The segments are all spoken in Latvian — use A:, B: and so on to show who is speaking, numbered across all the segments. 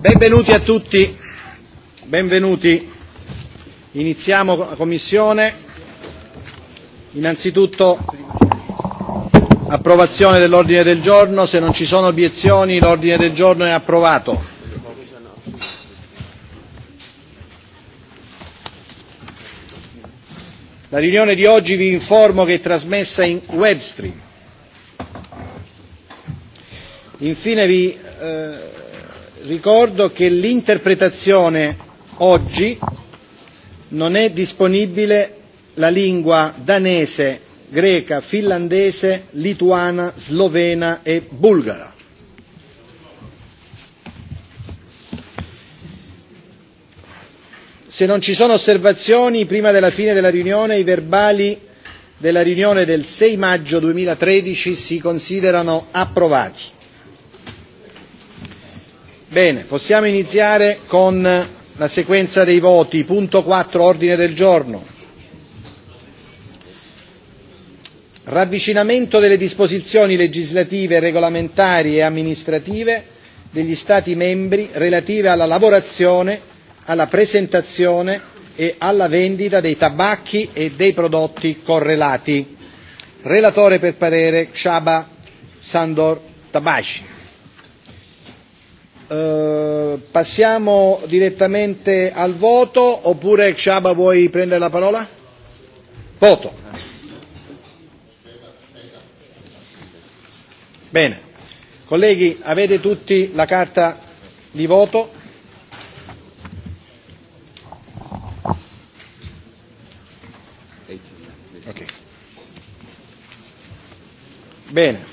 A: Benvenuti a tutti, benvenuti. Iniziamo la Commissione. Innanzitutto approvazione dell'ordine del giorno, se non ci sono obiezioni l'ordine del giorno è approvato. La riunione di oggi vi informo che è trasmessa in webstream. Infine vi eh, ricordo che l'interpretazione oggi non è disponibile la lingua danese, greca, finlandese, lituana, slovena e bulgara. Se non ci sono osservazioni, prima della fine della riunione i verbali della riunione del 6 maggio 2013 si considerano approvati. Bene, possiamo iniziare con la sequenza dei voti, punto 4 ordine del giorno. Ravvicinamento delle disposizioni legislative, regolamentari e amministrative degli Stati membri relative alla lavorazione, alla presentazione e alla vendita dei tabacchi e dei prodotti correlati. Relatore per parere Csaba Sandor Tabaci. Eh, passiamo direttamente al voto oppure Ciaba vuoi prendere la parola? Voto. Bene. Colleghi, avete tutti la carta di voto? Okay. Bene.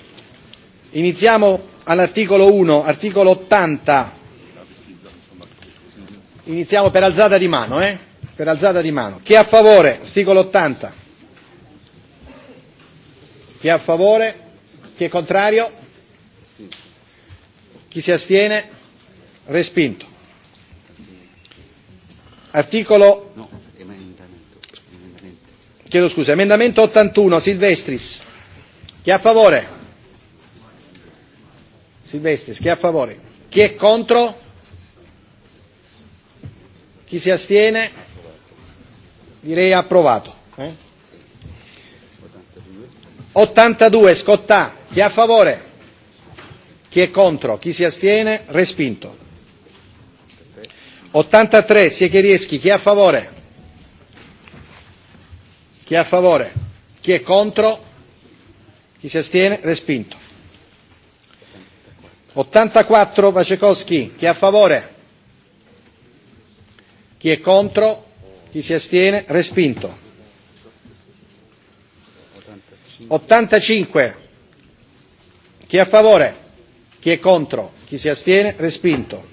A: Iniziamo all'articolo 1, articolo 80. Iniziamo per alzata di mano, eh? Per alzata di mano. Chi è a favore? Articolo 80. Chi è a favore? Chi è contrario? Chi si astiene? Respinto. Articolo. No, emendamento, emendamento. Chiedo scusa, emendamento 81, Silvestris. Chi è a favore? Silvestris, chi è a favore? Chi è contro? Chi si astiene? Direi approvato. Eh? 82, Scottà, chi è a favore? Chi è contro? Chi si astiene? Respinto. 83, Siecherieschi, chi è a favore? Chi è a favore? Chi è contro? Chi si astiene? Respinto. 84 Vacekowski, chi è a favore? Chi è contro? Chi si astiene? Respinto. 85. Chi è a favore? Chi è contro? Chi si astiene? Respinto.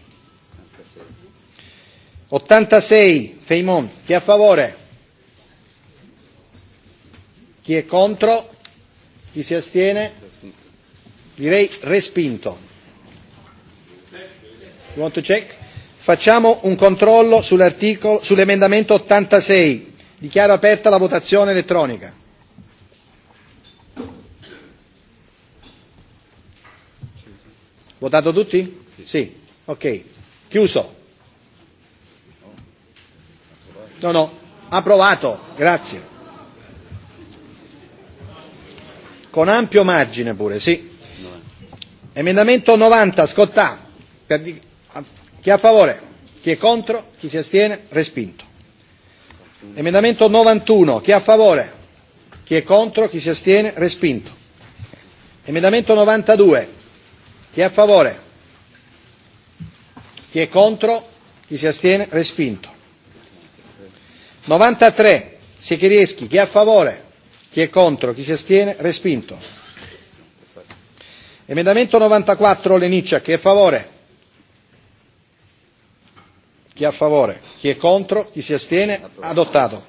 A: 86. Feimon. Chi è a favore? Chi è contro? Chi si astiene? Direi respinto. You want to check? Facciamo un controllo sull'emendamento sull 86. Dichiaro aperta la votazione elettronica. Votato tutti? Sì. sì. Ok. Chiuso. No, no. Approvato. Grazie. Con ampio margine pure, sì. Emendamento 90, Scottà. Per, Chi è a favore? Chi è contro? Chi si astiene? Respinto. Emendamento 91. Chi è a favore? Chi è contro? Chi si astiene? Respinto. Emendamento 92. Chi è a favore? Chi è contro? Chi si astiene? Respinto. 93. Secherieschi. Chi è a favore? Chi è contro? Chi si astiene? Respinto. Emendamento 94. Leniccia. Chi è a favore? Chi è a favore? Chi è contro? Chi si astiene? Adottato.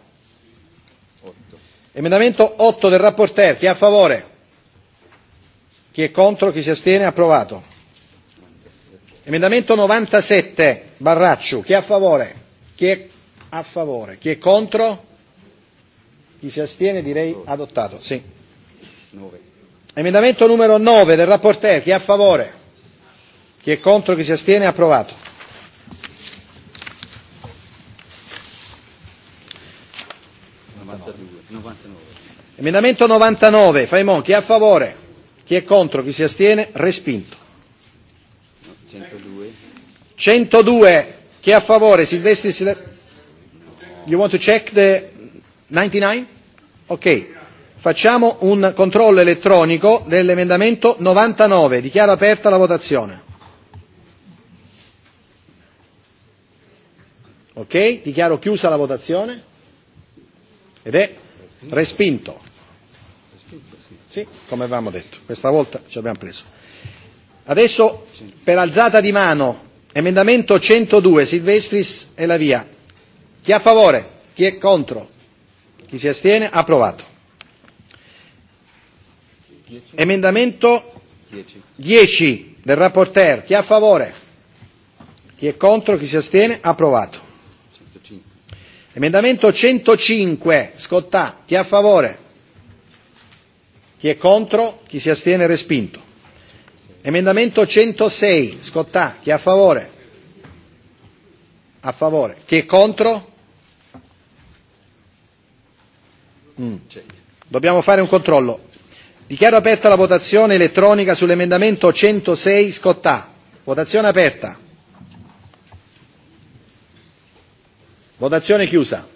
A: Emendamento 8 del rapporteur. Chi è a favore? Chi è contro? Chi si astiene? Approvato. Emendamento 97 Barracciu. Chi è a favore? Chi è a favore? Chi è contro? Chi si astiene direi adottato. Sì. 9. Emendamento numero 9 del rapporteur. Chi è a favore? Chi è contro? Chi si astiene? Approvato. Emendamento 99, Faimon, chi è a favore? Chi è contro? Chi si astiene? Respinto. 102. 102, chi è a favore? Silvestri Silvestri. You want to check the 99? Ok. Facciamo un controllo elettronico dell'emendamento 99. Dichiaro aperta la votazione. Ok, dichiaro chiusa la votazione ed è respinto. Sì, come avevamo detto, questa volta ci abbiamo preso. Adesso per alzata di mano, emendamento 102 Silvestris e la via. Chi è a favore? Chi è contro? Chi si astiene? Approvato. Dieci. Emendamento 10 del rapporteur. Chi è a favore? Chi è contro? Chi si astiene? Approvato. 105. Emendamento 105 Scottà. Chi è a favore? Chi è contro? Chi si astiene? Respinto. Emendamento 106, Scottà, chi è a favore? A favore. Chi è contro? Mm. Dobbiamo fare un controllo. Dichiaro aperta la votazione elettronica sull'emendamento 106 Scottà. Votazione aperta. Votazione chiusa.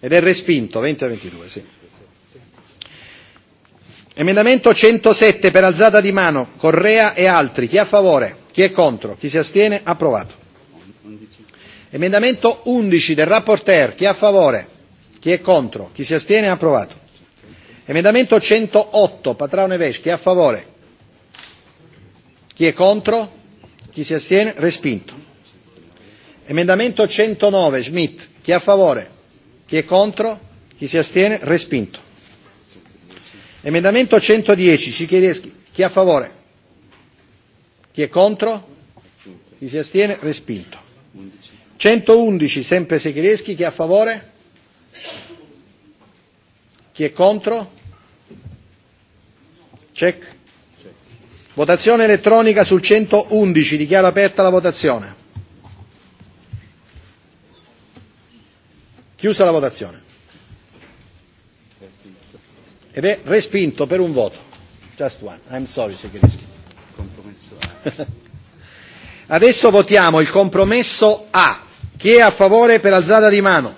A: Ed è respinto, 20 a 22, sì. Emendamento 107 per alzata di mano, Correa e altri. Chi è a favore? Chi è contro? Chi si astiene? Approvato. Emendamento 11 del rapporteur. Chi è a favore? Chi è contro? Chi si astiene? Approvato. Emendamento 108, Patrao Neves. Chi è a favore? Chi è contro? Chi si astiene? Respinto. Emendamento 109, Schmidt. Chi è a favore? Chi è contro? Chi si astiene? Respinto. Emendamento 110, Cicchiereschi. Chi è a favore? Chi è contro? Chi si astiene? Respinto. 111, sempre Seghereschi, chi è a favore? Chi è contro? Check. Votazione elettronica sul 111, dichiaro aperta la votazione. Chiusa la votazione ed è respinto per un voto. Just one. I'm sorry, Segreschi. Compromesso A. Adesso votiamo il compromesso A. Chi è a favore per alzata di mano?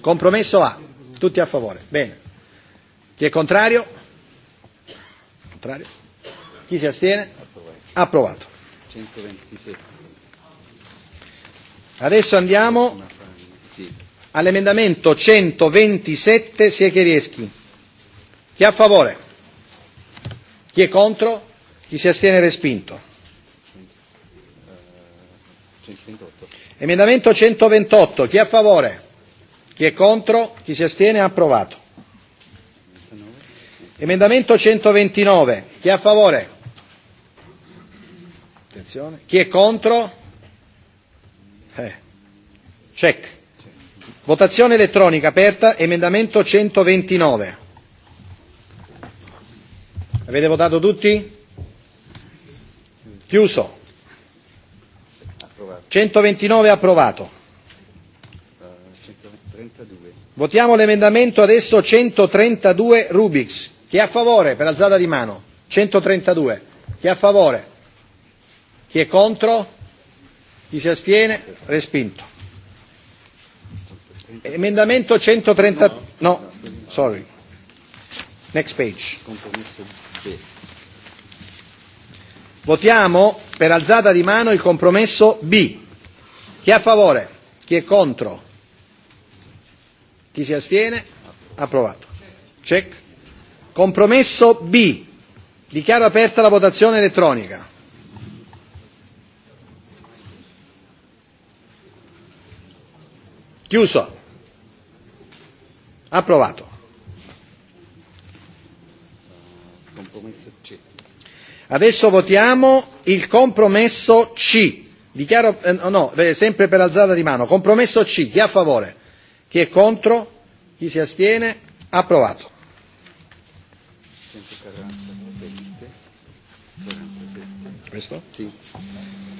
A: Compromesso A. Tutti a favore. Bene. Chi è contrario? Contrario. Chi si astiene? Approvato.
B: 127.
A: Adesso andiamo all'emendamento 127 Siecherieschi. Chi è a favore? Chi è contro? Chi si astiene respinto? Emendamento 128. Chi è a favore? Chi è contro? Chi si astiene? Approvato. Emendamento 129. Chi è a favore? Attenzione. Chi è contro? Eh. Check. Votazione elettronica aperta. Emendamento 129. Avete votato tutti? Chiuso. 129 approvato. 132. Eh, Votiamo l'emendamento adesso 132 Rubix. Chi è a favore per alzata di mano? 132. Chi è a favore? Chi è contro? Chi si astiene? Respinto. Emendamento 130. No, sorry. Next page.
B: Compromesso approvati.
A: Votiamo per alzata di mano il compromesso B. Chi è a favore? Chi è contro? Chi si astiene? Approvato. Check. Compromesso B. Dichiaro aperta la votazione elettronica. Chiuso. Approvato. Adesso votiamo il compromesso C. Dichiaro, eh, no, eh, sempre per alzata di mano. Compromesso C. Chi è a favore? Chi è contro? Chi si astiene? Approvato.
B: 147. Questo? Sì.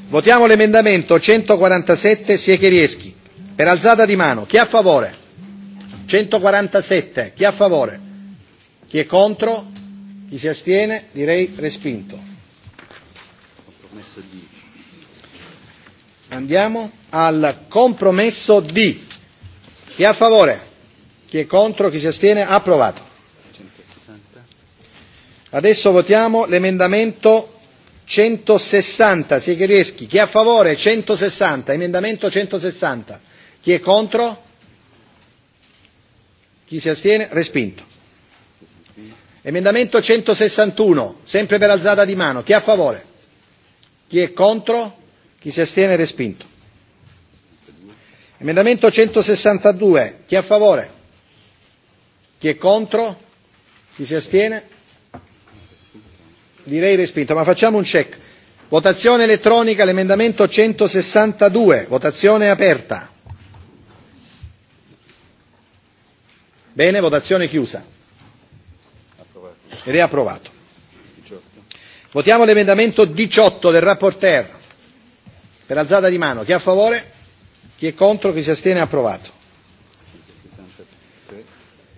A: Votiamo l'emendamento 147 Siecherieschi. Per alzata di mano. Chi è a favore? 147. Chi è a favore? Chi è contro? Chi si astiene? Direi respinto. Andiamo al compromesso D. Chi è a favore? Chi è contro? Chi si astiene? Approvato. Adesso votiamo l'emendamento 160, Seghereschi. Chi è a favore? 160, emendamento 160. Chi è contro? Chi si astiene? Respinto. Emendamento 161, sempre per alzata di mano. Chi è a favore? Chi è contro? Chi si astiene? Respinto. Emendamento 162. Chi è a favore? Chi è contro? Chi si astiene? Direi respinto, ma facciamo un check. Votazione elettronica all'emendamento 162. Votazione aperta. Bene, votazione chiusa ed è approvato. Votiamo l'emendamento 18 del rapporteur per alzata di mano. Chi è a favore? Chi è contro? Chi si astiene? Approvato.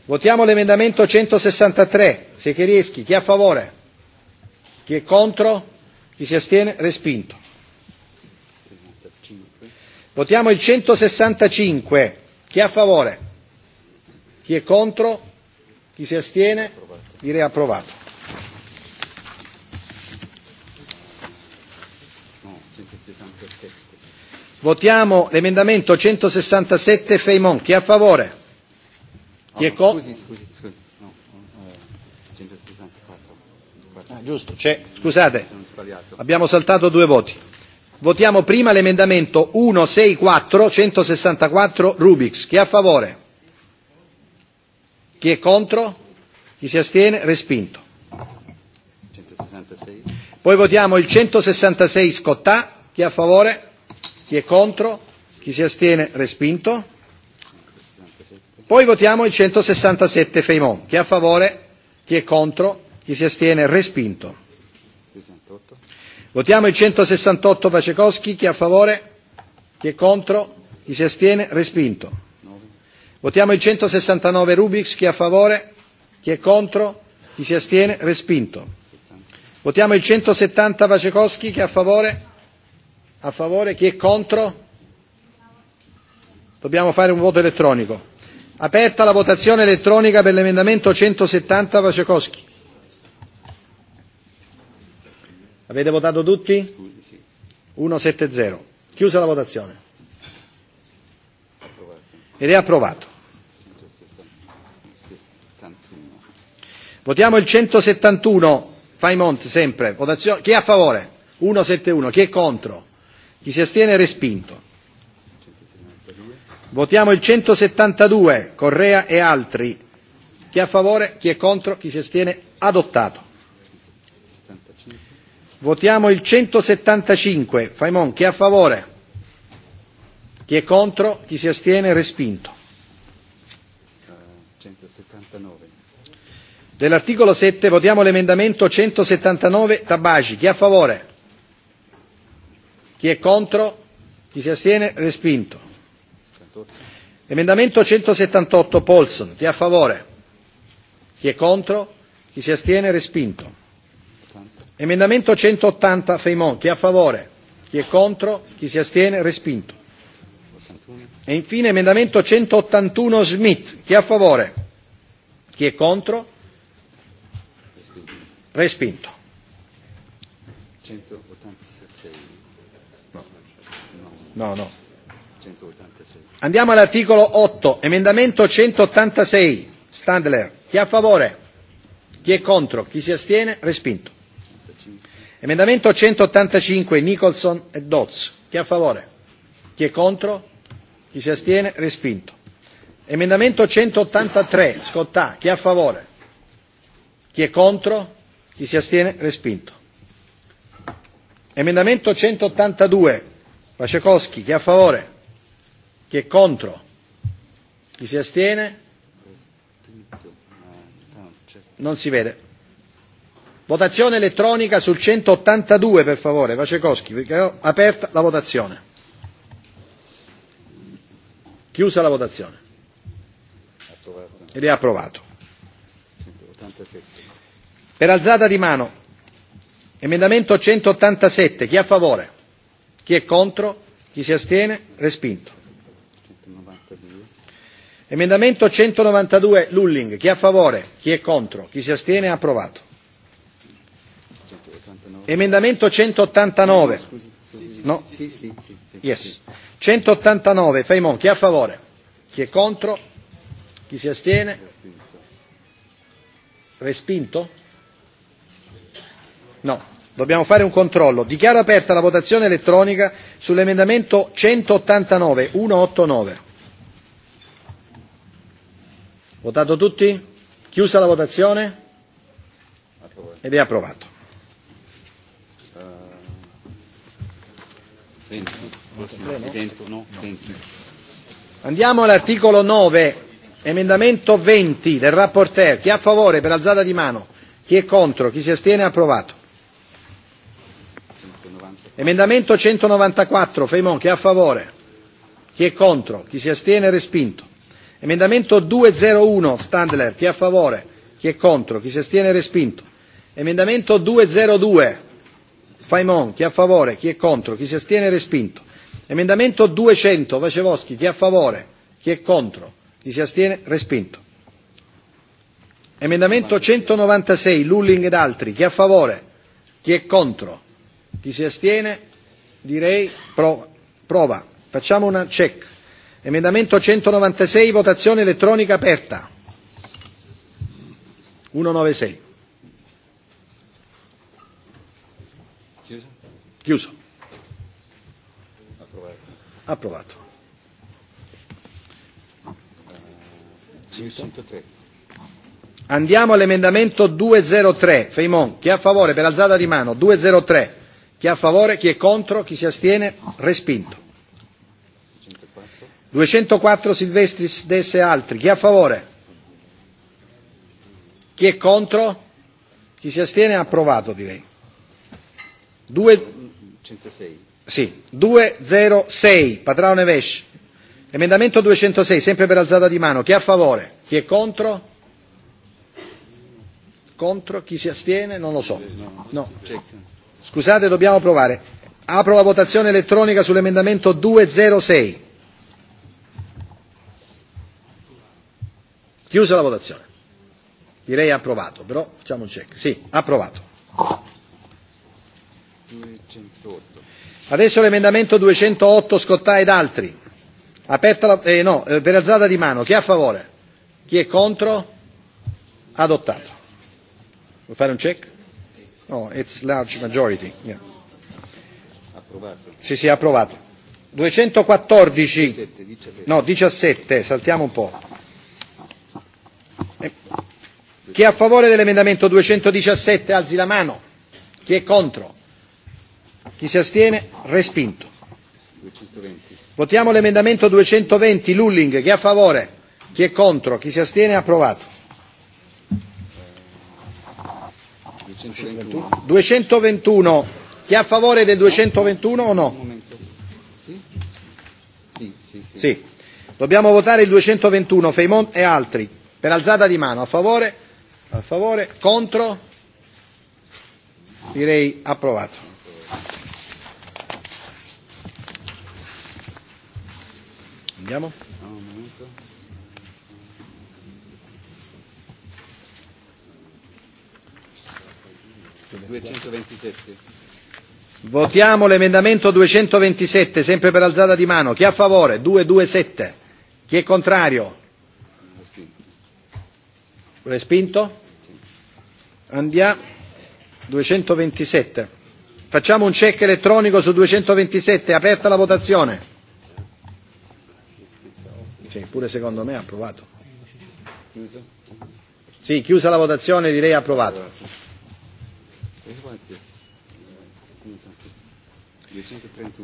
A: Votiamo l'emendamento 163. Secherieschi. Chi è a favore? Chi è contro? Chi si astiene? Respinto. Votiamo il 165. Chi è a favore? Chi è contro? Chi si astiene? Direi approvato. Votiamo l'emendamento 167 Feimon. Chi è a favore? Chi è ah, contro?
B: Scusi, scusi, scusi. No, eh, no, 164. Ah, giusto, c'è. Scusate, abbiamo
A: saltato due voti. Votiamo prima l'emendamento 164 164 Rubix. Chi è a favore? Chi è contro? Chi si astiene? Respinto. 166. Poi votiamo il 166 Scottà. Chi è a favore? Chi è contro? Chi si astiene? Respinto. Poi votiamo il 167 Feimon. Chi è a favore? Chi è contro? Chi si astiene? Respinto. 68. Votiamo il 168 Pacekowski. Chi è a favore? Chi è contro? Chi si astiene? Respinto. 9. Votiamo il 169 Rubix. Chi è a favore? Chi è contro? Chi si astiene? Respinto. Votiamo il 170 Vacekowski. Chi è a favore? A favore. Chi è contro? Dobbiamo fare un voto elettronico. Aperta la votazione elettronica per l'emendamento 170 Vacekowski. Avete votato tutti? 170. Chiusa la votazione. Ed è approvato. Votiamo il 171, Faimont sempre. Votazione. Chi è a favore? 171. Chi è contro? Chi si astiene è respinto. Votiamo il 172, Correa e altri. Chi è a favore? Chi è contro? Chi si astiene? Adottato. Votiamo il 175, Faimon. Chi è a favore? Chi è contro? Chi si astiene? Respinto.
B: 179. Eh,
A: Dell'articolo 7 votiamo l'emendamento 179 Tabagi. Chi è a favore? Chi è contro? Chi si astiene? Respinto. Emendamento 178 Polson. Chi è a favore? Chi è contro? Chi si astiene? Respinto. Emendamento 180 Feimon. Chi è a favore? Chi è contro? Chi si astiene? Respinto. E infine emendamento 181 Schmidt. Chi è a favore? Chi è contro? Respinto.
B: 186. No, no. no. 186.
A: Andiamo all'articolo 8, emendamento 186, Standler. Chi è a favore? Chi è contro? Chi si astiene? Respinto. 85. Emendamento 185, Nicholson e Dodds. Chi è a favore? Chi è contro? Chi si astiene? Respinto. Emendamento 183, Scottà. Chi è a favore? Chi è contro? Chi si astiene? Respinto. Emendamento 182, Vacekowski, chi è a favore? Chi è contro? Chi si astiene? Non si vede. Votazione elettronica sul 182, per favore, Vacekowski, aperta la votazione. Chiusa la votazione. Ed è approvato.
B: 187.
A: Per alzata di mano. Emendamento 187. Chi è a favore? Chi è contro? Chi si astiene? Respinto. 192. Emendamento 192 Lulling. Chi è a favore? Chi è contro? Chi si astiene? Approvato. 189. Emendamento 189. Scusi, scusi. No? Sì, sì, sì. Yes. 189 Faimon. Chi è a favore? Chi è contro? Chi si astiene? Respinto? no dobbiamo fare un controllo dichiaro aperta la votazione elettronica sull'emendamento centottantanove centottantanove votato tutti chiusa la votazione
B: ed è approvato
A: andiamo all'articolo nove emendamento venti del rapporteur chi è a favore per alzata di mano chi è contro chi si astiene approvato Emendamento 194, Feimon, chi è a favore? Chi è contro? Chi si astiene? Respinto. Emendamento 201, Standler, chi è a favore? Chi è contro? Chi si astiene? Respinto. Emendamento 202, Faimon, chi è a favore? Chi è contro? Chi si astiene? Respinto. Emendamento 200, Vacevoschi, chi è a favore? Chi è contro? Chi si astiene? Respinto. Emendamento 196, Lulling ed altri, chi è a favore? Chi è contro? Chi si astiene? Direi prova. prova. Facciamo una check. Emendamento 196, votazione elettronica aperta. 196.
B: Chiuso. Chiuso. Approvato. Approvato.
A: Andiamo all'emendamento 203. Feimon, chi è a favore per alzata di mano? 203. Chi è a favore? Chi è contro? Chi si astiene? Respinto. 204 Silvestris, Dess e altri. Chi è a favore? Chi è contro? Chi si astiene? Approvato, direi. 2...
B: 106.
A: Sì, 206, Patrao Nevesh. Emendamento 206, sempre per alzata di mano. Chi è a favore? Chi è contro? Contro? Chi si astiene? Non lo so. No. Scusate, dobbiamo provare. Apro la votazione elettronica sull'emendamento 206. Chiusa la votazione. Direi approvato, però facciamo un check. Sì, approvato. Adesso l'emendamento 208 Scottà ed altri. Aperta la, eh, no, eh, per alzata di mano. Chi è a favore? Chi è contro? Adottato. Vuoi fare un check? No, it's large majority. Yeah. Approvato. Sì, sì, approvato. 214. 17, 17. No, 17, saltiamo un po'. Eh. Chi è a favore dell'emendamento 217 alzi la mano. Chi è contro? Chi si astiene? Respinto. 220. Votiamo l'emendamento 220 Lulling. Chi è a favore? Chi è contro? Chi si astiene? Approvato. 221. 221. Chi è a favore del 221 o no?
B: Sì? Sì, sì,
A: sì. sì. Dobbiamo votare il 221, Feimont e altri. Per alzata di mano, a favore? A favore? Contro? Direi approvato.
B: Andiamo? Ah, 227.
A: Votiamo l'emendamento 227, sempre per alzata di mano. Chi è a favore? 227. Chi è contrario? Respinto? Andiamo. 227. Facciamo un check elettronico su 227. È aperta la votazione. Sì, pure secondo me ha approvato. Sì, chiusa la votazione direi
B: approvato.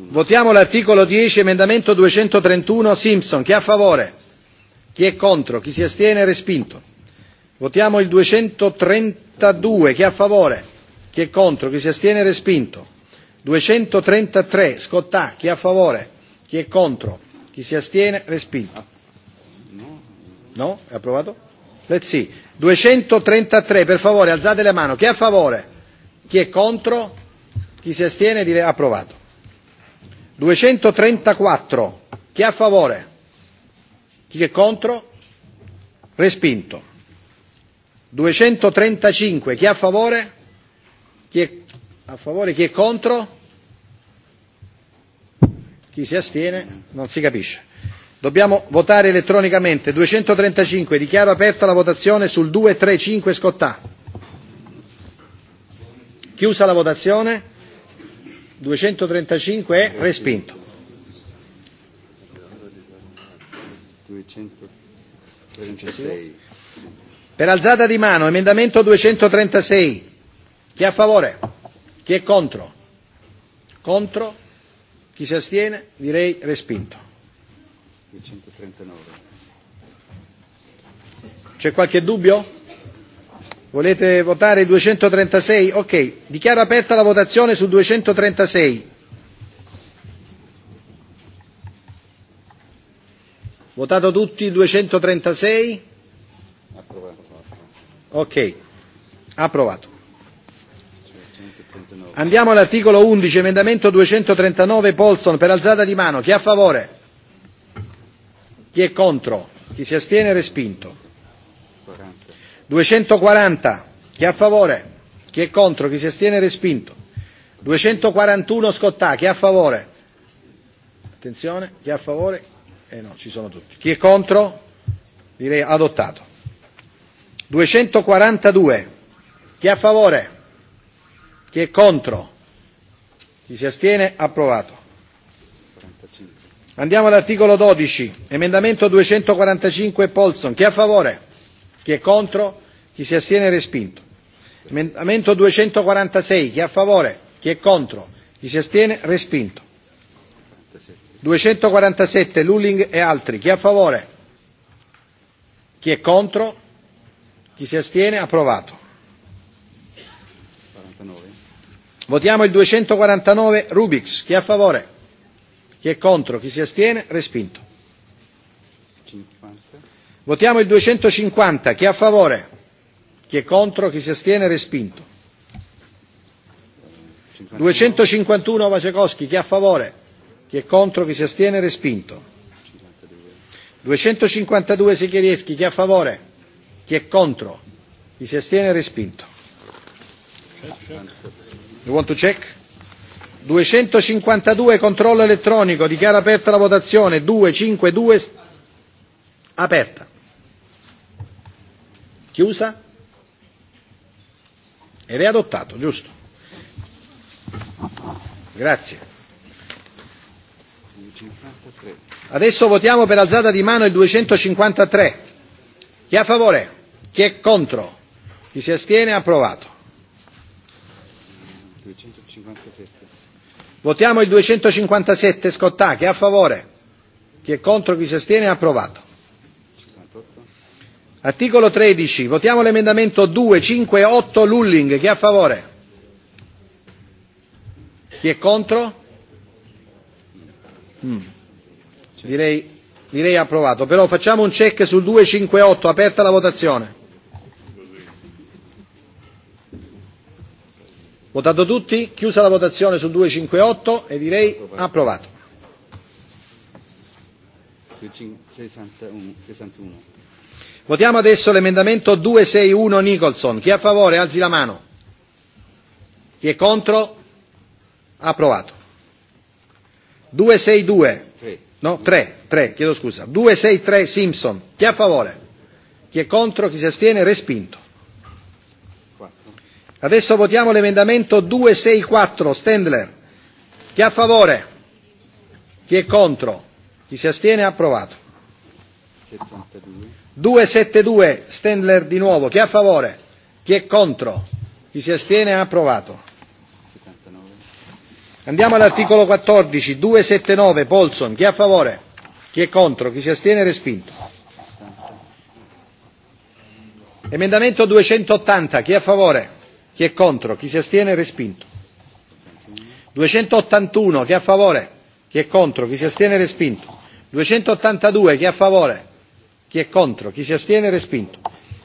A: Votiamo l'articolo 10, emendamento 231 Simpson. Chi è a favore? Chi è contro? Chi si astiene? Respinto. Votiamo il 232. Chi è a favore? Chi è contro? Chi si astiene? Respinto. 233. Scottà. Chi è a favore? Chi è contro? Chi si astiene? Respinto. No? È approvato? Let's see. 233. Per favore, alzate la mano. Chi è a favore? Chi è contro? Chi si astiene? Dire approvato. 234. Chi è a favore? Chi è contro? Respinto. 235. Chi è a favore? Chi è a favore? Chi è contro? Chi si astiene? Non si capisce. Dobbiamo votare elettronicamente. 235. Dichiaro aperta la votazione sul 235 Scottà. Chiusa la votazione, 235
B: è respinto. 236.
A: Per alzata di mano, emendamento 236. Chi è a favore? Chi è contro? Contro? Chi si astiene? Direi respinto.
B: 239.
A: C'è qualche dubbio? Volete votare 236? Ok, dichiaro aperta la votazione su 236. Votato tutti 236? Ok, approvato. Andiamo all'articolo 11, emendamento 239 Polson per alzata di mano. Chi è a favore? Chi è contro? Chi si astiene? Respinto duecentoquaranta chi è a favore chi è contro chi si astiene respinto duecentoquarantuno scottà chi è a favore attenzione chi è a favore eh no ci sono tutti chi è contro direi adottato duecentoquarantadue chi è a favore chi è contro chi si astiene approvato andiamo all'articolo dodici emendamento duecentoquarantacinque polson chi è a favore chi è contro Chi si astiene è respinto. Emendamento 246. Chi è a favore? Chi è contro? Chi si astiene? Respinto. 247 Lulling e altri. Chi è a favore? Chi è contro? Chi si astiene? Approvato. 49. Votiamo il 249 Rubix. Chi è a favore? Chi è contro? Chi si astiene? Respinto. 50. Votiamo il 250. Chi è a favore? Chi è contro? Chi si astiene? Respinto. 251 Vacekowski, chi è a favore? Chi è contro? Chi si astiene? Respinto. 252 Secherieschi, chi è a favore? Chi è contro? Chi si astiene? Respinto. You want to check? 252 controllo elettronico, dichiara aperta la votazione, 252 aperta. Chiusa? Ed è adottato, giusto? Grazie. Adesso votiamo per alzata di mano il 253. Chi è a favore? Chi è contro? Chi si astiene? Approvato.
B: 257.
A: Votiamo il 257 Scottà. Chi è a favore? Chi è contro? Chi si astiene? Approvato. Articolo 13. Votiamo l'emendamento 2, 5 e 8 Lulling. Chi è a favore? Chi è contro? Mm. Direi, direi approvato. Però facciamo un check sul 2, 5 e 8. Aperta la votazione. Votato tutti? Chiusa la votazione sul 258 e direi approvato. approvato.
B: 61.
A: Votiamo adesso l'emendamento 261 Nicholson. Chi è a favore alzi la mano. Chi è contro? Approvato. 262. No, 3, 3, chiedo scusa. 263 Simpson. Chi è a favore? Chi è contro? Chi si astiene? Respinto. Adesso votiamo l'emendamento 264 Stendler. Chi è a favore? Chi è contro? Chi si astiene? Approvato. 72. 272 Stendler di nuovo, chi è a favore? Chi è contro? Chi si astiene? Approvato. Andiamo all'articolo 14, 279 Polson, chi è a favore? Chi è contro? Chi si astiene? Respinto. Emendamento 280, chi è a favore? Chi è contro? Chi si astiene? Respinto. 281, chi è a favore? Chi è contro? Chi si astiene? Respinto. 282, chi è a favore? chi è contro, chi si astiene respinto.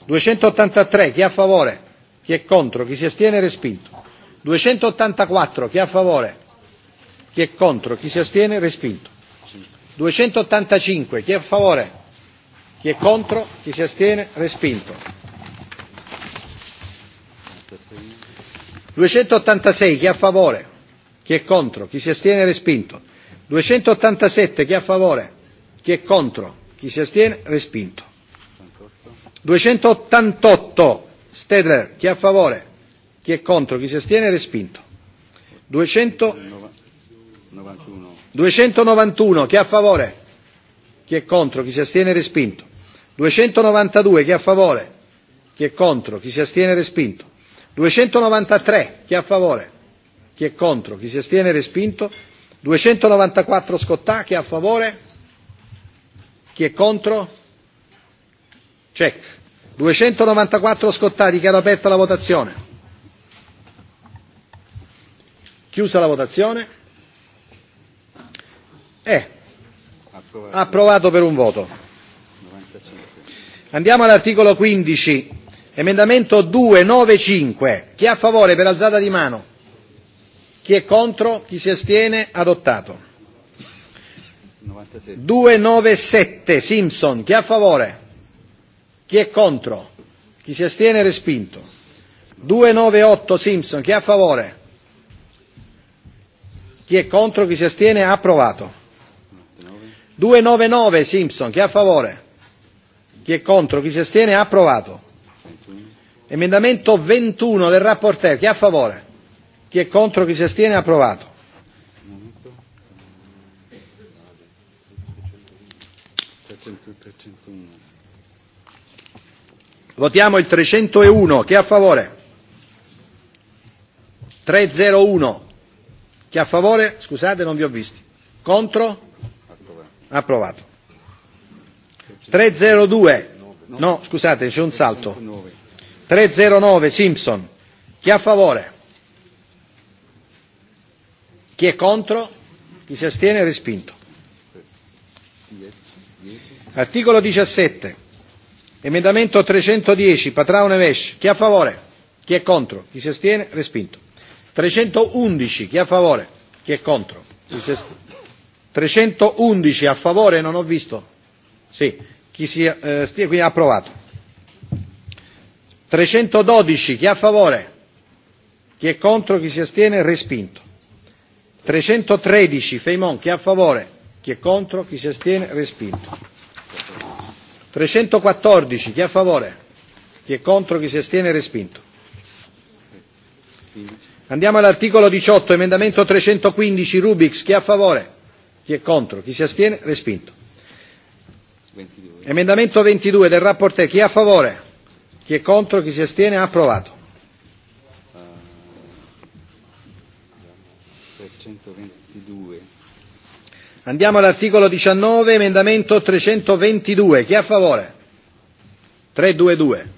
A: 283 chi è a favore, chi è contro, chi si astiene respinto. 284 chi è a favore, chi è contro, chi si astiene respinto. 285 chi è a favore, chi è contro, chi si astiene respinto. 286 chi è a favore, chi è contro, chi si astiene respinto. 287 chi è a favore, chi è contro, Chi si astiene? Respinto. 288. Stedler. Chi è a favore? Chi è contro? Chi si astiene? Respinto. 200... 91. 291. Chi è a favore? Chi è contro? Chi si astiene? Respinto. 292. Chi è a favore? Chi è contro? Chi si astiene? Respinto. 293. Chi è a favore? Chi è contro? Chi si astiene? Respinto. 294 Scottà. Chi è a favore? Chi è contro? Check. 294 scottati, chiaro aperta la votazione. Chiusa la votazione. È e. approvato, approvato per un voto. 95. Andiamo all'articolo 15. Emendamento 295. Chi è a favore per alzata di mano? Chi è contro? Chi si astiene? Adottato. 97. 297 Simpson, chi è a favore? Chi è contro? Chi si astiene respinto. 298 Simpson, chi è a favore? Chi è contro? Chi si astiene? Approvato. 299 Simpson, chi è a favore? Chi è contro? Chi si astiene? Approvato. Emendamento 21 del rapporteur, chi è a favore? Chi è contro? Chi si astiene? Approvato. Votiamo il 301. Chi è a favore? 301. Chi è a favore? Scusate, non vi ho visti. Contro? Approvato. 302. No, scusate, c'è un salto. 309 Simpson. Chi è a favore? Chi è contro? Chi si astiene è respinto. Articolo 17. Emendamento 310, Patrao Neves. Chi è a favore? Chi è contro? Chi si astiene? Respinto. 311, chi è a favore? Chi è contro? Chi si astiene? 311 a favore, non ho visto. Sì, chi si eh, astiene, quindi approvato. 312, chi è a favore? Chi è contro? Chi si astiene? Respinto. 313, Feimon, chi è a favore? Chi è contro? Chi si astiene? Respinto. 314, chi è a favore? Chi è contro? Chi si astiene? Respinto. Andiamo all'articolo 18, emendamento 315, Rubix, chi è a favore? Chi è contro? Chi si astiene? Respinto. 22. Emendamento 22 del rapporteur, chi è a favore? Chi è contro? Chi si astiene? Approvato.
B: 322
A: Andiamo all'articolo 19, emendamento 322. Chi è a favore? 322.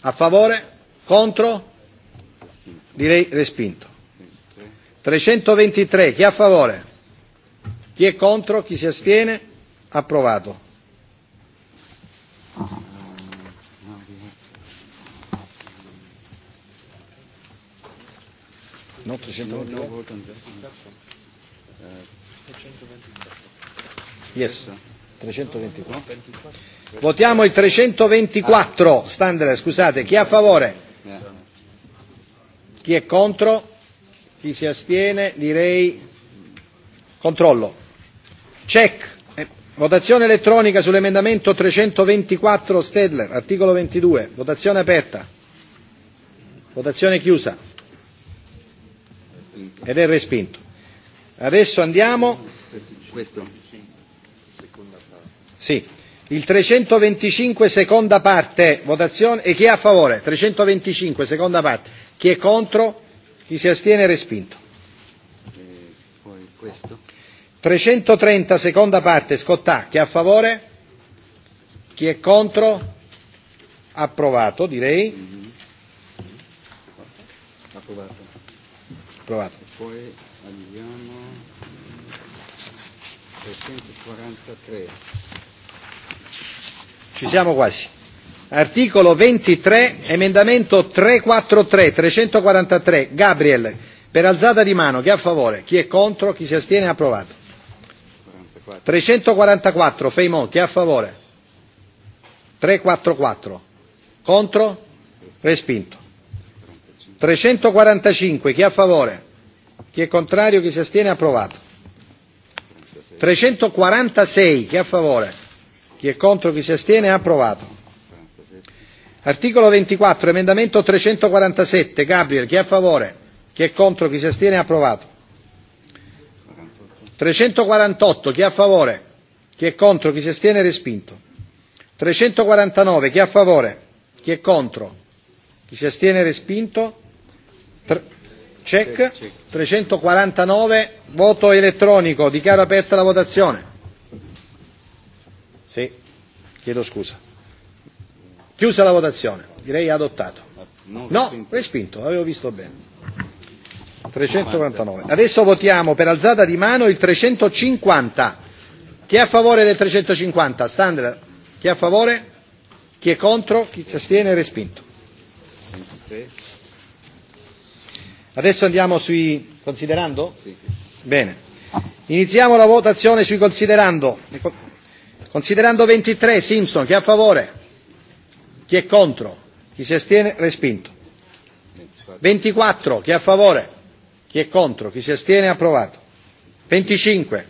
A: A favore? Contro? Direi respinto. 323. Chi è a favore? Chi è contro? Chi si astiene? Approvato.
B: No, 323.
C: 324.
B: Yes.
A: 324. Votiamo il 324, ah. Standard, scusate, chi è a favore? Yeah. Chi è contro? Chi si astiene? Direi controllo. Check. Eh, votazione elettronica sull'emendamento 324 Stedler, articolo 22. Votazione aperta. Votazione chiusa. Ed è respinto. Adesso andiamo. Questo. Sì. Il 325 seconda parte, votazione, e chi è a favore? 325 seconda parte, chi è contro? Chi si astiene è respinto. E poi questo. 330 seconda parte, Scottà, chi è a favore? Chi è contro? Approvato, direi.
B: Mm-hmm. Approvato. Approvato. E poi andiamo 343.
A: Ci siamo quasi. Articolo 23, emendamento 343, 343. Gabriel, per alzata di mano, chi è a favore? Chi è contro? Chi si astiene? Approvato. 344, Feimò, chi è a favore? 344. Contro? Respinto. 345, chi è a favore? Chi è contrario? Chi si astiene? Approvato. 346, chi è a favore? Chi è contro? Chi si astiene? Approvato. Articolo 24, emendamento 347, Gabriel, chi è a favore? Chi è contro? Chi si astiene? Approvato. 348, chi è a favore? Chi è contro? Chi si astiene? Respinto. 349, chi è a favore? Chi è contro? Chi si astiene? Respinto. Check. 349, voto elettronico. Dichiaro aperta la votazione. Sì, chiedo scusa. Chiusa la votazione. Direi adottato. No, respinto, avevo visto bene. 349. Adesso votiamo per alzata di mano il 350. Chi è a favore del 350? Standard. Chi è a favore? Chi è contro? Chi si astiene? Respinto. Adesso andiamo sui considerando? Sì. Bene. Iniziamo la votazione sui considerando. Considerando 23, Simpson, chi è a favore? Chi è contro? Chi si astiene? Respinto. 24, chi è a favore? Chi è contro? Chi si astiene? Approvato. 25,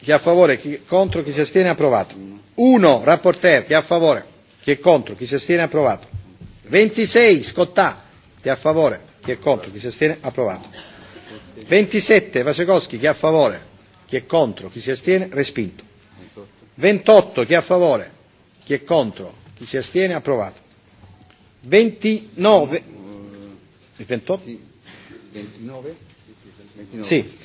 A: chi è a favore? Chi è contro? Chi si astiene? Approvato. 1, rapporteur, chi è a favore? Chi è contro? Chi si astiene? Approvato. 26, Scottà, chi è a favore? Chi è contro? Chi si astiene? Approvato. 27 Vasekowski, chi è a favore? Chi è contro? Chi si astiene? Respinto. 28 chi è a favore? Chi è contro? Chi si astiene? Approvato. 29 il 28? Sì.
B: 29?
A: Sì.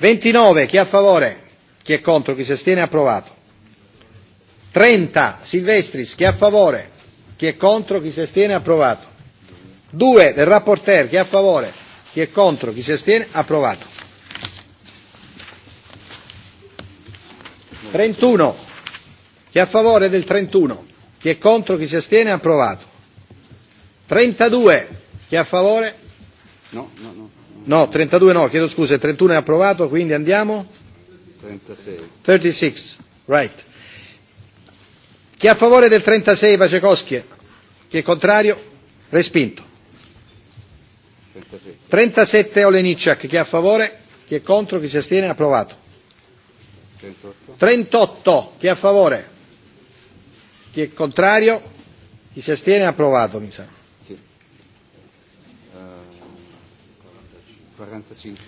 A: 29 chi è a favore? Chi è contro? Chi si astiene? Approvato. 30 Silvestris, chi è a favore? Chi è contro? Chi si astiene? Approvato. 2 del rapporteur, chi è a favore, chi è contro, chi si astiene, approvato. 31, chi è a favore del 31, chi è contro, chi si astiene, approvato. 32, chi è a favore?
B: No, no, no.
A: No, 32 no, chiedo scusa, 31 è approvato, quindi andiamo.
B: 36.
A: 36, right. Chi è a favore del 36 Pacekoschi? Chi è contrario? Respinto. 37 Oleniciak, chi è a favore, chi è contro, chi si astiene, approvato. 38, chi è a favore, chi è contrario, chi si astiene, approvato, mi sa.
B: Sì. Uh, 45. 45.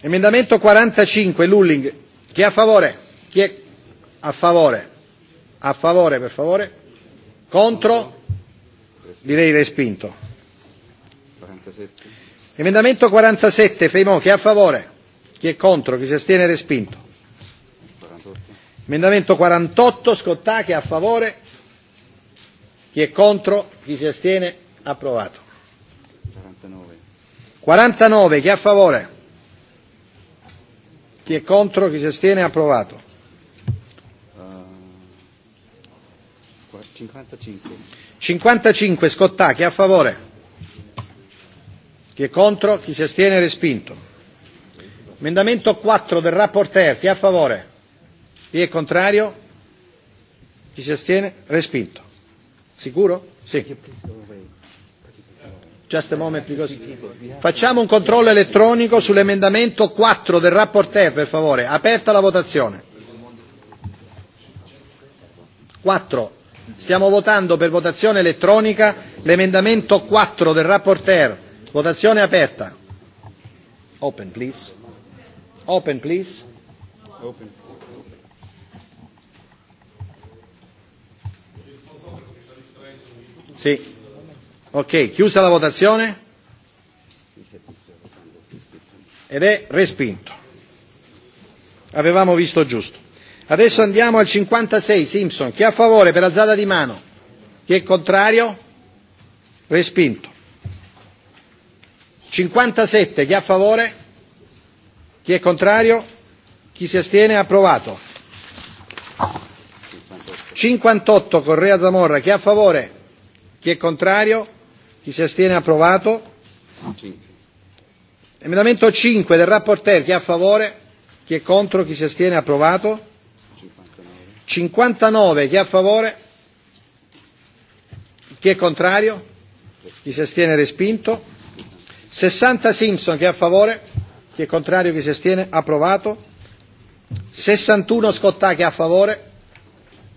A: Emendamento 45, Lulling, chi è a favore, chi è a favore, a favore per favore, contro, direi respinto. 47. Emendamento 47, Feimò, chi è a favore? Chi è contro? Chi si astiene? Respinto. 48. Emendamento 48, Scottà, chi è a favore? Chi è contro? Chi si astiene? Approvato. 49. 49, chi è a favore? Chi è contro? Chi si astiene? Approvato.
B: Uh, 55.
A: 55, Scottà, chi è a favore? Chi è contro? Chi si astiene? Respinto. Emendamento 4 del rapporteur. Chi è a favore? Chi è contrario? Chi si astiene? Respinto. Sicuro? Sì. Just a moment because... Facciamo un controllo elettronico sull'emendamento 4 del rapporteur, per favore. Aperta la votazione. 4. Stiamo votando per votazione elettronica l'emendamento 4 del rapporteur. Votazione aperta. Open, please. Open, please. Open. Sì. Ok, chiusa la votazione. Ed è respinto. Avevamo visto giusto. Adesso andiamo al 56, Simpson. Chi è a favore per alzata di mano? Chi è contrario? Respinto. 57 chi è a favore? Chi è contrario? Chi si astiene? Approvato. 58 Correa Zamorra chi è a favore? Chi è contrario? Chi si astiene? Approvato. Emendamento 5 del rapporteur chi è a favore? Chi è contro? Chi si astiene? Approvato. 59 chi è a favore? Chi è contrario? Chi si astiene? Respinto. 60 Simpson, chi è a favore? Chi è contrario, chi si astiene? Approvato. 61 Scottà, chi è a favore?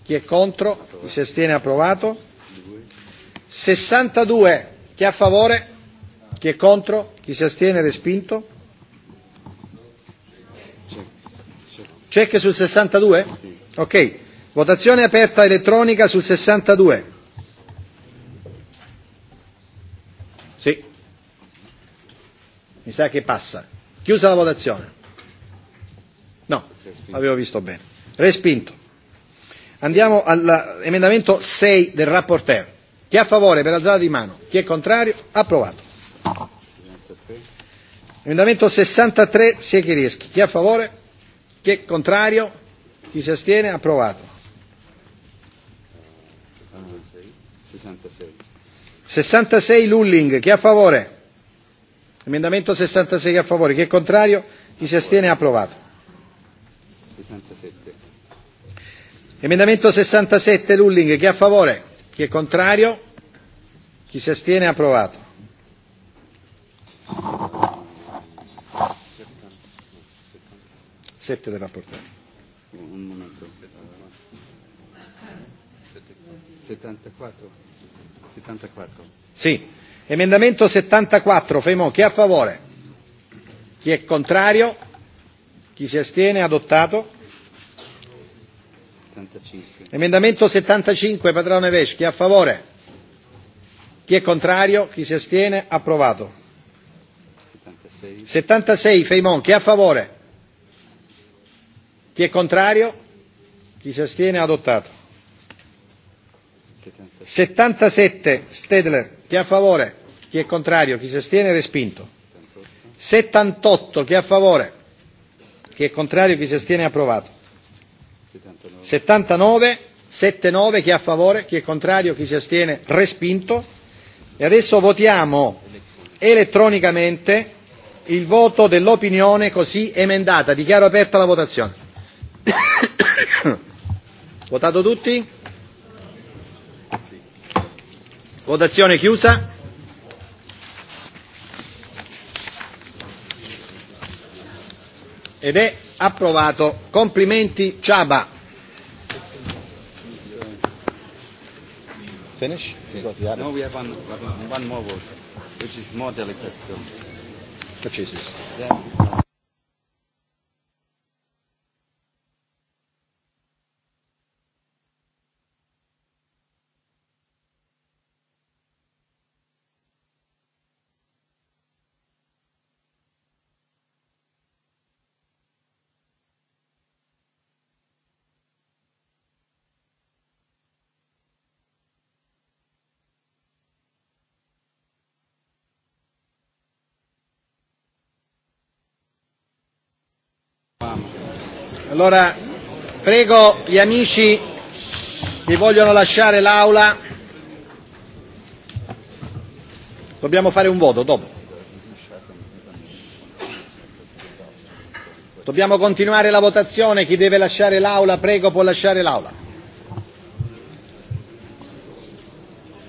A: Chi è contro? Chi si astiene? Approvato. 62, chi è a favore? Chi è contro? Chi si astiene? Respinto. Check sul 62? Ok. Votazione aperta elettronica sul 62. Mi sa che passa. Chiusa la votazione. No, avevo visto bene. Respinto. Andiamo all'emendamento 6 del rapporteur. Chi è a favore per alzata di mano? Chi è contrario? Approvato. Emendamento 63 Secherieschi. Chi è a favore? Chi è contrario? Chi si astiene? Approvato. 66 Lulling. Chi è a favore? emendamento sessantasei a favore chi è contrario chi si astiene è approvato
B: 67.
A: emendamento sessantasette lulling chi è a favore chi è contrario chi si astiene è approvato
B: sette del rapportore un momento 74 74 sì
A: Emendamento 74, Femo, chi è a favore? Chi è contrario? Chi si astiene? Adottato. 75. Emendamento 75, Padrone Vesci, chi è a favore? Chi è contrario? Chi si astiene? Approvato.
B: 76,
A: 76 Feimon, chi è a favore? Chi è contrario? Chi si astiene? Adottato. 77 Stedler, chi è a favore? Chi è contrario? Chi si astiene? Respinto. 78, chi è a favore? Chi è contrario? Chi si astiene? Approvato. 79, 79, chi è a favore? Chi è contrario? Chi si astiene? Respinto. E adesso votiamo elettronicamente il voto dell'opinione così emendata. Dichiaro aperta la votazione. Votato tutti? Votazione chiusa. Ed è approvato. Complimenti Ciaba.
B: Finish? Sì. No, we have one, one more vote, which is more delicate. So. Which is this? Yeah.
A: Allora, prego gli amici che vogliono lasciare l'aula. Dobbiamo fare un voto dopo. Dobbiamo continuare la votazione. Chi deve lasciare l'aula, prego, può lasciare l'aula.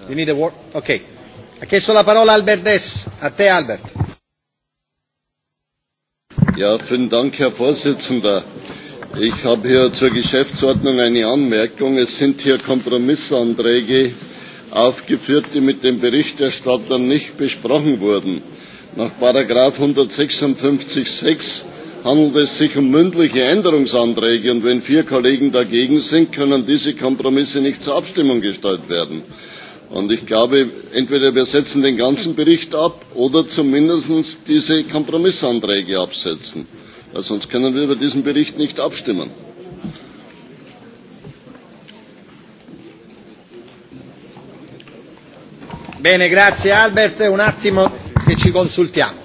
A: You need a word? Ok. Ha chiesto la parola Albert Dess. A te, Albert.
D: Ja, vielen Dank, Herr Vorsitzender. Ich habe hier zur Geschäftsordnung eine Anmerkung. Es sind hier Kompromissanträge aufgeführt, die mit den Berichterstattern nicht besprochen wurden. Nach Paragraf 156.6 handelt es sich um mündliche Änderungsanträge und wenn vier Kollegen dagegen sind, können diese Kompromisse nicht zur Abstimmung gestellt werden. Und ich glaube, entweder wir setzen den ganzen Bericht ab oder zumindest diese Kompromissanträge absetzen weil sonst können wir über diesen Bericht nicht abstimmen.
A: Bene, grazie Albert, un attimo che ci consultiamo.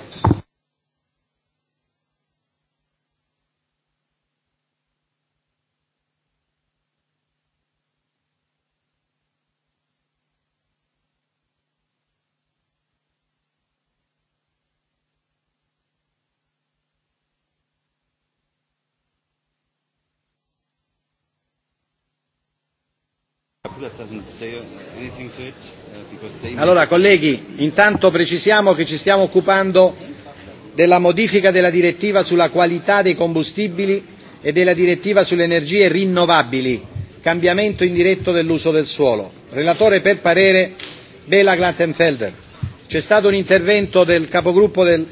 B: Uh, allora, colleghi,
A: intanto precisiamo che ci stiamo occupando della modifica della direttiva sulla qualità dei combustibili e della direttiva sulle energie rinnovabili, cambiamento indiretto dell'uso del suolo. Relatore per parere Bela Glattenfelder. C'è stato un intervento del capogruppo del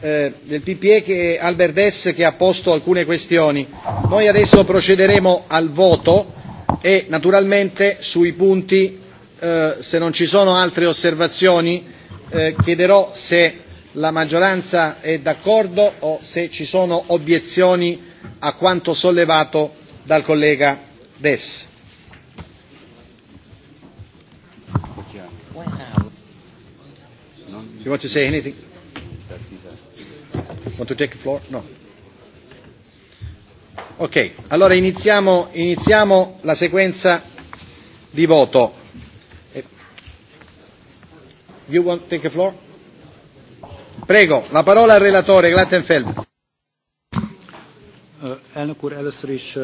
A: eh, del PPE che Albert Dess che ha posto alcune questioni. Noi adesso procederemo al voto e naturalmente sui punti, eh, se non ci sono altre osservazioni, eh, chiederò se la maggioranza è d'accordo o se ci sono obiezioni a quanto sollevato dal collega Dess. You want to say anything? Want to take the floor? No. Ok, allora iniziamo, iniziamo la sequenza di voto. Eh,
E: you want to take the floor? Prego,
A: la parola al relatore Glattenfeld.
E: Elnök úr, először is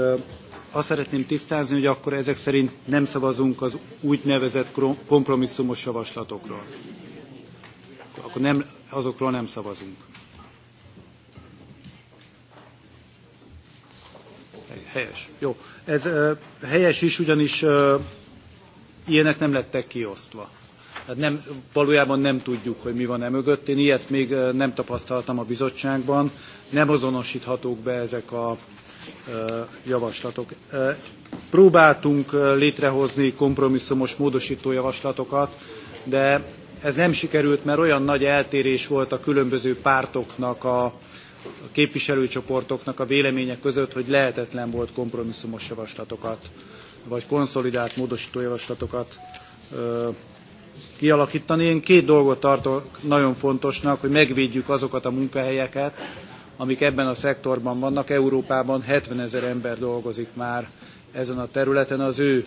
E: azt szeretném tisztázni, hogy akkor ezek szerint nem szavazunk az úgynevezett kompromisszumos javaslatokról. Akkor nem, azokról nem szavazunk. Helyes. Jó. Ez ö, helyes is, ugyanis ö, ilyenek nem lettek kiosztva. Hát nem, valójában nem tudjuk, hogy mi van e mögött. Én ilyet még nem tapasztaltam a bizottságban. Nem azonosíthatók be ezek a ö, javaslatok. Ö, próbáltunk létrehozni kompromisszumos módosító javaslatokat, de ez nem sikerült, mert olyan nagy eltérés volt a különböző pártoknak a képviselőcsoportoknak a véleménye között, hogy lehetetlen volt kompromisszumos javaslatokat, vagy konszolidált módosító javaslatokat kialakítani. Én két dolgot tartok nagyon fontosnak, hogy megvédjük azokat a munkahelyeket, amik ebben a szektorban vannak. Európában 70 ezer ember dolgozik már ezen a területen, az ő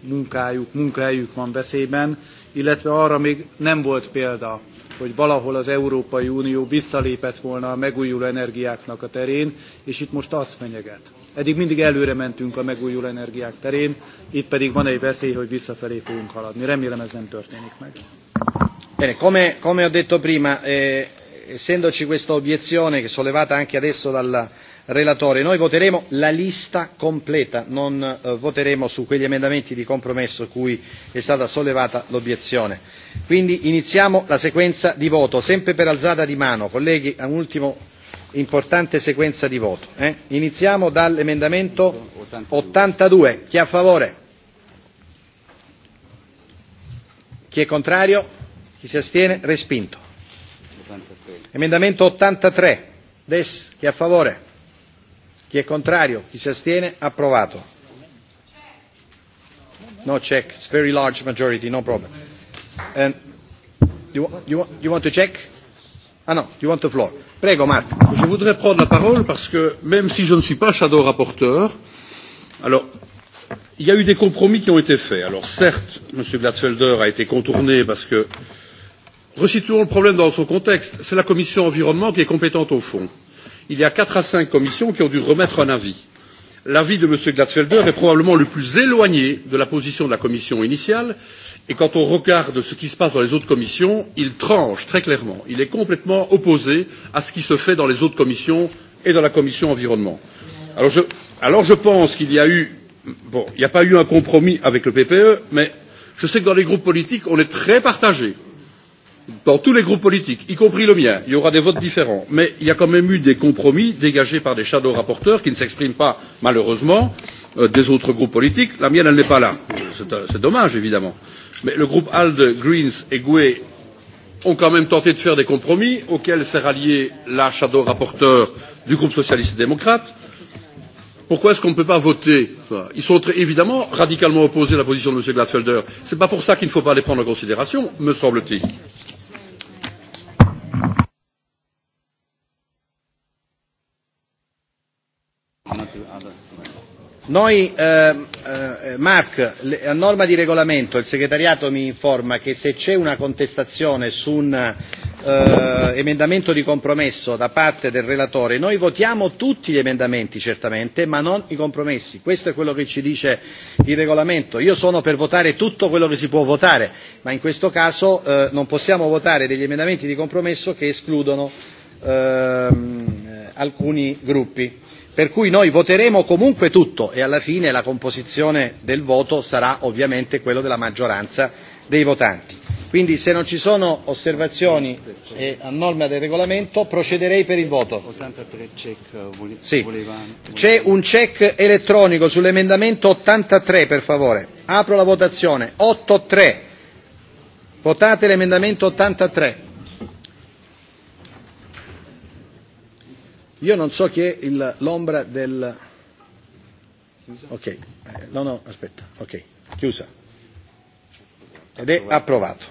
E: munkájuk, munkahelyük van veszélyben, illetve arra még nem volt példa, hogy valahol az Európai Unió visszalépett volna a megújuló energiáknak a terén, és itt most az fenyeget. Eddig mindig előre mentünk a megújuló energiák terén, itt pedig van egy veszély, hogy visszafelé fogunk haladni. Remélem ez nem történik meg.
A: Bene, come, come ho detto prima, eh, essendoci questa obiezione che sollevata anche adesso dalla, relatore. Noi voteremo la lista completa, non eh, voteremo su quegli emendamenti di compromesso cui è stata sollevata l'obiezione. Quindi iniziamo la sequenza di voto, sempre per alzata di mano. Colleghi, un'ultima importante sequenza di voto. Eh? Iniziamo dall'emendamento 82. Chi è a favore? Chi è contrario? Chi si astiene? Respinto. Emendamento 83. Des, chi è a favore? Chi è contrario? Chi si astiene? Approvato. No check. It's very large majority. No problem. And
F: you, you, you want to check? Ah non, you want the floor. Prego, Marc. Je voudrais prendre la parole parce que même si je ne suis pas shadow rapporteur, alors il y a eu des compromis qui ont été faits. Alors certes, M. Gladfelder a été contourné parce que resituons le problème dans son contexte. C'est la commission environnement qui est compétente au fond. Euh, il y a quatre à cinq commissions qui ont dû remettre un avis. l'avis de m. glatfelder est probablement le plus éloigné de la position de la commission initiale et quand on regarde ce qui se passe dans les autres commissions il tranche très clairement il est complètement opposé à ce qui se fait dans les autres commissions et dans la commission de l'environnement. alors je, alors je pense qu'il n'y a eu bon il n'y a pas eu un compromis avec le ppe mais je sais que dans les groupes politiques on est très partagés dans tous les groupes politiques y compris le mien il y aura des votes différents mais il y a quand même eu des compromis dégagés par des shadow rapporteurs qui ne s'expriment pas malheureusement euh, des autres groupes politiques la mienne elle n'est pas là c'est euh, dommage évidemment mais le groupe alde greens et gue ont quand même tenté de faire des compromis auxquels s'est ralliée la shadow rapporteure du groupe socialiste et démocrate pourquoi est ce qu'on ne peut pas voter ça? ils sont très, évidemment radicalement opposés à la position de m. gladfelder ce n'est pas pour ça qu'il ne faut pas les prendre en considération me semble t il.
A: Noi, eh, eh, Mark, le, a norma di regolamento il segretariato mi informa che se c'è una contestazione su un eh, emendamento di compromesso da parte del relatore, noi votiamo tutti gli emendamenti certamente, ma non i compromessi. Questo è quello che ci dice il regolamento. Io sono per votare tutto quello che si può votare, ma in questo caso eh, non possiamo votare degli emendamenti di compromesso che escludono ehm, alcuni gruppi per cui noi voteremo comunque tutto e alla fine la composizione del voto sarà ovviamente quella della maggioranza dei votanti. Quindi se non ci sono osservazioni eh, a norma del regolamento procederei per il voto. Eh, sì. C'è un check elettronico sull'emendamento 83 per favore. Apro la votazione. 83. Votate l'emendamento 83. Io non so chi è il, l'ombra del... Ok, eh, no, no, aspetta, ok, chiusa. Ed è approvato.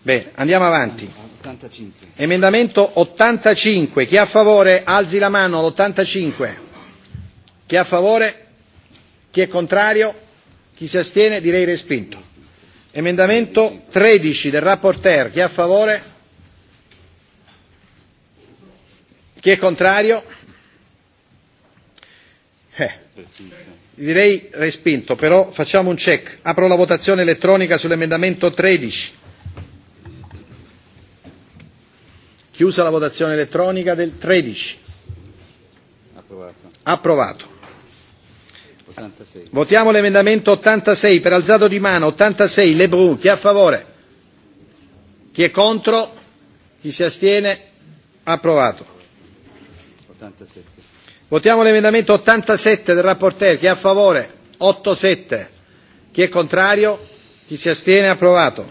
A: Bene, andiamo avanti.
B: 85.
A: Emendamento 85, chi è a favore alzi la mano, l'85. Chi è a favore? Chi è contrario? Chi si astiene? Direi respinto. Emendamento 13 del rapporteur, chi è a favore? Chi è contrario? Eh. Direi respinto, però facciamo un check. Apro la votazione elettronica sull'emendamento 13. Chiusa la votazione elettronica del 13. Approvato. Approvato.
B: 86.
A: Votiamo l'emendamento 86 per alzato di mano. 86 Lebrun. Chi è a favore? Chi è contro? Chi si astiene? Approvato. 87. Votiamo l'emendamento 87 del rapporteur. Chi è a favore? 87. Chi è contrario? Chi si astiene? Approvato.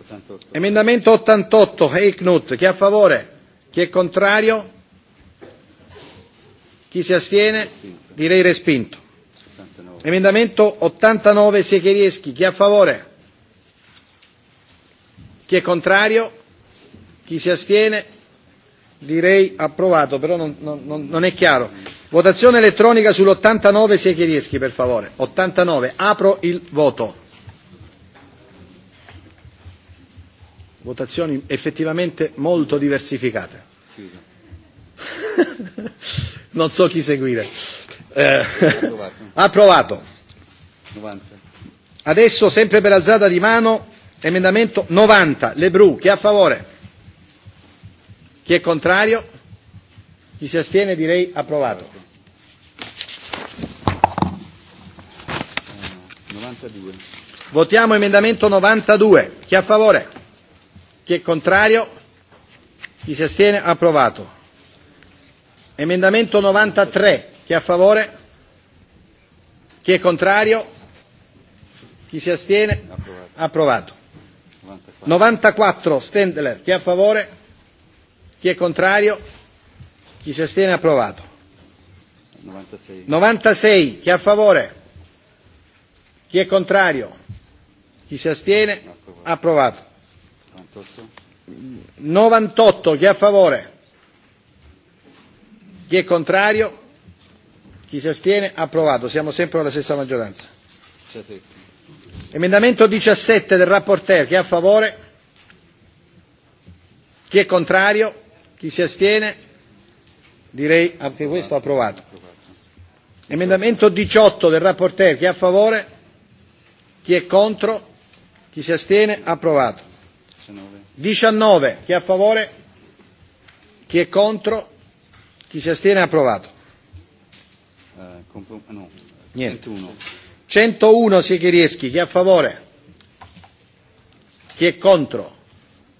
A: 88. Emendamento 88, Heiknut. Chi è a favore? Chi è contrario? Chi si astiene? Direi respinto. 89. Emendamento 89, Secherieschi. Chi è a favore? Chi è contrario? Chi si astiene? direi approvato, però non, non, non è chiaro. Votazione elettronica sull'89 Secherieschi, per favore. 89, apro il voto. Votazioni effettivamente molto diversificate. non so chi seguire. Eh, approvato. 90. Adesso, sempre per alzata di mano, emendamento 90, Lebru, chi è a favore? Chi è contrario? Chi si astiene direi approvato.
B: 92.
A: Votiamo emendamento 92. Chi è a favore? Chi è contrario? Chi si astiene? Approvato. Emendamento 93. Chi è a favore? Chi è contrario? Chi si astiene? Approvato. Approvato. 94. 94. Stendler. Chi è a favore? Chi è contrario? Chi si astiene? Approvato.
B: 96.
A: 96. Chi è a favore? Chi è contrario? Chi si astiene? Approvato. 98. 98. Chi è a favore? Chi è contrario? Chi si astiene? Approvato. Siamo sempre alla stessa maggioranza. 17. Emendamento 17 del rapporteur. Chi è a favore? Chi è contrario? Chi si astiene? Direi anche questo approvato. Emendamento 18 del rapporteur. Chi è a favore? Chi è contro? Chi si astiene? Approvato. 19. Chi è a favore? Chi è contro? Chi si astiene? Approvato.
B: Eh, no. Niente.
A: 101 Sicherieschi. Chi è a favore? Chi è contro?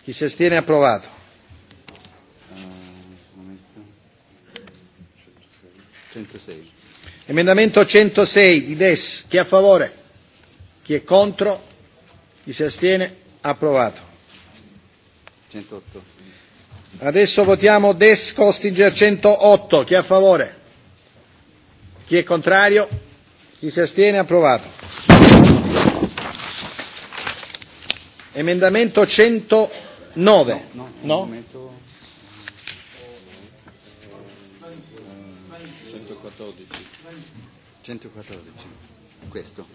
A: Chi si astiene? Approvato. 106. Emendamento 106 di Des. Chi è a favore? Chi è contro? Chi si astiene? Approvato. 108. Adesso votiamo Des Costinger 108. Chi è a favore? Chi è contrario? Chi si astiene? Approvato. Emendamento 109. No? no,
B: no? 114. 114. Questo.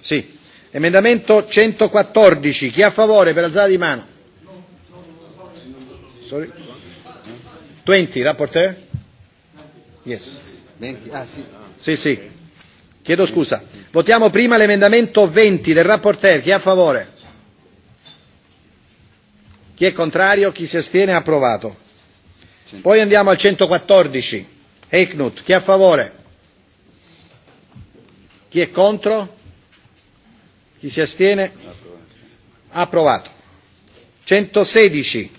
A: Sì. Emendamento 114. Chi è a favore per alzata di mano? Sorry. 20, rapporteur? Yes.
B: 20. Ah, sì.
A: Sì, sì. Chiedo scusa. Votiamo prima l'emendamento 20 del rapporteur. Chi è a favore? Chi è contrario? Chi si astiene? Approvato. Poi andiamo al 114. Ecnut, chi è a favore? Chi è contro? Chi si astiene? Approvato. 116.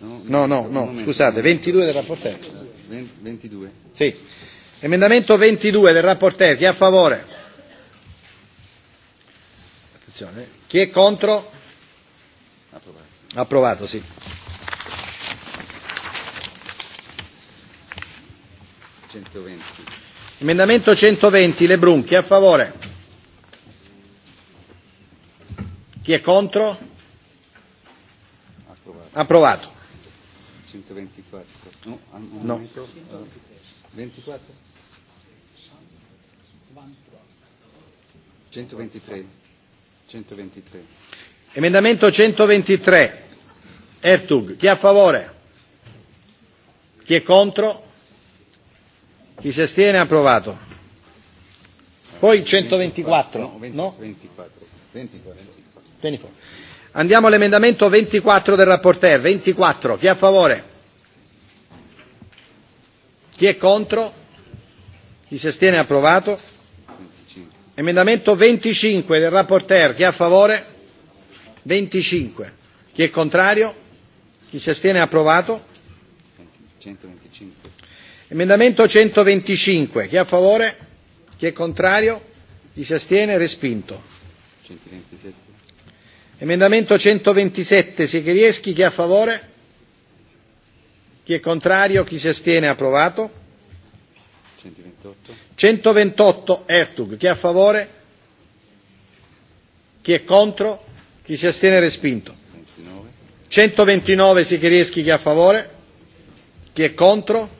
A: No, no, no, scusate, 22 del rapporteur. 22. Sì. Emendamento 22 del rapporteur, chi è a favore? Attenzione. Eh. Chi è contro? Approvato. Approvato, sì. 120. Emendamento 120, Lebrun, chi è a favore? Chi è contro? Approvato. Approvato.
B: 124. No, un no. momento. 24? 123. 123.
A: Emendamento 123. Ertug, chi è a favore? Chi è contro? Chi si astiene? Approvato.
B: Poi 124. No, 20, no? 24. 24. 24.
A: Andiamo all'emendamento 24 del rapporteur. 24. Chi è a favore? Chi è contro? Chi si astiene? Approvato. 25. Emendamento 25 del rapporteur. Chi è a favore? 25. Chi è contrario? Chi si astiene? Approvato. 125. Emendamento 125, chi è a favore? Chi è contrario? Chi si astiene? Respinto.
B: 127.
A: Emendamento 127, Segherieschi, chi è a favore? Chi è contrario? Chi si astiene? Approvato. 128. 128, Ertug, chi è a favore? Chi è contro? Chi si astiene? Respinto. 29. 129, Segherieschi, chi è a favore? Chi è contro?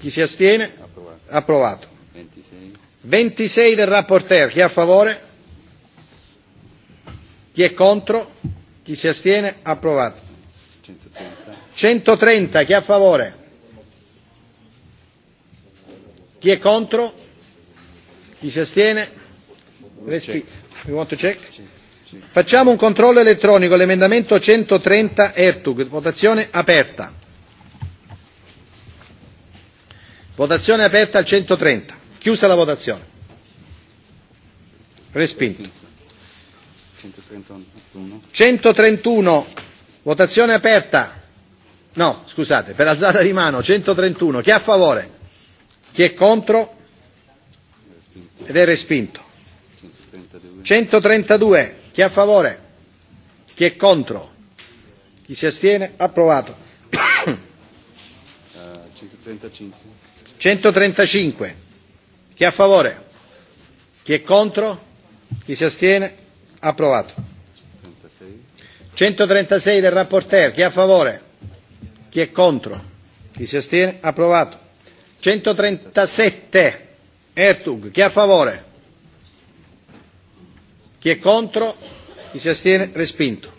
A: Chi si astiene? Approvato. Approvato. 26. 26 del rapporteur. Chi è a favore? Chi è contro? Chi si astiene? Approvato. 130. 130. Chi è a favore? Chi è contro? Chi si astiene? Respi- We want to check? Facciamo un controllo elettronico. L'emendamento 130 Ertug. Votazione aperta. Votazione aperta al 130. Chiusa la votazione. Respinto. 131. Votazione aperta. No, scusate, per alzata di mano 131. Chi è a favore? Chi è contro? Ed è respinto. 132. Chi è a favore? Chi è contro? Chi si astiene? Approvato.
B: 135. Eh,
A: 135. Chi è a favore? Chi è contro? Chi si astiene? Approvato. 136 del rapporteur. Chi è a favore? Chi è contro? Chi si astiene? Approvato. 137. Ertug. Chi è a favore? Chi è contro? Chi si astiene? Respinto.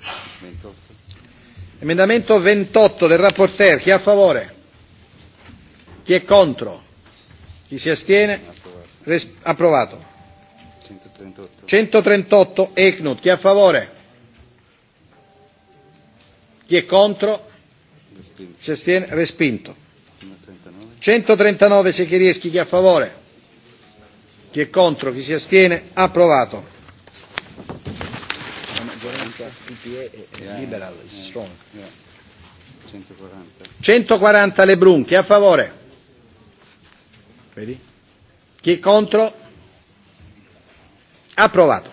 A: Emendamento 28 del rapporteur. Chi è a favore? Chi è contro? Chi si astiene? Res- approvato. 138. 138 Ecnut. Chi è a favore? Chi è contro? Respinto. Si astiene? Respinto. 139, 139 Secherieschi. Chi è a favore? Chi è contro? Chi si astiene? Approvato.
B: La maggioranza PPE è liberal, è strong. 140.
A: 140 Lebrun. Chi è a favore? Vedi? Chi è contro? Approvato.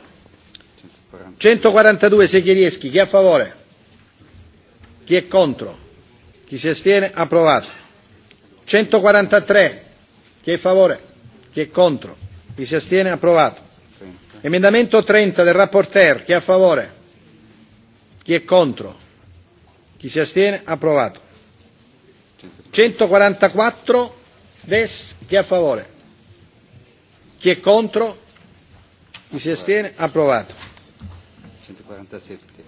A: 142 Segherieschi, chi è a favore? Chi è contro? Chi si astiene? Approvato. 143, chi è a favore? Chi è contro? Chi si astiene? Approvato. 30. Emendamento 30 del rapporteur, chi è a favore? Chi è contro? Chi si astiene? Approvato. 144 Des, chi è a favore? Chi è contro? Chi si astiene? Approvato.
B: 147.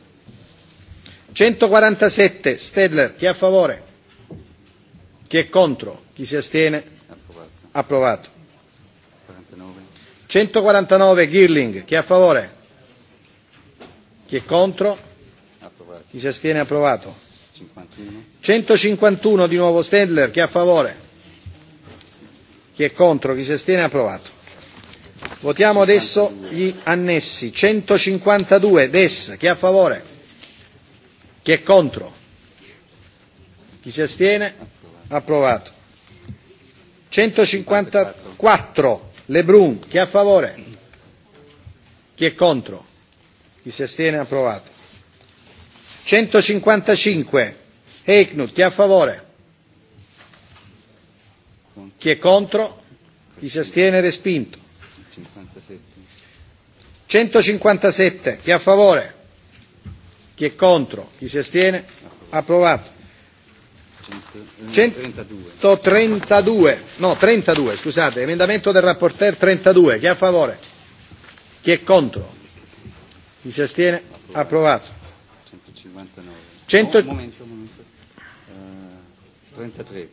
A: 147. Stedler, chi è a favore? Chi è contro? Chi si astiene? Approvato. Approvato. 49. 149. Girling, chi è a favore? Chi è contro? Approvato. Chi si astiene? Approvato. 51. 151 di nuovo Stedler, chi è a favore? Chi è contro? Chi si astiene? Approvato. Votiamo adesso gli annessi. 152 DES. Chi è a favore? Chi è contro? Chi si astiene? Approvato. 154 Lebrun. Chi è a favore? Chi è contro? Chi si astiene? Approvato. 155 Eichnut. Chi è a favore? Chi è contro? Chi si astiene? Respinto. 157. Chi è a favore? Chi è contro? Chi si astiene? Approvato. 132. No, 32, scusate. Emendamento del rapporteur 32. Chi è a favore? Chi è contro? Chi si astiene? Approvato. 159. 100... No, momento, momento. Uh, eh, 33.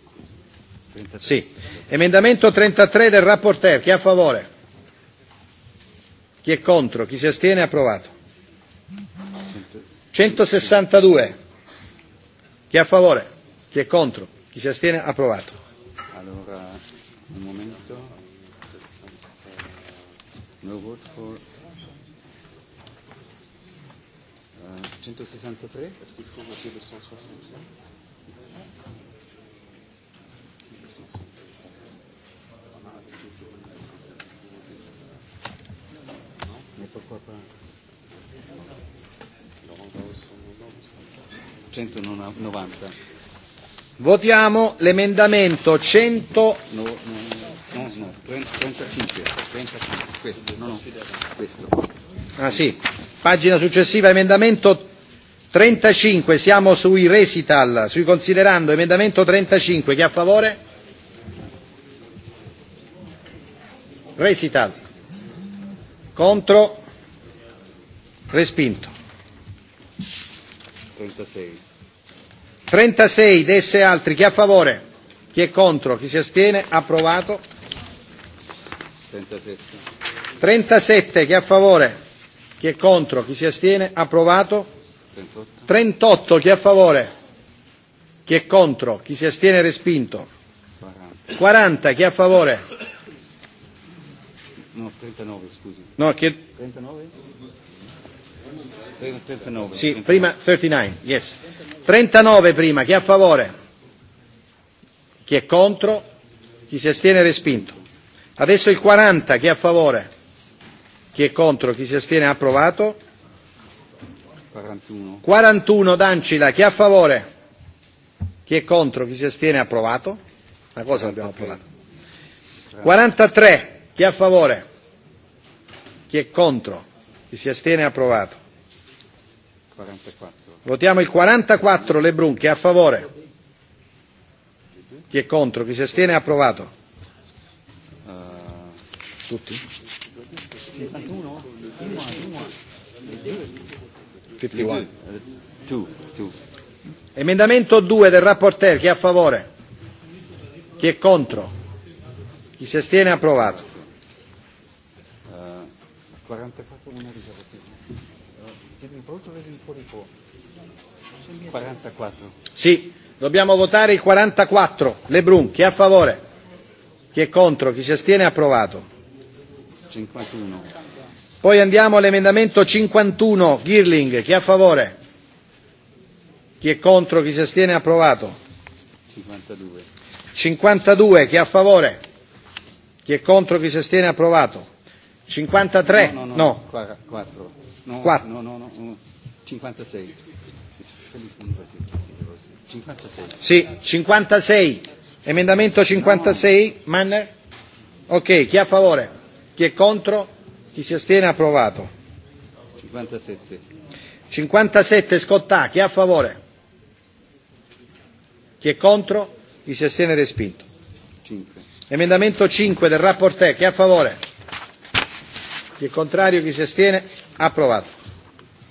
A: 33. Sì. Emendamento 33 del rapporteur. Chi è a favore? Chi è contro? Chi si astiene? Approvato. 162. Chi è a favore? Chi è contro? Chi si astiene? Approvato.
B: Allora, un momento. 60... No vote for... Uh, 163? Est-ce qu'il faut voter le 160 190.
A: Votiamo l'emendamento 100.
B: No, no, no, no 35, 35. Questo, no, no, questo.
A: Ah sì, pagina successiva, emendamento 35, siamo sui resital, sui considerando, emendamento 35, chi è a favore? Resital. Contro? Respinto.
B: 36.
A: 36 Desse altri. Chi è a favore? Chi è contro? Chi si astiene? Approvato. 37. 37. Chi è a favore? Chi è contro? Chi si astiene? Approvato. 38. 38. Chi è a favore? Chi è contro? Chi si astiene? Respinto. 40. 40. Chi è a favore?
B: No, 39, scusi. No, chi... 39? 39.
A: Sì, prima 39, yes. 39 prima, chi è a favore? Chi è contro? Chi si astiene respinto. Adesso il 40, chi è a favore? Chi è contro? Chi si astiene approvato?
B: 41.
A: 41 Dancila, chi è a favore? Chi è contro? Chi si astiene approvato? La cosa l'abbiamo approvata. 43, chi è a favore? Chi è contro? Chi si astiene? Approvato. 44. Votiamo il 44 Lebrun. Chi è a favore? Chi è contro? Chi si astiene? Approvato.
B: Uh, Tutti? 51? 51. 2.
A: Emendamento 2 del rapporteur. Chi è a favore? Chi è contro? Chi si astiene? Approvato.
B: 44 non è riservativo. Eh, 44.
A: Sì, dobbiamo votare il 44. Lebrun, chi è a favore? Chi è contro? Chi si astiene? Approvato.
B: 51.
A: Poi andiamo all'emendamento 51, Girling, chi è a favore? Chi è contro? Chi si astiene? Approvato.
B: 52.
A: 52, chi è a favore? Chi è contro? Chi si astiene? Approvato. 53? No. no, no, no. 4.
B: No, 4. No, no, no, no. 56. 56.
A: Sì, 56. Emendamento 56, no. Manner? Ok, chi è a favore? Chi è contro? Chi si astiene? Approvato.
B: 57.
A: 57, Scottà, chi è a favore? Chi è contro? Chi si astiene? Respinto. 5. Emendamento 5 del rapporteur, chi è a favore? Chi è contrario, chi si astiene? Approvato.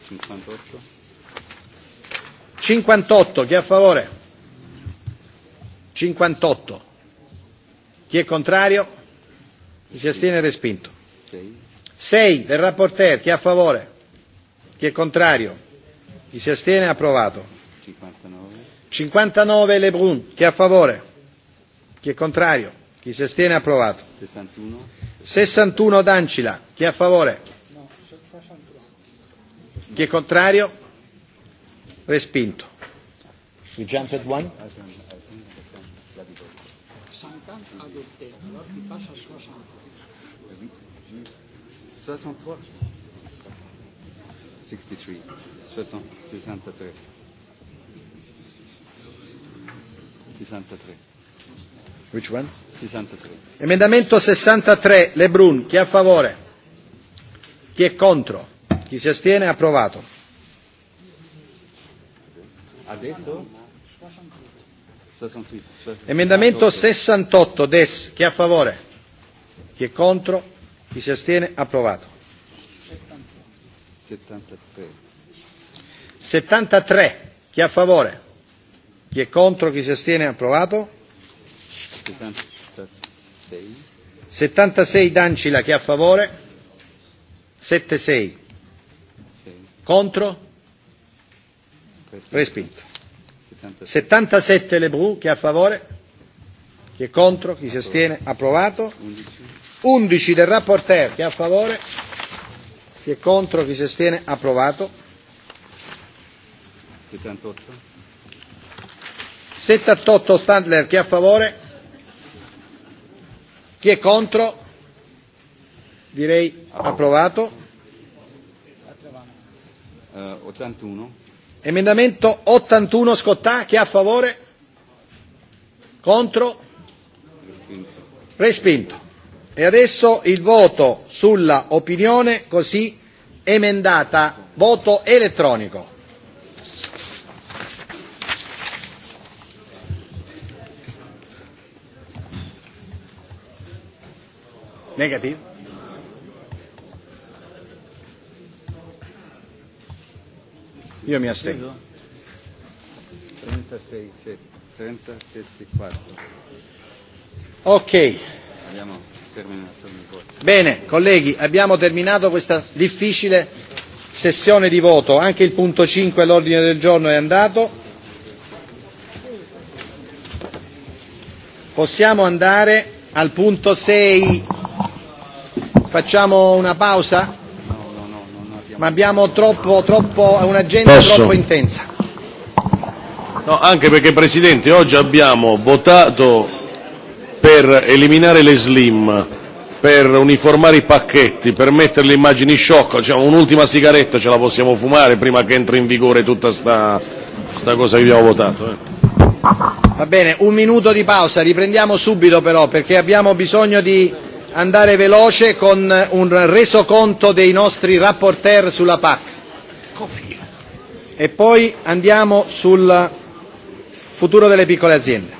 B: 58.
A: 58. Chi è a favore? 58. Chi è contrario? Chi si astiene? Respinto. 6. 6 del rapporteur. Chi è a favore? Chi è contrario? Chi si astiene? Approvato. 59. 59 Lebrun. Chi è a favore? Chi è contrario? Chi si astiene? Approvato.
B: 61.
A: 61 Dancila, chi è a favore? Chi è contrario? Respinto. We jumped at one.
B: Alors il passe à 63. 63 63. 63. 63. Which one? 63.
A: Emendamento 63, Lebrun, chi è a favore? Chi è contro? Chi si astiene? Approvato.
B: Adesso? 68.
A: Emendamento 68, Des, chi è a favore? Chi è contro? Chi si astiene? Approvato. 73. 73, chi è a favore? Chi è contro? Chi si astiene? Approvato.
B: 76.
A: 76 Dancila, chi è a favore? 76. Contro? Respinto. 77 Lebrou, chi è a favore? Chi è contro? Chi si astiene? Approvato. 11 del rapporteur, chi è a favore? Chi è contro? Chi si astiene? Approvato. 78. 78 Standler, chi è a favore? Chi è contro? Direi approvato.
B: Uh, eh, 81.
A: Emendamento 81 Scottà, chi è a favore? Contro? Respinto. Respinto. E adesso il voto sulla opinione così emendata. Voto elettronico. Negativ. Io mi astengo.
B: 36, 37, 4. Ok. Abbiamo terminato il voto.
A: Bene, colleghi, abbiamo terminato questa difficile sessione di voto. Anche il punto 5 all'ordine del giorno è andato. Possiamo andare al punto 6. Facciamo una pausa? No, no, no, no, abbiamo... Ma abbiamo troppo, troppo, un'agenda Posso? troppo intensa.
G: No, anche perché Presidente, oggi abbiamo votato per eliminare le slim, per uniformare
H: i pacchetti, per mettere le immagini shock, cioè un'ultima sigaretta ce la possiamo fumare prima che entri in vigore tutta sta, sta cosa che abbiamo votato. Eh.
A: Va bene, un minuto di pausa, riprendiamo subito però perché abbiamo bisogno di andare veloce con un resoconto dei nostri rapporteur sulla PAC. E poi andiamo sul futuro delle piccole aziende.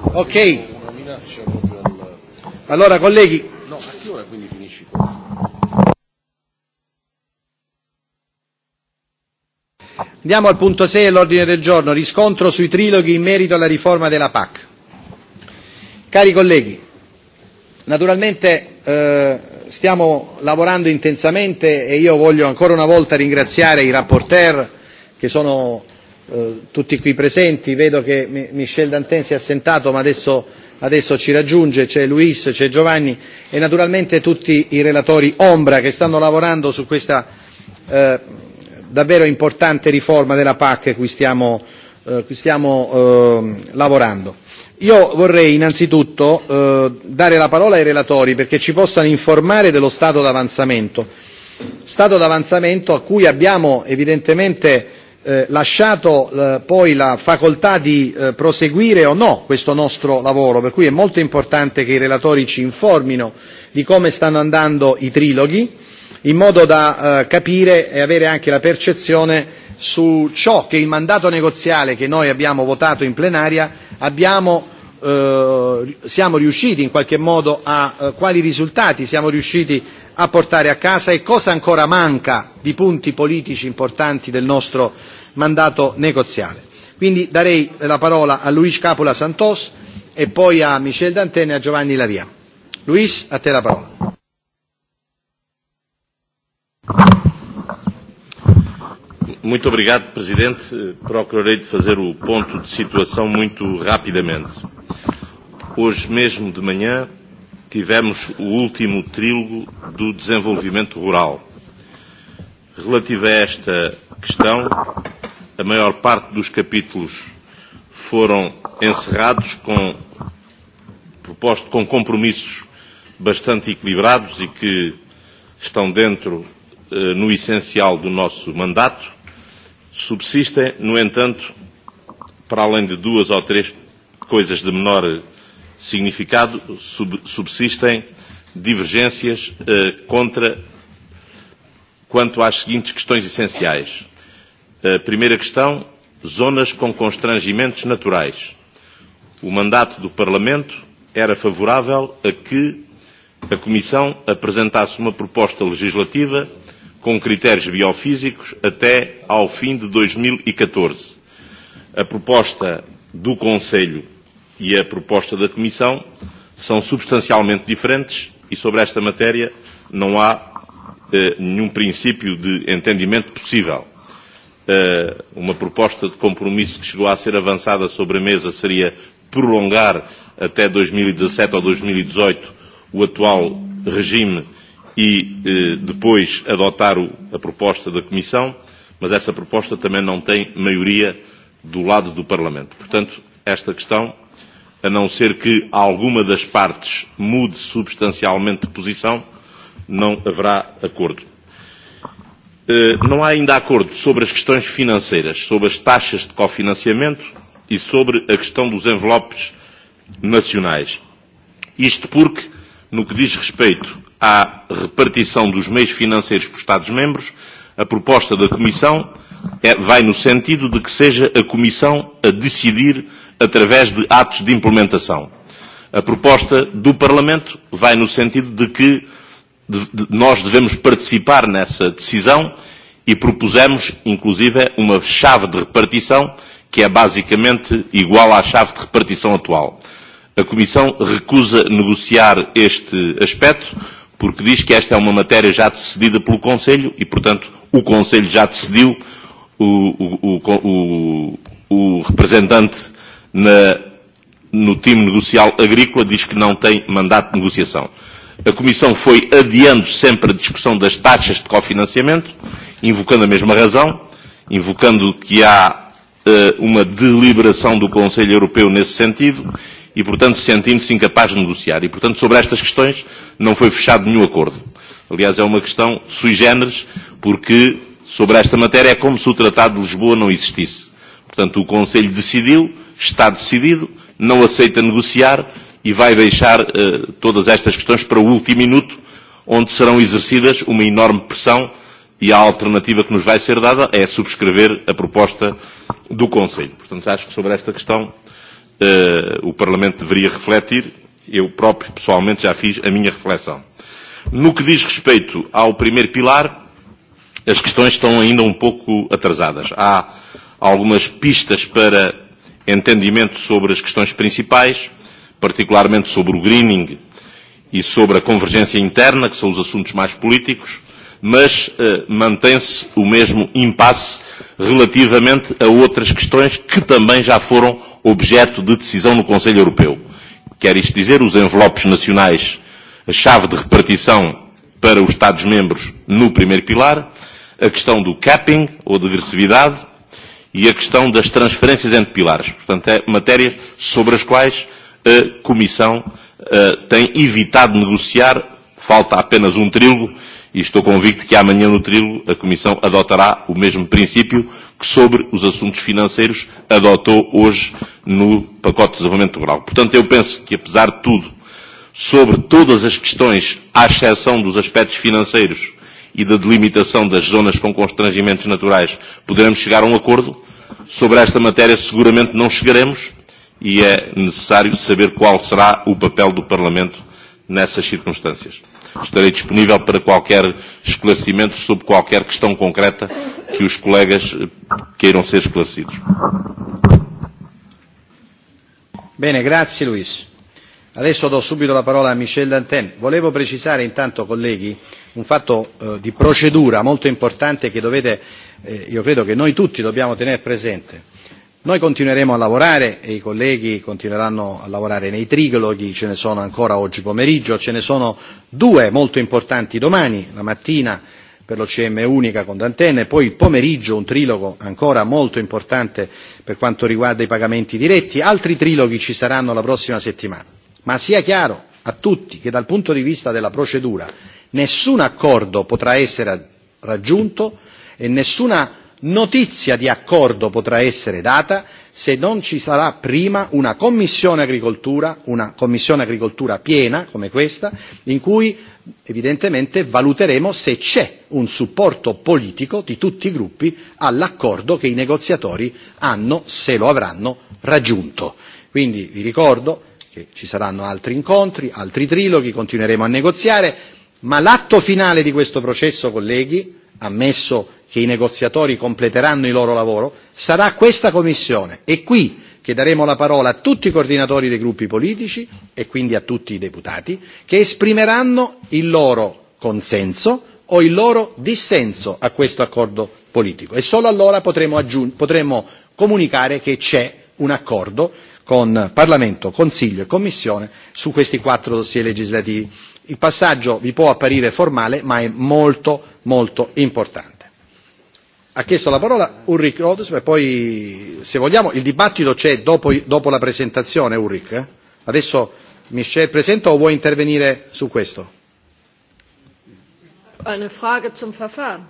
A: Ok.
H: Allora colleghi. No, a che ora quindi finisci qua?
A: Andiamo al punto 6 dell'ordine del giorno, riscontro sui triloghi in merito alla riforma della PAC. Cari colleghi, naturalmente eh, stiamo lavorando intensamente e io voglio ancora una volta ringraziare i rapporteur che sono eh, tutti qui presenti. Vedo che Michel Dantin si è assentato, ma adesso, adesso ci raggiunge, c'è Luis, c'è Giovanni e naturalmente tutti i relatori ombra che stanno lavorando su questa eh, davvero importante riforma della PAC cui stiamo, eh, cui stiamo eh, lavorando. Io vorrei innanzitutto eh, dare la parola ai relatori perché ci possano informare dello stato d'avanzamento. Stato d'avanzamento a cui abbiamo evidentemente eh, lasciato eh, poi la facoltà di eh, proseguire o no questo nostro lavoro, per cui è molto importante che i relatori ci informino di come stanno andando i triloghi, in modo da eh, capire e avere anche la percezione su ciò che il mandato negoziale che noi abbiamo votato in plenaria abbiamo eh, siamo riusciti in qualche modo a eh, quali risultati siamo riusciti a portare a casa e cosa ancora manca di punti politici importanti del nostro mandato negoziale. Quindi darei la parola a Luis Capola Santos e poi a Michel Dantene e a Giovanni Lavia. Luis, a te la parola.
G: Muito obrigado, Presidente. Procurarei fazer o ponto de situação muito rapidamente. Hoje mesmo de manhã tivemos o último trílogo do desenvolvimento rural. Relativo a esta questão, a maior parte dos capítulos foram encerrados com, proposto, com compromissos bastante equilibrados e que estão dentro, eh, no essencial, do nosso mandato. Subsistem, no entanto, para além de duas ou três coisas de menor eh, significado, sub, subsistem divergências eh, contra, quanto às seguintes questões essenciais A eh, primeira questão, zonas com constrangimentos naturais. O mandato do Parlamento era favorável a que a Comissão apresentasse uma proposta legislativa com critérios biofísicos até ao fim de 2014. E a proposta do Conselho e a proposta da Comissão são substancialmente diferentes e sobre esta matéria não há eh, nenhum princípio de entendimento possível uh, uma proposta de compromisso que chegou a ser avançada sobre a mesa seria prolongar até 2017 e ou 2018 e o atual regime e eh, depois adotar o, a proposta da Comissão, mas essa proposta também não tem maioria do lado do Parlamento. Portanto, esta questão, a não ser que alguma das partes mude substancialmente de posição, não haverá acordo. Eh, não há ainda acordo sobre as questões financeiras, sobre as taxas de cofinanciamento e sobre a questão dos envelopes nacionais. Isto porque, no que diz respeito à repartição dos meios financeiros por Estados-membros, a proposta da Comissão é, vai no sentido de que seja a Comissão a decidir através de atos de implementação. A proposta do Parlamento vai no sentido de que de, de, nós devemos participar nessa decisão e propusemos, inclusive, uma chave de repartição que é basicamente igual à chave de repartição atual. A Comissão recusa negociar este aspecto porque diz que esta é uma matéria já decidida pelo Conselho e, portanto, o Conselho já decidiu o, o, o, o representante na, no time negocial agrícola diz que não tem mandato de negociação. Uh, A Comissão foi adiando sempre a discussão das taxas de cofinanciamento, invocando a mesma razão, invocando que há uh, uma deliberação do Conselho Europeu nesse sentido e, portanto, sentimos-se incapazes de negociar. E, portanto, sobre estas questões não foi fechado nenhum acordo. Aliás, é uma questão sui generis, porque sobre esta matéria é como se o Tratado de Lisboa não existisse. Portanto, o Conselho decidiu, está decidido, não aceita negociar, e vai deixar uh, todas estas questões para o último minuto, onde serão exercidas uma enorme pressão e a alternativa que nos vai ser dada é subscrever a proposta do Conselho. Portanto, acho que sobre esta questão eh, o Parlamento deveria refletir. Eu próprio, pessoalmente, já fiz a minha reflexão. No que diz respeito ao primeiro pilar, as questões estão ainda um pouco atrasadas. Há algumas pistas para entendimento sobre as questões principais particularmente sobre o greening e sobre a convergência interna, que são os assuntos mais políticos, mas eh, mantém-se o mesmo impasse relativamente a outras questões que também já foram objeto de decisão no Conselho Europeu. Quer isto dizer, os envelopes nacionais, a chave de repartição para os Estados-membros no primeiro pilar, a questão do capping ou de agressividade e a questão das transferências entre pilares. Portanto, é matérias sobre as quais a Comissão uh, tem evitado negociar, falta apenas um trílogo, e estou convicto que amanhã no trílogo a Comissão adotará o mesmo princípio que sobre os assuntos financeiros adotou hoje no pacote de desenvolvimento rural. Portanto, eu penso que, apesar de tudo, sobre todas as questões, à exceção dos aspectos financeiros e da delimitação das zonas com constrangimentos naturais, poderemos chegar a um acordo. Sobre esta matéria, seguramente não chegaremos, e é necessário saber qual será o papel do Parlamento nessas circunstâncias. Estarei disponível para qualquer esclarecimento sobre qualquer questão concreta que os colegas eh, queiram ser esclarecidos.
A: Bene, grazie Luis. Adesso do subito la parola a Michel Dantin. Volevo precisare intanto, colleghi, un fatto eh, di procedura molto importante che dovete, eh, io credo che noi tutti dobbiamo tenere presente Noi continueremo a lavorare e i colleghi continueranno a lavorare nei trigloghi, ce ne sono ancora oggi pomeriggio, ce ne sono due molto importanti domani, la mattina per l'OCM unica con Dantenne, poi il pomeriggio un trilogo ancora molto importante per quanto riguarda i pagamenti diretti, altri triloghi ci saranno la prossima settimana. Ma sia chiaro a tutti che dal punto di vista della procedura nessun accordo potrà essere raggiunto e nessuna notizia di accordo potrà essere data se non ci sarà prima una commissione agricoltura una commissione agricoltura piena come questa in cui evidentemente valuteremo se c'è un supporto politico di tutti i gruppi all'accordo che i negoziatori hanno se lo avranno raggiunto. quindi vi ricordo che ci saranno altri incontri altri triloghi continueremo a negoziare ma l'atto finale di questo processo colleghi ammesso che i negoziatori completeranno il loro lavoro sarà questa commissione e qui che daremo la parola a tutti i coordinatori dei gruppi politici e quindi a tutti i deputati che esprimeranno il loro consenso o il loro dissenso a questo accordo politico e solo allora potremo, potremo comunicare che c'è un accordo con Parlamento, Consiglio e Commissione su questi quattro dossier legislativi. Il passaggio vi può apparire formale ma è molto molto importante ha chiesto la parola Ulrich Rodus, e poi se vogliamo il dibattito c'è dopo, dopo la presentazione Ulrich. Eh? Adesso Michel presenta o vuoi intervenire su questo?
I: Eine Frage zum Verfahren.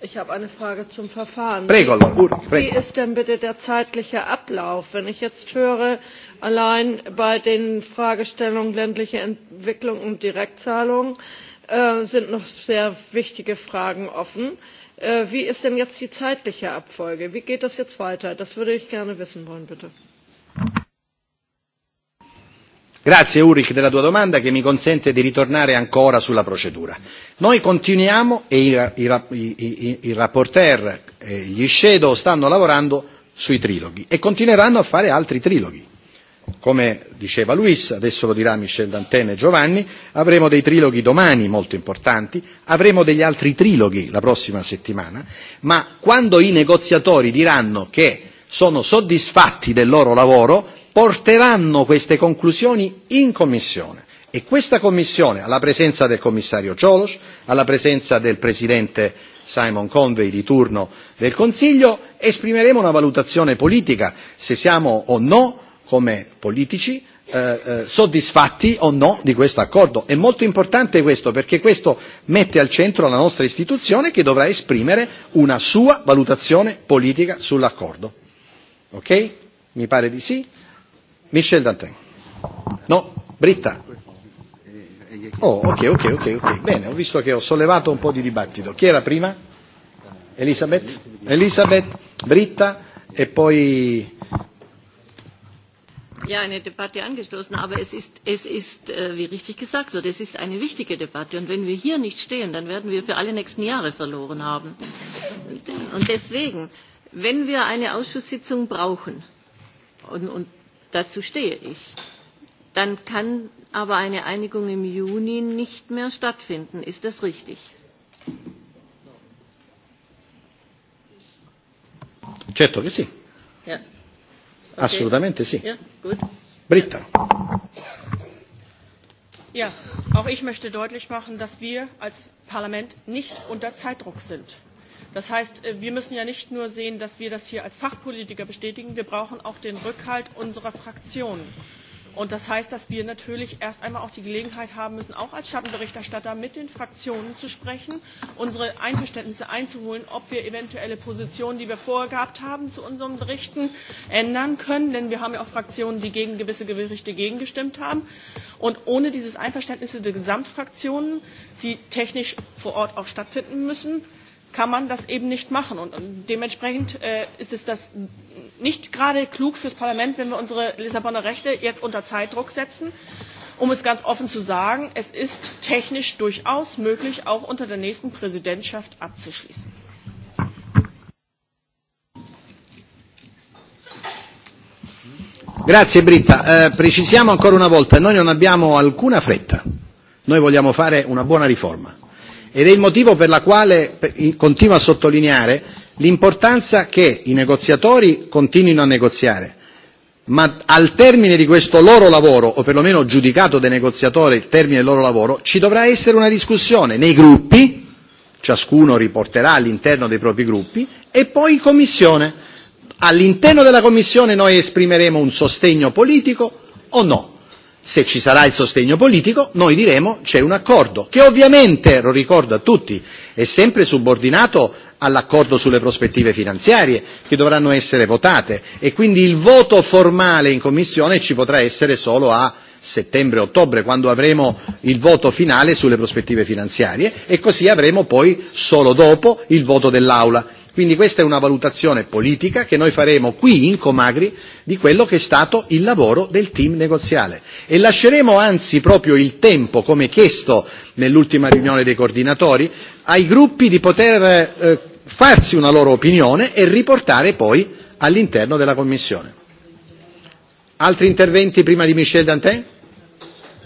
I: Ich habe eine Frage zum Verfahren. Prego, allora. Ulrich, prego. Wie ist denn bitte der zeitliche Ablauf? Wenn ich jetzt höre, allein bei den Fragestellungen ländliche Entwicklung und Direktzahlung äh, sind noch sehr wichtige Fragen offen. Äh, Äh, wie ist denn jetzt die zeitliche abfolge? wie geht das jetzt weiter? das würde ich gerne wissen wollen bitte.
A: Grazie Ulrich della tua domanda che mi consente di ritornare ancora sulla procedura. Noi continuiamo e i, i, i, i rapporteur e gli shadow stanno lavorando sui triloghi e continueranno a fare altri triloghi come diceva Luis, adesso lo dirà Michel Danten e Giovanni, avremo dei triloghi domani molto importanti, avremo degli altri triloghi la prossima settimana, ma quando i negoziatori diranno che sono soddisfatti del loro lavoro, porteranno queste conclusioni in Commissione. E questa Commissione, alla presenza del commissario Cioloș, alla presenza del Presidente Simon Convey di turno del Consiglio, esprimeremo una valutazione politica se siamo o no come politici eh, eh, soddisfatti o no di questo accordo. È molto importante questo perché questo mette al centro la nostra istituzione che dovrà esprimere una sua valutazione politica sull'accordo. Ok? Mi pare di sì. Michel Dantin. No, Britta. Oh, ok, ok, ok, ok. Bene, ho visto che ho sollevato un po' di dibattito. Chi era prima? Elisabeth? Elisabeth, Britta e poi
I: ja eine Debatte angestoßen, aber es ist, es ist äh, wie richtig gesagt wird, es ist eine wichtige Debatte. Und wenn wir hier nicht stehen, dann werden wir für alle nächsten Jahre verloren haben. Und deswegen, wenn wir eine Ausschusssitzung brauchen, und, und dazu stehe ich, dann kann aber eine Einigung im Juni nicht mehr stattfinden. Ist das richtig?
A: Certo che sì. Okay. Assolutamente sì. Yeah, good. Britta.
J: Ja, auch ich möchte deutlich machen, dass wir als Parlament nicht unter Zeitdruck sind. Das heißt, äh, wir müssen ja nicht nur sehen, dass wir das hier als Fachpolitiker bestätigen, wir brauchen auch den Rückhalt unserer Fraktionen. Und das heißt, dass wir natürlich erst einmal auch die Gelegenheit haben müssen, auch als Schattenberichterstatter mit den Fraktionen zu sprechen, unsere Einverständnisse einzuholen, ob wir eventuelle Positionen, die wir vorher gehabt haben, zu unseren Berichten ändern können. Denn wir haben ja auch Fraktionen, die gegen gewisse Berichte gegengestimmt haben. Und ohne dieses Einverständnis der Gesamtfraktionen, die technisch vor Ort auch stattfinden müssen, kann man das eben nicht machen. Und dementsprechend äh, ist es das nicht gerade klug fürs Parlament, wenn wir unsere Lissabonner Rechte jetzt unter Zeitdruck setzen. Um es ganz offen zu sagen, es ist technisch durchaus möglich, auch unter der nächsten Präsidentschaft abzuschließen.
A: Grazie Britta. Eh, precisiamo ancora una volta, noi non abbiamo alcuna fretta, noi vogliamo fare una buona riforma ed è il motivo per la quale continuo a sottolineare l'importanza che i negoziatori continuino a negoziare, ma al termine di questo loro lavoro, o perlomeno giudicato dai negoziatori il termine del loro lavoro, ci dovrà essere una discussione nei gruppi, ciascuno riporterà all'interno dei propri gruppi, e poi in Commissione. All'interno della Commissione noi esprimeremo un sostegno politico o no, se ci sarà il sostegno politico, noi diremo c'è un accordo, che ovviamente, lo ricordo a tutti, è sempre subordinato all'accordo sulle prospettive finanziarie che dovranno essere votate e quindi il voto formale in Commissione ci potrà essere solo a settembre-ottobre, quando avremo il voto finale sulle prospettive finanziarie e così avremo poi solo dopo il voto dell'Aula Quindi questa è una valutazione politica che noi faremo qui in Comagri di quello che è stato il lavoro del team negoziale e lasceremo anzi proprio il tempo, come chiesto nell'ultima riunione dei coordinatori, ai gruppi di poter eh, farsi una loro opinione e riportare poi all'interno della Commissione. Altri interventi prima di Michel Dantin?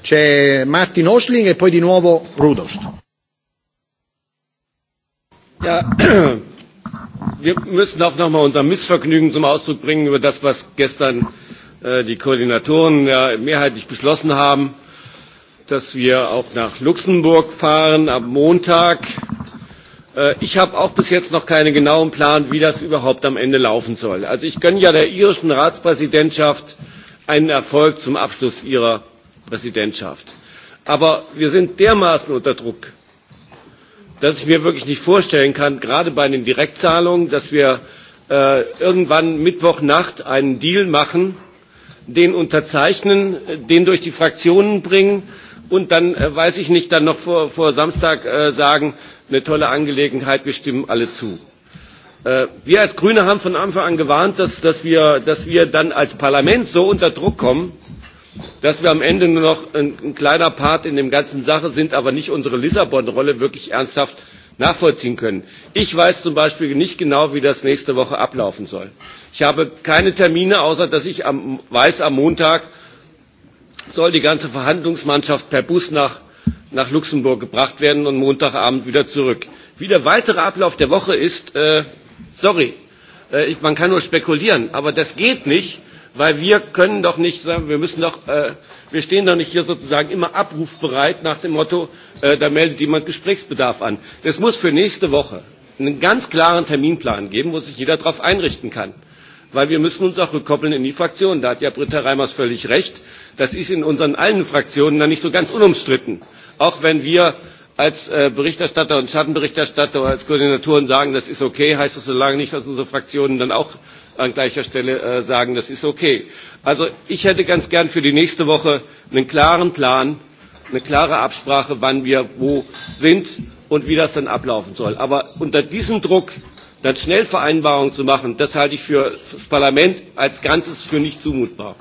A: C'è Martin Osling e poi di nuovo Rudolf.
K: Ja, wir müssen auch noch mal unser Missvergnügen zum Ausdruck bringen über das, was gestern äh, die Koordinatoren ja mehrheitlich beschlossen haben, dass wir auch nach Luxemburg fahren am Montag. Äh, ich habe auch bis jetzt noch keinen genauen Plan, wie das überhaupt am Ende laufen soll. Also ich gönne ja der irischen Ratspräsidentschaft einen Erfolg zum Abschluss ihrer Präsidentschaft. Aber wir sind dermaßen unter Druck dass ich mir wirklich nicht vorstellen kann, gerade bei den Direktzahlungen, dass wir äh, irgendwann Mittwochnacht einen Deal machen, den unterzeichnen, den durch die Fraktionen bringen und dann, äh, weiß ich nicht, dann noch vor, vor Samstag äh, sagen, eine tolle Angelegenheit, wir stimmen alle zu. Äh, wir als Grüne haben von Anfang an gewarnt, dass, dass, wir, dass wir dann als Parlament so unter Druck kommen, dass wir am Ende nur noch ein, ein kleiner Part in der ganzen Sache sind, aber nicht unsere Lissabon-Rolle wirklich ernsthaft nachvollziehen können. Ich weiß zum Beispiel nicht genau, wie das nächste Woche ablaufen soll. Ich habe keine Termine, außer dass ich am, weiß, am Montag soll die ganze Verhandlungsmannschaft per Bus nach, nach Luxemburg gebracht werden und Montagabend wieder zurück. Wie der weitere Ablauf der Woche ist, äh, sorry, äh, ich, man kann nur spekulieren, aber das geht nicht, weil wir können doch nicht sagen, wir müssen doch, äh, wir stehen doch nicht hier sozusagen immer abrufbereit nach dem Motto, äh, da meldet jemand Gesprächsbedarf an. Es muss für nächste Woche einen ganz klaren Terminplan geben, wo sich jeder darauf einrichten kann. Weil wir müssen uns auch rückkoppeln in die Fraktionen. Da hat ja Britta Reimers völlig recht. Das ist in unseren allen Fraktionen dann nicht so ganz unumstritten. Auch wenn wir als äh, Berichterstatter und Schattenberichterstatter oder als Koordinatoren sagen, das ist okay, heißt das so lange nicht, dass unsere Fraktionen dann auch an gleicher Stelle äh, sagen, das ist okay. Also ich hätte ganz gern für die nächste Woche einen klaren Plan, eine klare Absprache, wann wir wo sind und wie das dann ablaufen soll. Aber unter diesem Druck dann schnell Vereinbarungen zu machen, das halte ich für das Parlament als Ganzes für nicht zumutbar.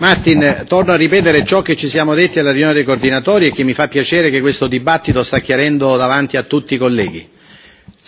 A: Martin, eh, torno a ripetere ciò che ci siamo detti alla riunione dei coordinatori e che mi fa piacere che questo dibattito sta chiarendo davanti a tutti i colleghi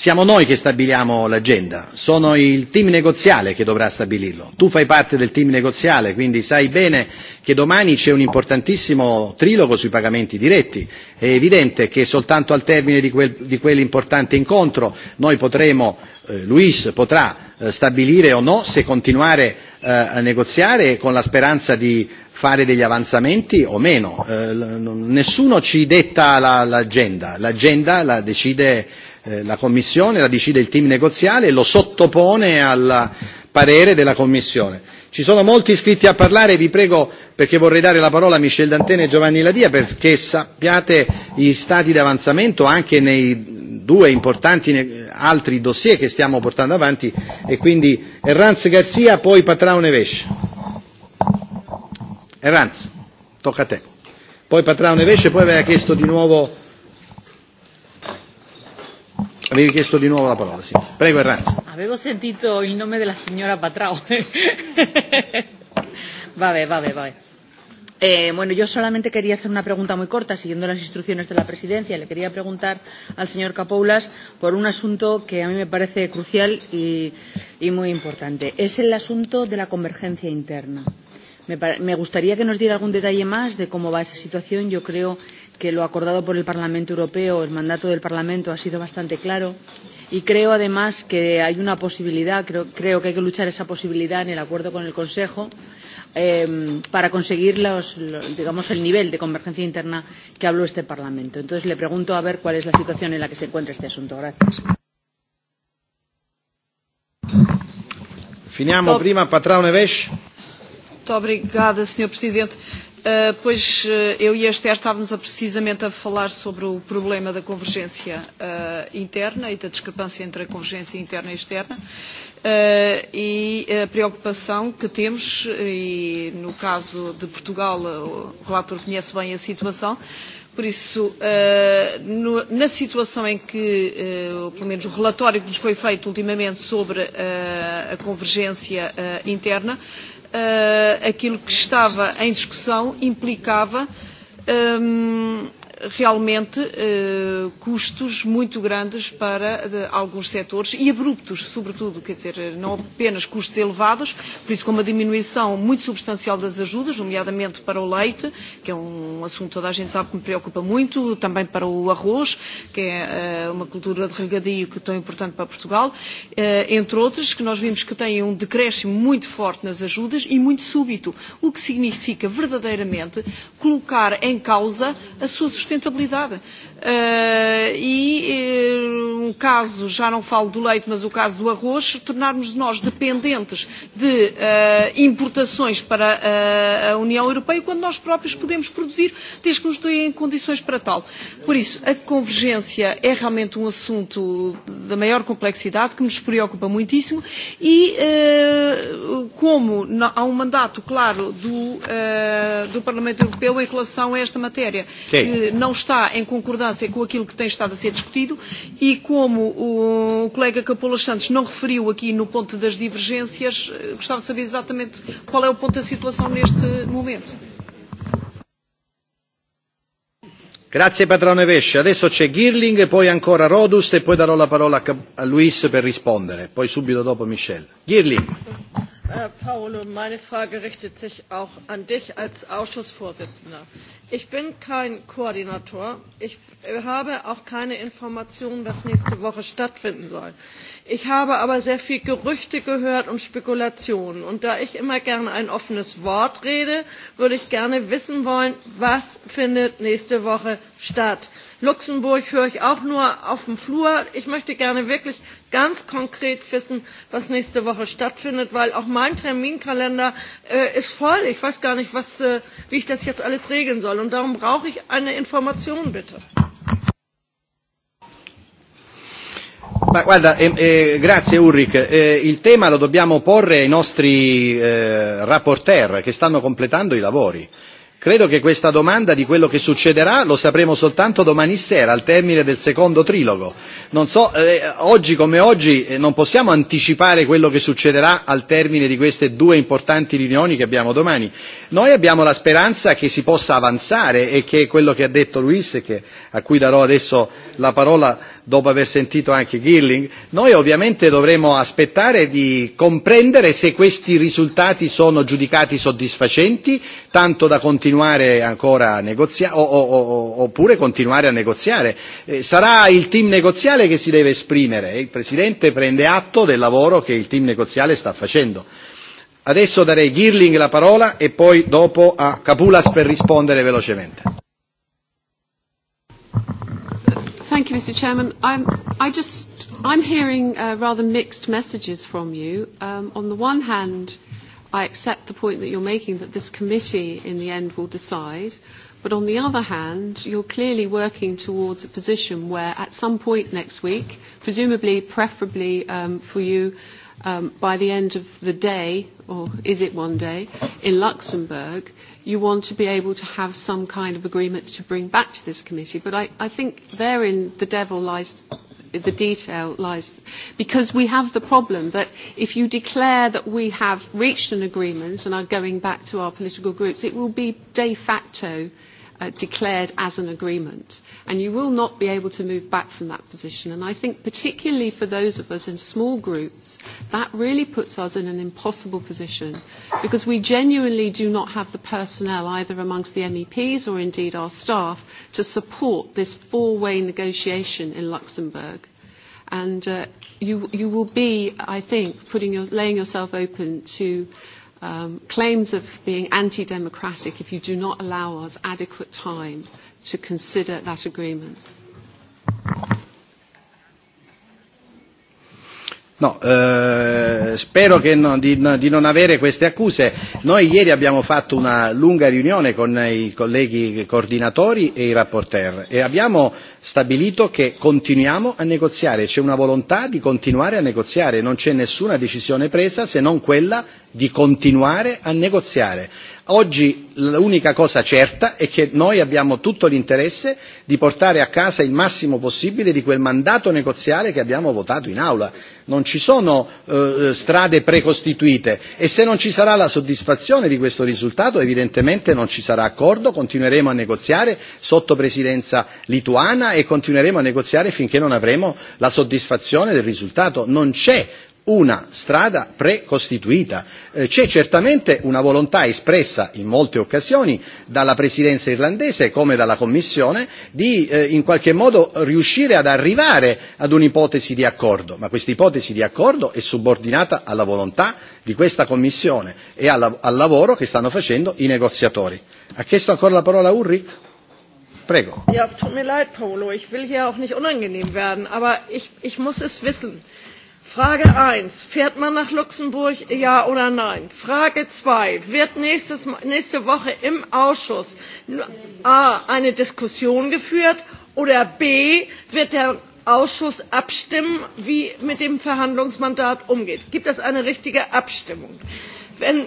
A: Siamo noi che stabiliamo l'agenda, sono il team negoziale che dovrà stabilirlo. Tu fai parte del team negoziale, quindi sai bene che domani c'è un importantissimo trilogo sui pagamenti diretti. È evidente che soltanto al termine di, quel, di quell'importante incontro noi potremo, eh, Luis potrà eh, stabilire o no se continuare eh, a negoziare con la speranza di fare degli avanzamenti o meno. Eh, nessuno ci detta la, l'agenda, l'agenda la decide eh, la Commissione, la decide il team negoziale e lo sottopone al parere della Commissione. Ci sono molti iscritti a parlare, vi prego perché vorrei dare la parola a Michel Dantene e Giovanni Ladia perché sappiate gli stati di avanzamento anche nei due importanti altri dossier che stiamo portando avanti e quindi Erranz Garzia poi Patrao Neves. Erranz, tocca a te. Poi Patrao Neves e poi aveva chiesto di nuovo Avevi chiesto di nuovo la parola, sì. Prego, Erranz.
L: Avevo sentito il nome della signora Patrao. vabbè, vabbè, vabbè. Eh, bueno, yo solamente quería hacer una pregunta muy corta, siguiendo las instrucciones de la presidencia. Le quería preguntar al señor Capoulas por un asunto que a mí me parece crucial y, y muy importante. Es el asunto de la convergencia interna. Me, me gustaría que nos diera algún detalle más de cómo va esa situación. Yo creo que que lo acordado por el Parlamento Europeo, el mandato del Parlamento ha sido bastante claro y creo además que hay una posibilidad, creo, creo que hay que luchar esa posibilidad en el acuerdo con el Consejo eh, para conseguir los, los, digamos, el nivel de convergencia interna que habló este Parlamento. Entonces le pregunto a ver cuál es la situación en la que se encuentra este asunto.
A: Gracias. Finiamo Top. prima Patrão Neves.
M: Muito obrigada, Sr. Presidente. Uh, pois eh, eu e a Esther estávamos a, precisamente a falar sobre o problema da convergência uh, interna e da discrepância entre a convergência interna e externa uh, e a preocupação que temos, e no caso de Portugal o relator conhece bem a situação, por isso, uh, no, na situação em que, uh, pelo menos o relatório que nos foi feito ultimamente sobre uh, a convergência uh, interna, uh, uh, aquilo que estava em discussão implicava um, realmente eh, custos muito grandes para de, alguns setores e abruptos, sobretudo, quer dizer, não apenas custos elevados, por isso com uma diminuição muito substancial das ajudas, nomeadamente para o leite, que é um assunto toda a gente sabe que me preocupa muito, também para o arroz, que é eh, uma cultura de regadio que é tão importante para Portugal, eh, entre outras, que nós vimos que têm um decréscimo muito forte nas ajudas e muito súbito, o que significa verdadeiramente colocar em causa a sua sustentabilidade sustentabilidade. Uh, e uh, um caso, já não falo do leite, mas o caso do arroz, tornarmos nós dependentes de uh, importações para uh, a União Europeia quando nós próprios podemos produzir, desde que nos deem condições para tal. Por isso, a convergência é realmente um assunto da maior complexidade que nos preocupa muitíssimo e uh, como na, há um mandato claro do, uh, do Parlamento Europeu em relação a esta matéria, okay. que não está em concordância concordância com aquilo que tem estado a ser discutido e como o colega Capolas Santos não referiu aqui no ponto das divergências, eh, gostava de saber exatamente qual é o ponto da situação neste momento.
A: Grazie Patrone Vesce. Adesso c'è Girling, poi ancora Rodust e poi darò la parola a Luis per rispondere, poi subito dopo Michel. Girling.
I: Äh, Paolo, meine Frage richtet sich auch an dich als Ausschussvorsitzender. Ich bin kein Koordinator. Ich habe auch keine Informationen, was nächste Woche stattfinden soll. Ich habe aber sehr viel Gerüchte gehört und Spekulationen. Und da ich immer gerne ein offenes Wort rede, würde ich gerne wissen wollen, was findet nächste Woche statt luxemburg höre ich auch nur auf dem flur. ich möchte gerne wirklich ganz konkret wissen was nächste woche stattfindet denn auch mein terminkalender äh, ist voll. ich weiß gar nicht was, äh, wie ich das jetzt alles regeln soll und darum brauche ich eine information bitte.
A: Ma guarda, eh, eh, grazie Ulrich. Eh, il tema lo dobbiamo porre ai nostri eh, rapporteur che stanno completando i lavori. Eh, Credo che questa domanda di quello che succederà lo sapremo soltanto domani sera, al termine del secondo trilogo. Non so, eh, oggi come oggi eh, non possiamo anticipare quello che succederà al termine di queste due importanti riunioni che abbiamo domani. Noi abbiamo la speranza che si possa avanzare e che quello che ha detto Luis, e che, a cui darò adesso la parola, dopo aver sentito anche Girling, noi ovviamente dovremo aspettare di comprendere se questi risultati sono giudicati soddisfacenti, tanto da continuare ancora a negoziare, o, o, o, oppure continuare a negoziare. Eh, sarà il team negoziale che si deve esprimere e il Presidente prende atto del lavoro che il team negoziale sta facendo. Adesso darei Girling la parola e poi dopo a Capulas per rispondere velocemente.
N: Thank you, Mr. Chairman. I'm, I just, I'm hearing uh, rather mixed messages from you. Um, on the one hand, I accept the point that you're making that this committee in the end will decide. But on the other hand, you're clearly working towards a position where at some point next week, presumably, preferably um, for you, um, by the end of the day, or is it one day, in Luxembourg, you want to be able to have some kind of agreement to bring back to this committee. But I, I think therein the devil lies, the detail lies, because we have the problem that if you declare that we have reached an agreement and are going back to our political groups, it will be de facto uh, uh, declared as an agreement. And you will not be able to move back from that position. And I think, particularly for those of us in small groups, that really puts us in an impossible position because we genuinely do not have the personnel, either amongst the MEPs or indeed our staff, to support this four way negotiation in Luxembourg. And uh, you, you will be, I think, putting your, laying yourself open to um, claims of being anti-democratic if you do not allow us adequate time to consider that agreement.
A: No, eh, spero che no, di, di non avere queste accuse. Noi ieri abbiamo fatto una lunga riunione con i colleghi coordinatori e i rapporteur e abbiamo stabilito che continuiamo a negoziare c'è una volontà di continuare a negoziare non c'è nessuna decisione presa se non quella di continuare a negoziare. oggi l'unica cosa certa è che noi abbiamo tutto l'interesse di portare a casa il massimo possibile di quel mandato negoziale che abbiamo votato in aula non ci sono eh, eh strade precostituite e se non ci sarà la soddisfazione di questo risultato evidentemente non ci sarà accordo continueremo a negoziare sotto presidenza lituana negoziata e continueremo a negoziare finché non avremo la soddisfazione del risultato. Non c'è una strada precostituita. Eh, c'è certamente una volontà espressa in molte occasioni dalla presidenza irlandese come dalla commissione di eh, in qualche modo riuscire ad arrivare ad un'ipotesi di accordo, ma questa ipotesi di accordo è subordinata alla volontà di questa commissione e alla, al lavoro che stanno facendo i negoziatori. Ha chiesto ancora la parola Ulrich? Prego.
I: Ja, tut mir leid, Paolo. Ich will hier auch nicht unangenehm werden, aber ich, ich muss es wissen. Frage 1. Fährt man nach Luxemburg? Ja oder nein? Frage 2. Wird nächstes, nächste Woche im Ausschuss A. eine Diskussion geführt oder B. wird der Ausschuss abstimmen, wie mit dem Verhandlungsmandat umgeht? Gibt es eine richtige Abstimmung? Wenn,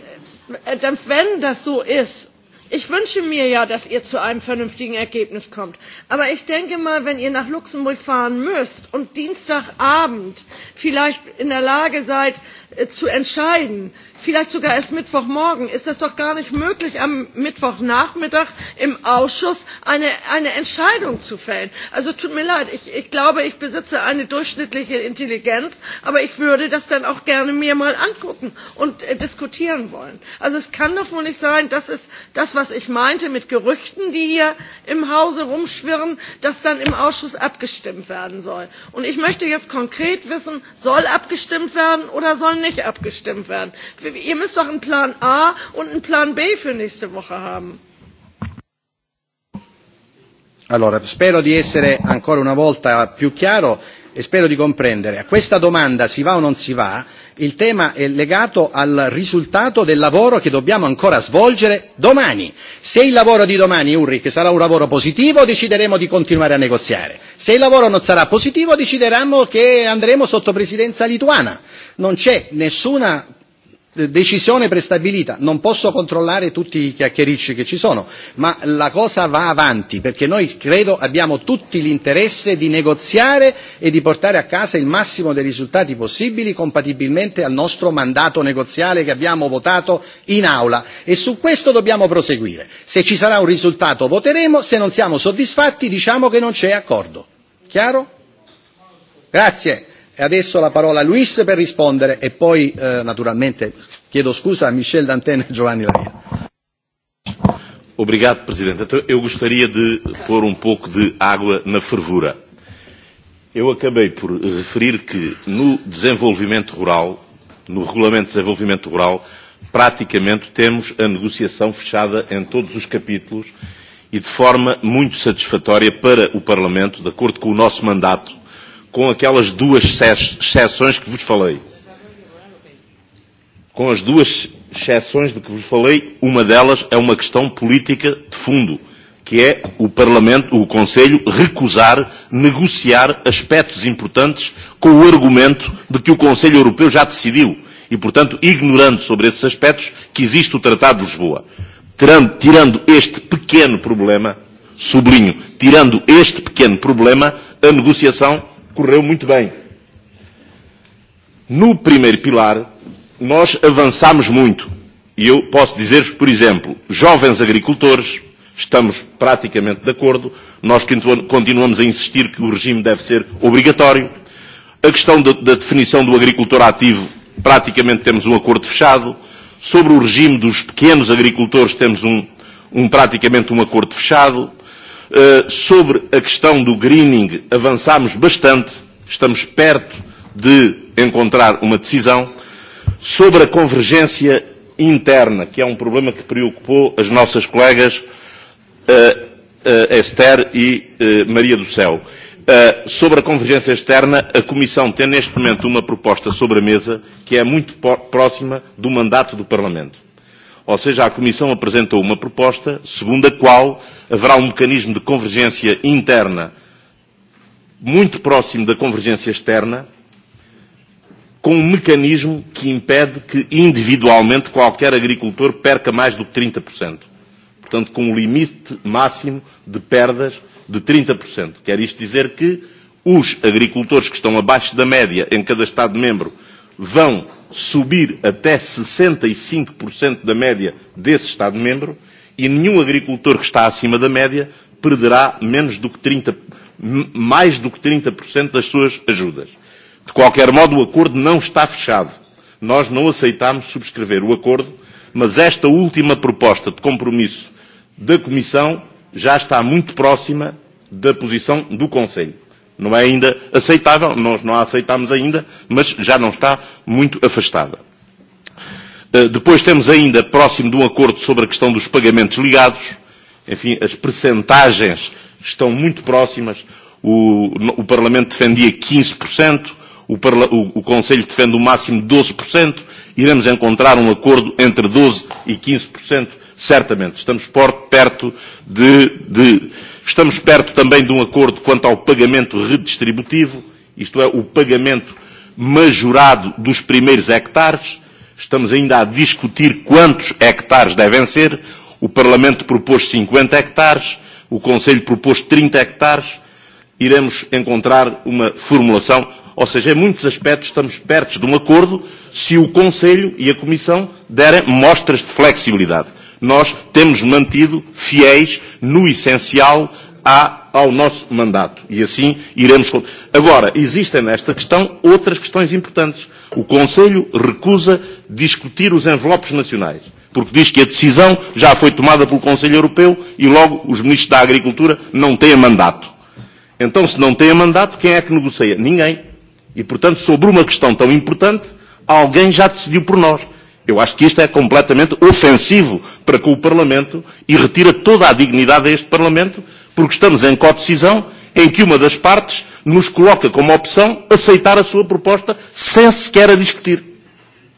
I: äh, wenn das so ist, ich wünsche mir ja, dass ihr zu einem vernünftigen Ergebnis kommt. Aber ich denke mal, wenn ihr nach Luxemburg fahren müsst und Dienstagabend vielleicht in der Lage seid äh, zu entscheiden, vielleicht sogar erst mittwochmorgen ist es doch gar nicht möglich am mittwochnachmittag im ausschuss eine, eine entscheidung zu fällen. also tut mir leid ich, ich glaube ich besitze eine durchschnittliche intelligenz aber ich würde das dann auch gerne mir mal angucken und äh, diskutieren wollen. also es kann doch wohl nicht sein das ist das was ich meinte mit gerüchten die hier im hause rumschwirren dass dann im ausschuss abgestimmt werden soll. und ich möchte jetzt konkret wissen soll abgestimmt werden oder soll nicht abgestimmt werden? ihr müsst doch einen Plan A und einen Plan B für nächste Woche haben.
A: Allora, spero di essere ancora una volta più chiaro e spero di comprendere. A questa domanda si va o non si va, il tema è legato al risultato del lavoro che dobbiamo ancora svolgere domani. Se il lavoro di domani, Ulrich, sarà un lavoro positivo, decideremo di continuare a negoziare. Se il lavoro non sarà positivo, decideremo che andremo sotto presidenza lituana. Non c'è nessuna Eh, decisione prestabilita non posso controllare tutti i chiacchiericci che ci sono ma la cosa va avanti perché noi credo abbiamo tutti l'interesse di negoziare e di portare a casa il massimo dei risultati possibili compatibilmente al nostro mandato negoziale che abbiamo votato in aula e su questo dobbiamo proseguire se ci sarà un risultato voteremo se non siamo soddisfatti diciamo che non c'è accordo chiaro? grazie E adesso la parola a Luis per rispondere e poi eh, naturalmente chiedo scusa a Michel Dantene e Giovanni Lavia.
G: Obrigado, Presidente. Então, eu gostaria de pôr um pouco de água na fervura. Eu acabei por referir que no desenvolvimento rural, no Regulamento de Desenvolvimento Rural, praticamente temos a negociação fechada em todos os capítulos e de forma muito satisfatória para o Parlamento, de acordo com o nosso mandato com aquelas duas exceções que vos falei. Com as duas exceções de que vos falei, uma delas é uma questão política de fundo, que é o Parlamento, o Conselho recusar negociar aspectos importantes com o argumento de que o Conselho Europeu já decidiu e, portanto, ignorando sobre esses aspectos que existe o Tratado de Lisboa. Tirando, tirando este pequeno problema, sublinho, tirando este pequeno problema, a negociação correu muito bem. No primeiro pilar, nós avançámos muito. E eu posso dizer-vos, por exemplo, jovens agricultores, estamos praticamente de acordo, nós continuamos a insistir que o regime deve ser obrigatório. A questão da, da definição do agricultor ativo, praticamente temos um acordo fechado. Sobre o regime dos pequenos agricultores, temos um, um, praticamente um acordo fechado. Uh, sobre a questão do greening avançámos bastante, estamos perto de encontrar uma decisão. Sobre a convergência interna, que é um problema que preocupou as nossas colegas uh, uh, Esther e uh, Maria do Céu. Uh, sobre a convergência externa, a Comissão tem neste momento uma proposta sobre a mesa que é muito próxima do mandato do Parlamento Ou seja, a Comissão apresentou uma proposta segundo a qual haverá um mecanismo de convergência interna muito próximo da convergência externa, com um mecanismo que impede que individualmente qualquer agricultor perca mais do que 30%. Portanto, com um limite máximo de perdas de 30%. Quer isto dizer que os agricultores que estão abaixo da média em cada Estado-membro vão subir até 65% e da média desse Estado-membro e nenhum agricultor que está acima da média perderá menos do que 30, mais do que 30% das suas ajudas. De qualquer modo, o acordo não está fechado. Nós não aceitámos subscrever o acordo, mas esta última proposta de compromisso da Comissão já está muito próxima da posição do Conselho. Não é ainda aceitável, nós não a aceitamos ainda, mas já não está muito afastada. Eh, depois temos ainda, próximo de um acordo sobre a questão dos pagamentos ligados, enfim, as percentagens estão muito próximas. O, o Parlamento defendia 15%, o, Parla, o, o Conselho defende o máximo 12%, iremos encontrar um acordo entre 12% e 15%, certamente. Estamos por, perto de, de Estamos perto também de um acordo quanto ao pagamento redistributivo, isto é, o pagamento majorado dos primeiros hectares. Estamos ainda a discutir quantos hectares devem ser. O Parlamento propôs 50 hectares, o Conselho propôs 30 hectares. Iremos encontrar uma formulação, ou seja, em muitos aspectos estamos perto de um acordo se o Conselho e a Comissão derem mostras de flexibilidade nós temos mantido fiéis, no essencial, à, ao nosso mandato. E assim iremos. Agora, existem nesta questão outras questões importantes. O Conselho recusa discutir os envelopes nacionais, porque diz que a decisão já foi tomada pelo Conselho Europeu e logo os ministros da Agricultura não têm mandato. Então, se não têm mandato, quem é que negocia? Ninguém. E, portanto, sobre uma questão tão importante, alguém já decidiu por nós. Eu acho que isto é completamente ofensivo para com o Parlamento e retira toda a dignidade a este Parlamento, porque estamos em co-decisão em que uma das partes nos coloca como opção aceitar a sua proposta sem sequer a discutir.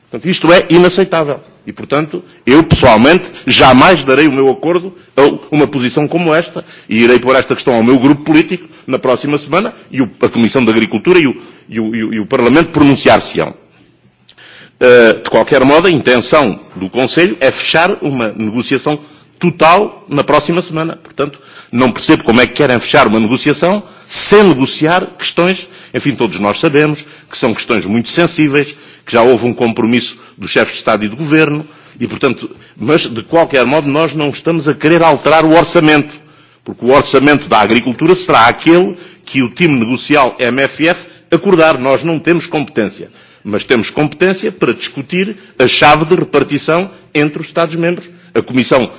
G: Portanto, isto é inaceitável. E, portanto, eu pessoalmente jamais darei o meu acordo a uma posição como esta e irei pôr esta questão ao meu grupo político na próxima semana e o, a Comissão da Agricultura e, e o, e o, e o Parlamento pronunciar-se-ão. De qualquer modo, a intenção do Conselho é fechar uma negociação total na próxima semana. Portanto, não percebo como é que querem fechar uma negociação sem negociar questões, enfim, todos nós sabemos que são questões muito sensíveis, que já houve um compromisso dos chefes de Estado e de Governo, e portanto, mas de qualquer modo nós não estamos a querer alterar o orçamento, porque o orçamento da agricultura será aquele que o time negocial MFF acordar. Nós não temos competência mas temos competência para discutir a chave de repartição entre os Estados-membros. A Comissão,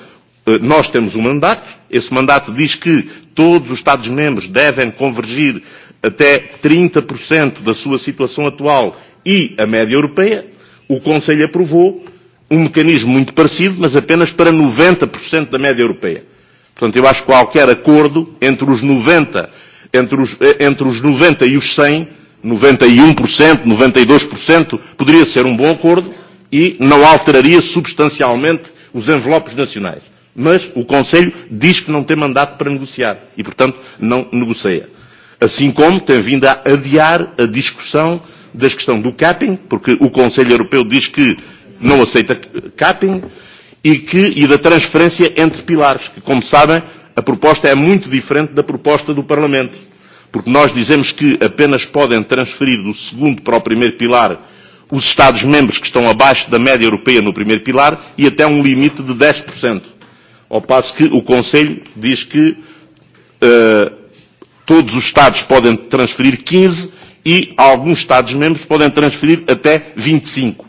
G: eh, nós temos um mandato, esse mandato diz que todos os Estados-membros devem convergir até 30% da sua situação atual e a média europeia. O Conselho aprovou um mecanismo muito parecido, mas apenas para 90% da média europeia. Portanto, eu acho que qualquer acordo entre os 90, entre os, eh, entre os 90 e os 100 91%, 92%, e um e poderia ser um bom acordo e não alteraria substancialmente os envelopes nacionais. Mas o Conselho diz que não tem mandato para negociar e, portanto, não negocia. Assim como tem vindo a adiar a discussão da questão do capping, porque o Conselho Europeu diz que não aceita capping e, que, e da transferência entre pilares, que, como sabem, a proposta é muito diferente da proposta do Parlamento porque nós dizemos que apenas podem transferir do segundo para o primeiro pilar os Estados-membros que estão abaixo da média europeia no primeiro pilar e até um limite de 10%. Ao passo que o Conselho diz que uh, todos os Estados podem transferir 15% e alguns Estados-membros podem transferir até 25%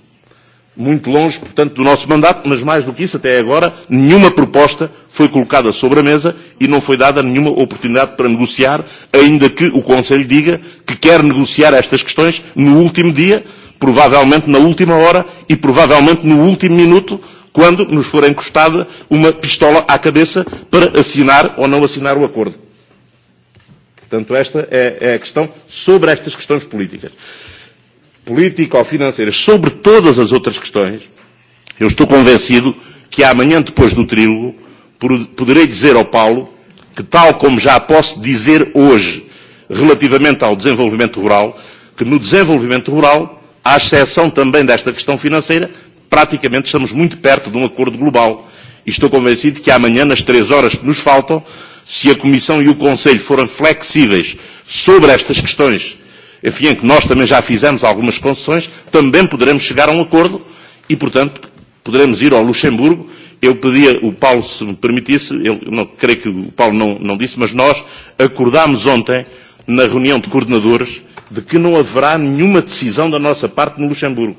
G: muito longe, portanto, do nosso mandato, mas mais do que isso, até agora, nenhuma proposta foi colocada sobre a mesa e não foi dada nenhuma oportunidade para negociar, ainda que o Conselho diga que quer negociar estas questões no último dia, provavelmente na última hora e provavelmente no último minuto, quando nos for encostada uma pistola à cabeça para assinar ou não assinar o acordo. Portanto, esta é, é a questão sobre estas questões políticas político-financeiras, sobre todas as outras questões, eu estou convencido que amanhã, depois do trílogo, poderei dizer ao Paulo que, tal como já posso dizer hoje relativamente ao desenvolvimento rural, que no desenvolvimento rural, à exceção também desta questão financeira, praticamente estamos muito perto de um acordo global. E estou convencido que amanhã, nas três horas que nos faltam, se a Comissão e o Conselho forem flexíveis sobre estas questões Afim, em que nós também já fizemos algumas concessões, também poderemos chegar a um acordo e, portanto, poderemos ir ao Luxemburgo. Eu pedia, o Paulo, se me permitisse, eu não, creio que o Paulo não, não disse, mas nós acordámos ontem, na reunião de coordenadores, de que não haverá nenhuma decisão da nossa parte no Luxemburgo.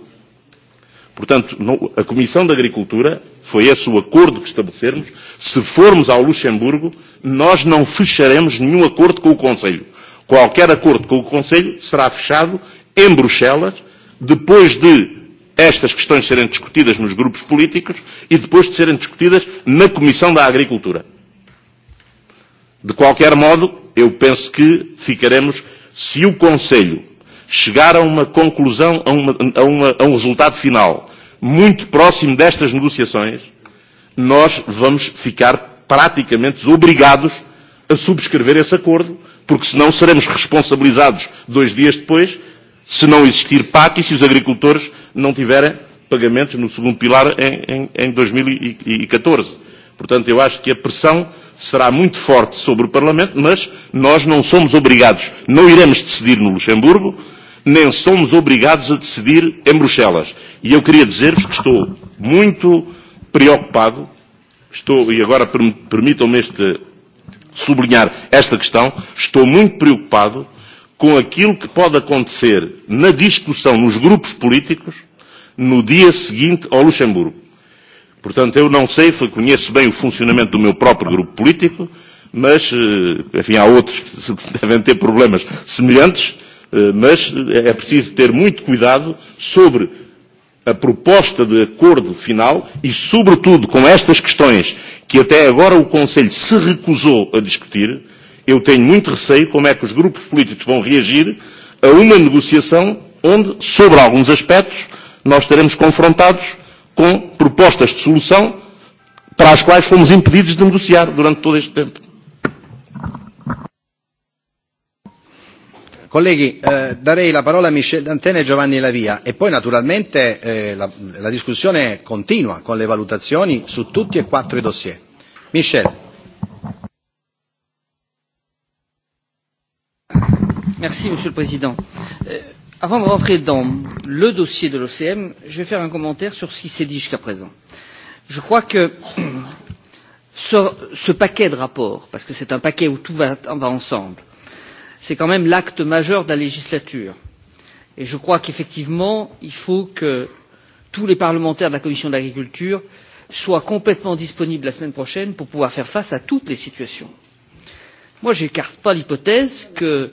G: Portanto, não, a Comissão da Agricultura, foi esse o acordo que estabelecermos, se formos ao Luxemburgo, nós não fecharemos nenhum acordo com o Conselho. Qualquer acordo com o Conselho será fechado em Bruxelas, depois de estas questões serem discutidas nos grupos políticos e depois de serem discutidas na Comissão da Agricultura. De qualquer modo, eu penso que ficaremos, se o Conselho chegar a uma conclusão, a, uma, a, uma, a um resultado final muito próximo destas negociações, nós vamos ficar praticamente obrigados a subscrever esse acordo, porque senão seremos responsabilizados dois dias depois se não existir PAC e se os agricultores não tiverem pagamentos no segundo pilar em, em, em 2014. E Portanto, eu acho que a pressão será muito forte sobre o Parlamento, mas nós não somos obrigados, não iremos decidir no Luxemburgo, nem somos obrigados a decidir em Bruxelas. E eu queria dizer-vos que estou muito preocupado, estou, e agora permitam-me este sublinhar esta questão, estou muito preocupado com aquilo que pode acontecer na discussão nos grupos políticos no dia seguinte ao Luxemburgo. Portanto, eu não sei, conheço bem o funcionamento do meu próprio grupo político, mas, eh, enfim, há outros que devem ter problemas semelhantes, eh, mas eh, é preciso ter muito cuidado sobre a proposta de acordo final e, sobretudo, com estas questões que até agora o Conselho se recusou a discutir, eu tenho muito receio como é que os grupos políticos vão reagir a uma negociação onde, sobre alguns aspectos, nós estaremos confrontados com propostas de solução para as quais fomos impedidos de negociar durante todo este tempo.
A: Colleghi, eh, darei la parola a Michel Dantene e Giovanni Lavia e poi naturalmente eh, la, la discussione continua con le valutazioni su tutti e quattro i dossier. Michel.
O: Merci Monsieur le Président. Euh, avant de rentrer dans le dossier de l'OCM, je vais faire un commentaire sur ce qui s'est dit jusqu'à présent. Je crois que ce, ce paquet de rapports, parce que c'est un paquet où tout va, va ensemble, c'est quand même l'acte majeur de la législature et je crois qu'effectivement il faut que tous les parlementaires de la commission de l'agriculture soient complètement disponibles la semaine prochaine pour pouvoir faire face à toutes les situations. Moi, je n'écarte pas l'hypothèse que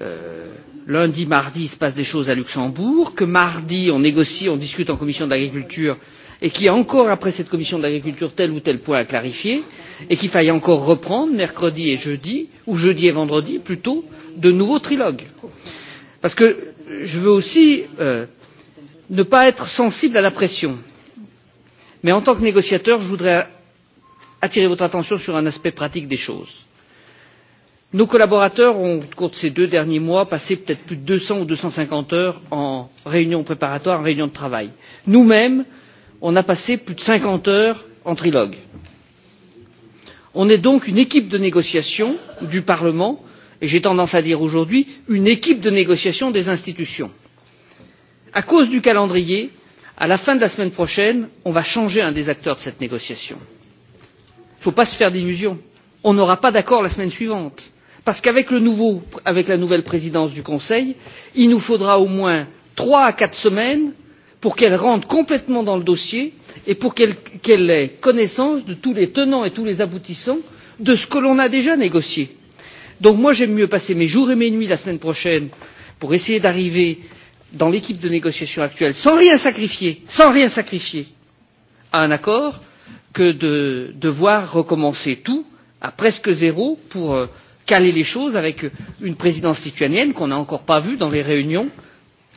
O: euh, lundi, mardi, il se passe des choses à Luxembourg, que mardi, on négocie, on discute en commission de l'agriculture, et qu'il y a encore après cette commission de l'agriculture tel ou tel point à clarifier. Euh, et qu'il faille encore reprendre mercredi et jeudi ou jeudi et vendredi plutôt de nouveaux trilogues parce que je veux aussi euh, ne pas être sensible à la pression mais en tant que négociateur je voudrais attirer votre attention sur un aspect pratique des choses. Nos collaborateurs ont, au cours de ces deux derniers mois, passé peut-être plus de 200 ou 250 heures en réunion préparatoire, en réunion de travail. Nous-mêmes, on a passé plus de 50 heures en trilogue on est donc une équipe de négociation du parlement et j'ai tendance à dire aujourd'hui une équipe de négociation des institutions. à cause du calendrier à la fin de la semaine prochaine on va changer un des acteurs de cette négociation. il ne faut pas se faire d'illusions on n'aura pas d'accord la semaine suivante parce qu'avec la nouvelle présidence du conseil il nous faudra au moins trois à quatre semaines pour qu'elle rentre complètement dans le dossier et pour qu'elle qu ait connaissance de tous les tenants et tous les aboutissants de ce que l'on a déjà négocié. donc moi j'aime mieux passer mes jours et mes nuits la semaine prochaine pour essayer d'arriver dans l'équipe de négociation actuelle sans rien sacrifier sans rien sacrifier à un accord que de devoir recommencer tout à presque zéro pour euh, caler les choses avec une présidence lituanienne qu'on n'a encore pas vue dans les réunions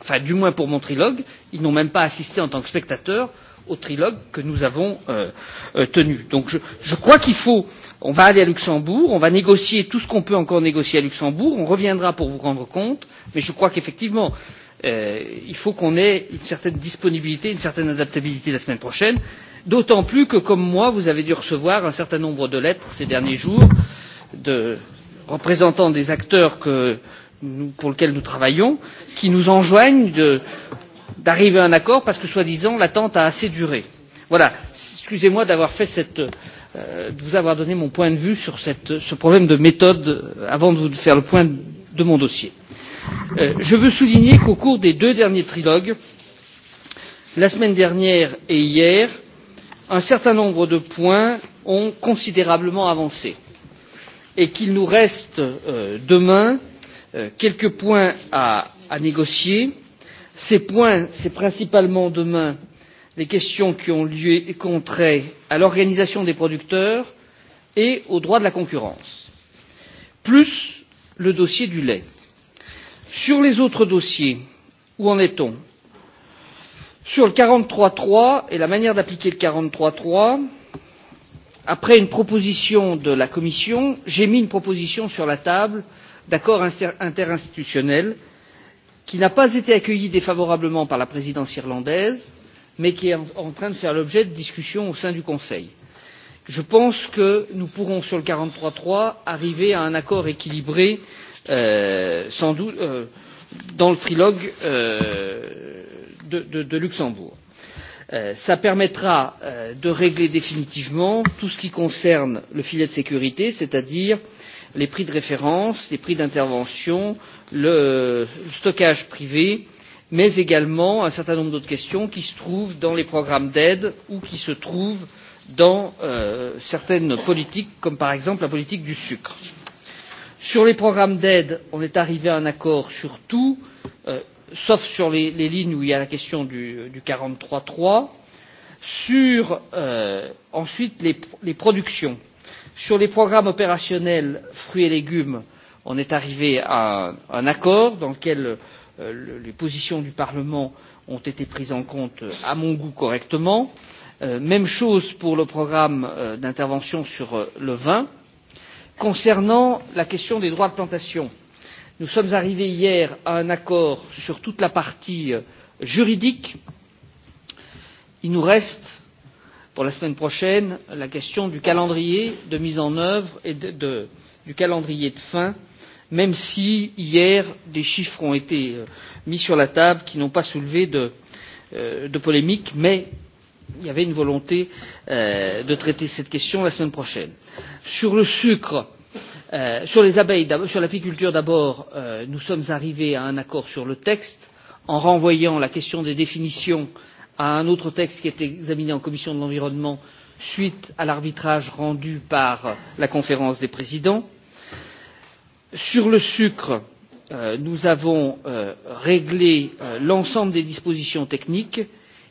O: enfin du moins pour mon trilogue ils n'ont même pas assisté en tant que spectateurs au trilogue que nous avons euh, euh, tenu. Donc je, je crois qu'il faut on va aller à Luxembourg, on va négocier tout ce qu'on peut encore négocier à Luxembourg, on reviendra pour vous rendre compte, mais je crois qu'effectivement euh, il faut qu'on ait une certaine disponibilité, une certaine adaptabilité la semaine prochaine, d'autant plus que, comme moi, vous avez dû recevoir un certain nombre de lettres ces derniers jours de représentants des acteurs que, nous, pour lesquels nous travaillons, qui nous enjoignent de d'arriver à un accord parce que soi disant l'attente a assez duré. voilà excusez moi d'avoir fait cette euh, de vous avoir donné mon point de vue sur cette, ce problème de méthode euh, avant de vous faire le point de mon dossier. Euh, je veux souligner qu'au cours des deux derniers trilogues la semaine dernière et hier un certain nombre de points ont considérablement avancé et qu'il nous reste euh, demain euh, quelques points à, à négocier ces points c'est principalement demain les questions qui ont lieu et qui ont trait à l'organisation des producteurs et au droit de la concurrence plus le dossier du lait. sur les autres dossiers où en est on? sur le quarante trois trois et la manière d'appliquer le quarante trois trois après une proposition de la commission j'ai mis une proposition sur la table d'accord interinstitutionnel euh, qui n'a pas été accueilli défavorablement par la présidence irlandaise mais qui est en train de faire l'objet de discussions au sein du conseil. je pense que nous pourrons sur le quarante trois paragraphe trois arriver à un accord équilibré euh, sans doute euh, dans le trilogue euh, de, de, de luxembourg. Cela euh, permettra euh, de régler définitivement tout ce qui concerne le filet de sécurité c'est à dire les prix de référence les prix d'intervention le stockage privé mais également un certain nombre d'autres questions qui se trouvent dans les programmes d'aide ou qui se trouvent dans euh, certaines politiques comme par exemple la politique du sucre. sur les programmes d'aide on est arrivé à un accord sur tout euh, sauf sur les, les lignes où il y a la question du quarante trois trois sur euh, ensuite les, les productions sur les programmes opérationnels fruits et légumes euh, on est arrivé à un accord dans lequel euh, les positions du parlement ont été prises en compte à mon goût correctement. Euh, même chose pour le programme euh, d'intervention sur le vin. concernant la question des droits de plantation nous sommes arrivés hier à un accord sur toute la partie juridique. il nous reste pour la semaine prochaine la question du calendrier de mise en œuvre et de, de, du calendrier de fin euh, même si hier des chiffres ont été euh, mis sur la table qui n'ont pas soulevé de, euh, de polémique, mais il y avait une volonté euh, de traiter cette question la semaine prochaine. Sur le sucre, euh, sur les abeilles, sur l'apiculture d'abord, euh, nous sommes arrivés à un accord sur le texte en renvoyant la question des définitions à un autre texte qui est examiné en commission de l'environnement suite à l'arbitrage rendu par la conférence des présidents. Euh, sur le sucre euh, nous avons euh, réglé euh, l'ensemble des dispositions techniques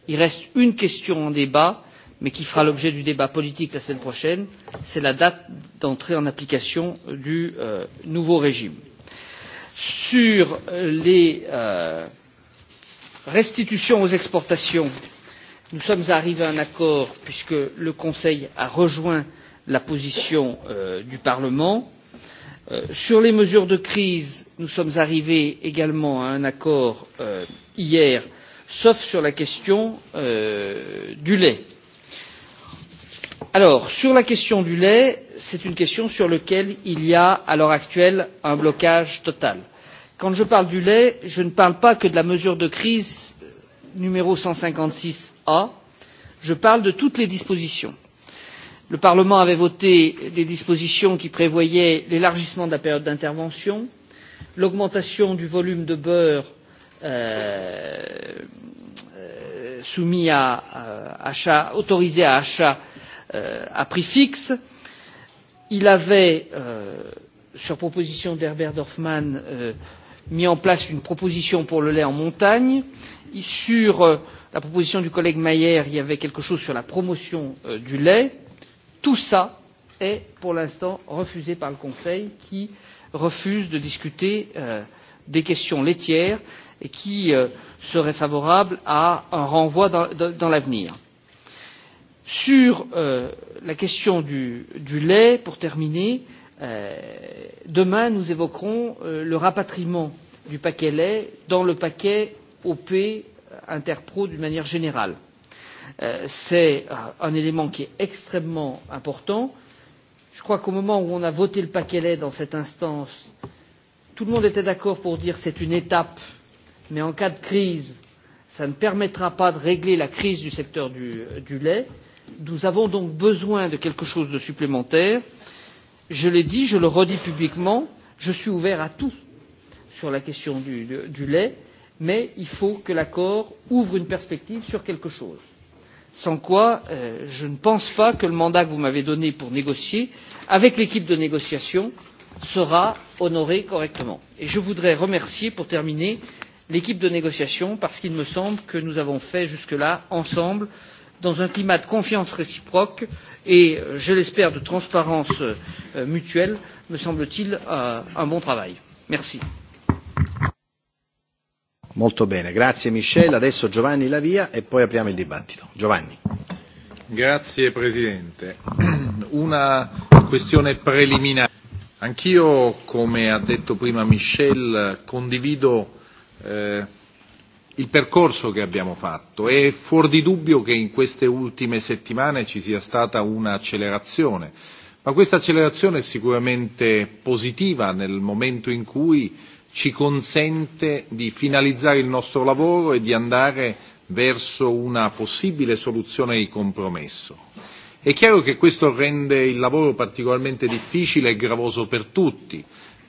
O: il reste une question en débat mais qui fera l'objet du débat politique la semaine prochaine c'est la date d'entrée en application du nouveau régime. sur les restitutions aux exportations nous sommes arrivés à un accord puisque le conseil a rejoint la position du parlement Euh, sur les mesures de crise nous sommes arrivés également à un accord euh, hier sauf sur la question euh, du lait. alors sur la question du lait c'est une question sur laquelle il y a à l'heure actuelle un blocage total. quand je parle du lait je ne parle pas que de la mesure de crise n cent cinquante six a je parle de toutes les dispositions le parlement avait voté des dispositions qui prévoyaient l'élargissement de la période d'intervention l'augmentation du volume de beurre euh, euh, soumis à, à achat, autorisé à achat euh, à prix fixe. Il avait, euh, sur proposition d'Herbert Dorfmann, euh, mis en place une proposition pour le lait en montagne. Sur euh, la proposition du collègue Mayer, il y avait quelque chose sur la promotion euh, du lait. Euh, tout cela est pour l'instant refusé par le conseil qui refuse de discuter euh, des questions laitières et qui euh, serait favorable à un renvoi dans, dans, dans l'avenir. Sur euh, la question du, du lait, pour terminer, euh, demain nous évoquerons euh, le rapatriement du paquet lait dans le paquet OP euh, Interpro d'une manière générale. Euh, Euh, c'est euh, un élément qui est extrêmement important. je crois qu'au moment où on a voté le paquet lait dans cette instance tout le monde était d'accord pour dire que c'est une étape mais en cas de crise ça ne permettra pas de régler la crise du secteur du, du lait. nous avons donc besoin de quelque chose de supplémentaire. je l'ai dit je le redis publiquement je suis ouvert à tout sur la question du, du, du lait mais il faut que l'accord ouvre une perspective sur quelque chose sans quoi euh, je ne pense pas que le mandat que vous m'avez donné pour négocier avec l'équipe de négociation sera honoré correctement. Et je voudrais remercier pour terminer l'équipe de négociation parce qu'il me semble que nous avons fait jusque là ensemble dans un climat de confiance réciproque et euh, je l'espère de transparence euh, mutuelle me semble t il euh, un bon travail. merci
A: molto bene grazie michel adesso giovanni la via e poi apriamo il dibattito giovanni
H: grazie presidente una questione preliminare anch'io come ha detto prima michel condivido eh, il percorso che abbiamo fatto è fuor di dubbio che in queste ultime settimane ci sia stata un'accelerazione ma questa accelerazione è sicuramente positiva nel momento in cui ci consente di finalizzare il nostro lavoro e di andare verso una possibile soluzione di compromesso. È chiaro che questo rende il lavoro particolarmente difficile e gravoso per tutti,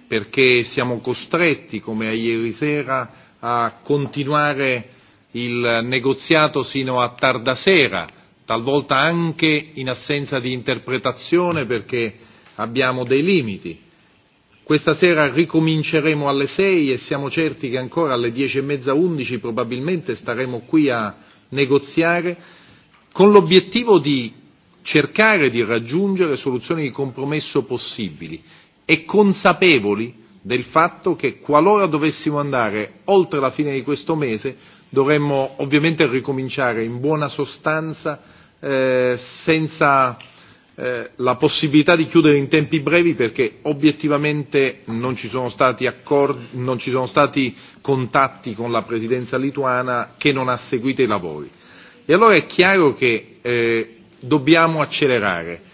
H: perché siamo costretti, come a ieri sera, a continuare il negoziato sino a tarda sera, talvolta anche in assenza di interpretazione perché abbiamo dei limiti Questa sera ricominceremo alle 6 e siamo certi che ancora alle 10 e mezza 11 probabilmente staremo qui a negoziare con l'obiettivo di cercare di raggiungere soluzioni di compromesso possibili e consapevoli del fatto che qualora dovessimo andare oltre la fine di questo mese dovremmo ovviamente ricominciare in buona sostanza eh, senza eh, la possibilità di chiudere in tempi brevi perché obiettivamente non ci sono stati, accordi, non ci sono stati contatti con la presidenza lituana che non ha seguito i lavori. E allora è chiaro che eh, dobbiamo accelerare.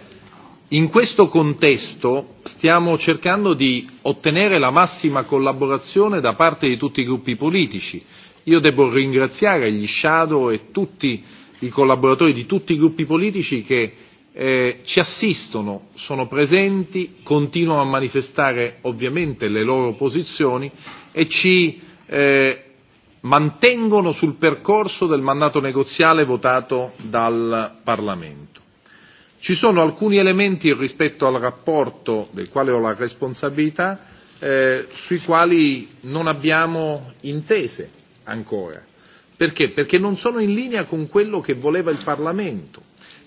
H: In questo contesto stiamo cercando di ottenere la massima collaborazione da parte di tutti i gruppi politici. Io devo ringraziare gli shadow e tutti i collaboratori di tutti i gruppi politici che eh, ci assistono, sono presenti, continuano a manifestare ovviamente le loro posizioni e ci eh, mantengono sul percorso del mandato negoziale votato dal Parlamento. Ci sono alcuni elementi rispetto al rapporto del quale ho la responsabilità eh, sui quali non abbiamo intese ancora. Perché? Perché non sono in linea con quello che voleva il Parlamento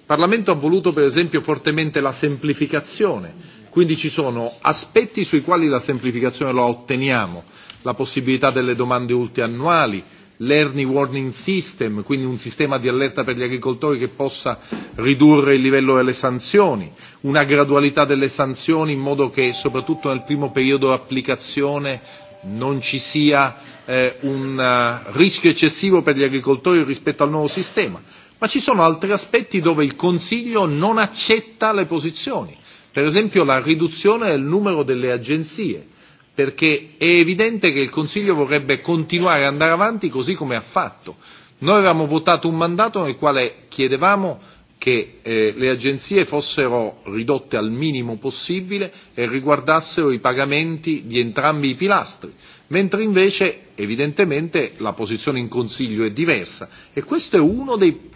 H: Parlamento ha voluto per esempio fortemente la semplificazione, quindi ci sono aspetti sui quali la semplificazione la otteniamo, la possibilità delle domande ultiannuali, l'early warning system, quindi un sistema di allerta per gli agricoltori che possa ridurre il livello delle sanzioni, una gradualità delle sanzioni in modo che soprattutto nel primo periodo di applicazione non ci sia eh, un uh, rischio eccessivo per gli agricoltori rispetto al nuovo sistema ma ci sono altri aspetti dove il Consiglio non accetta le posizioni, per esempio la riduzione del numero delle agenzie, perché è evidente che il Consiglio vorrebbe continuare ad andare avanti così come ha fatto. Noi avevamo votato un mandato nel quale chiedevamo che eh, le agenzie fossero ridotte al minimo possibile e riguardassero i pagamenti di entrambi i pilastri, mentre invece evidentemente la posizione in Consiglio è diversa e questo è uno dei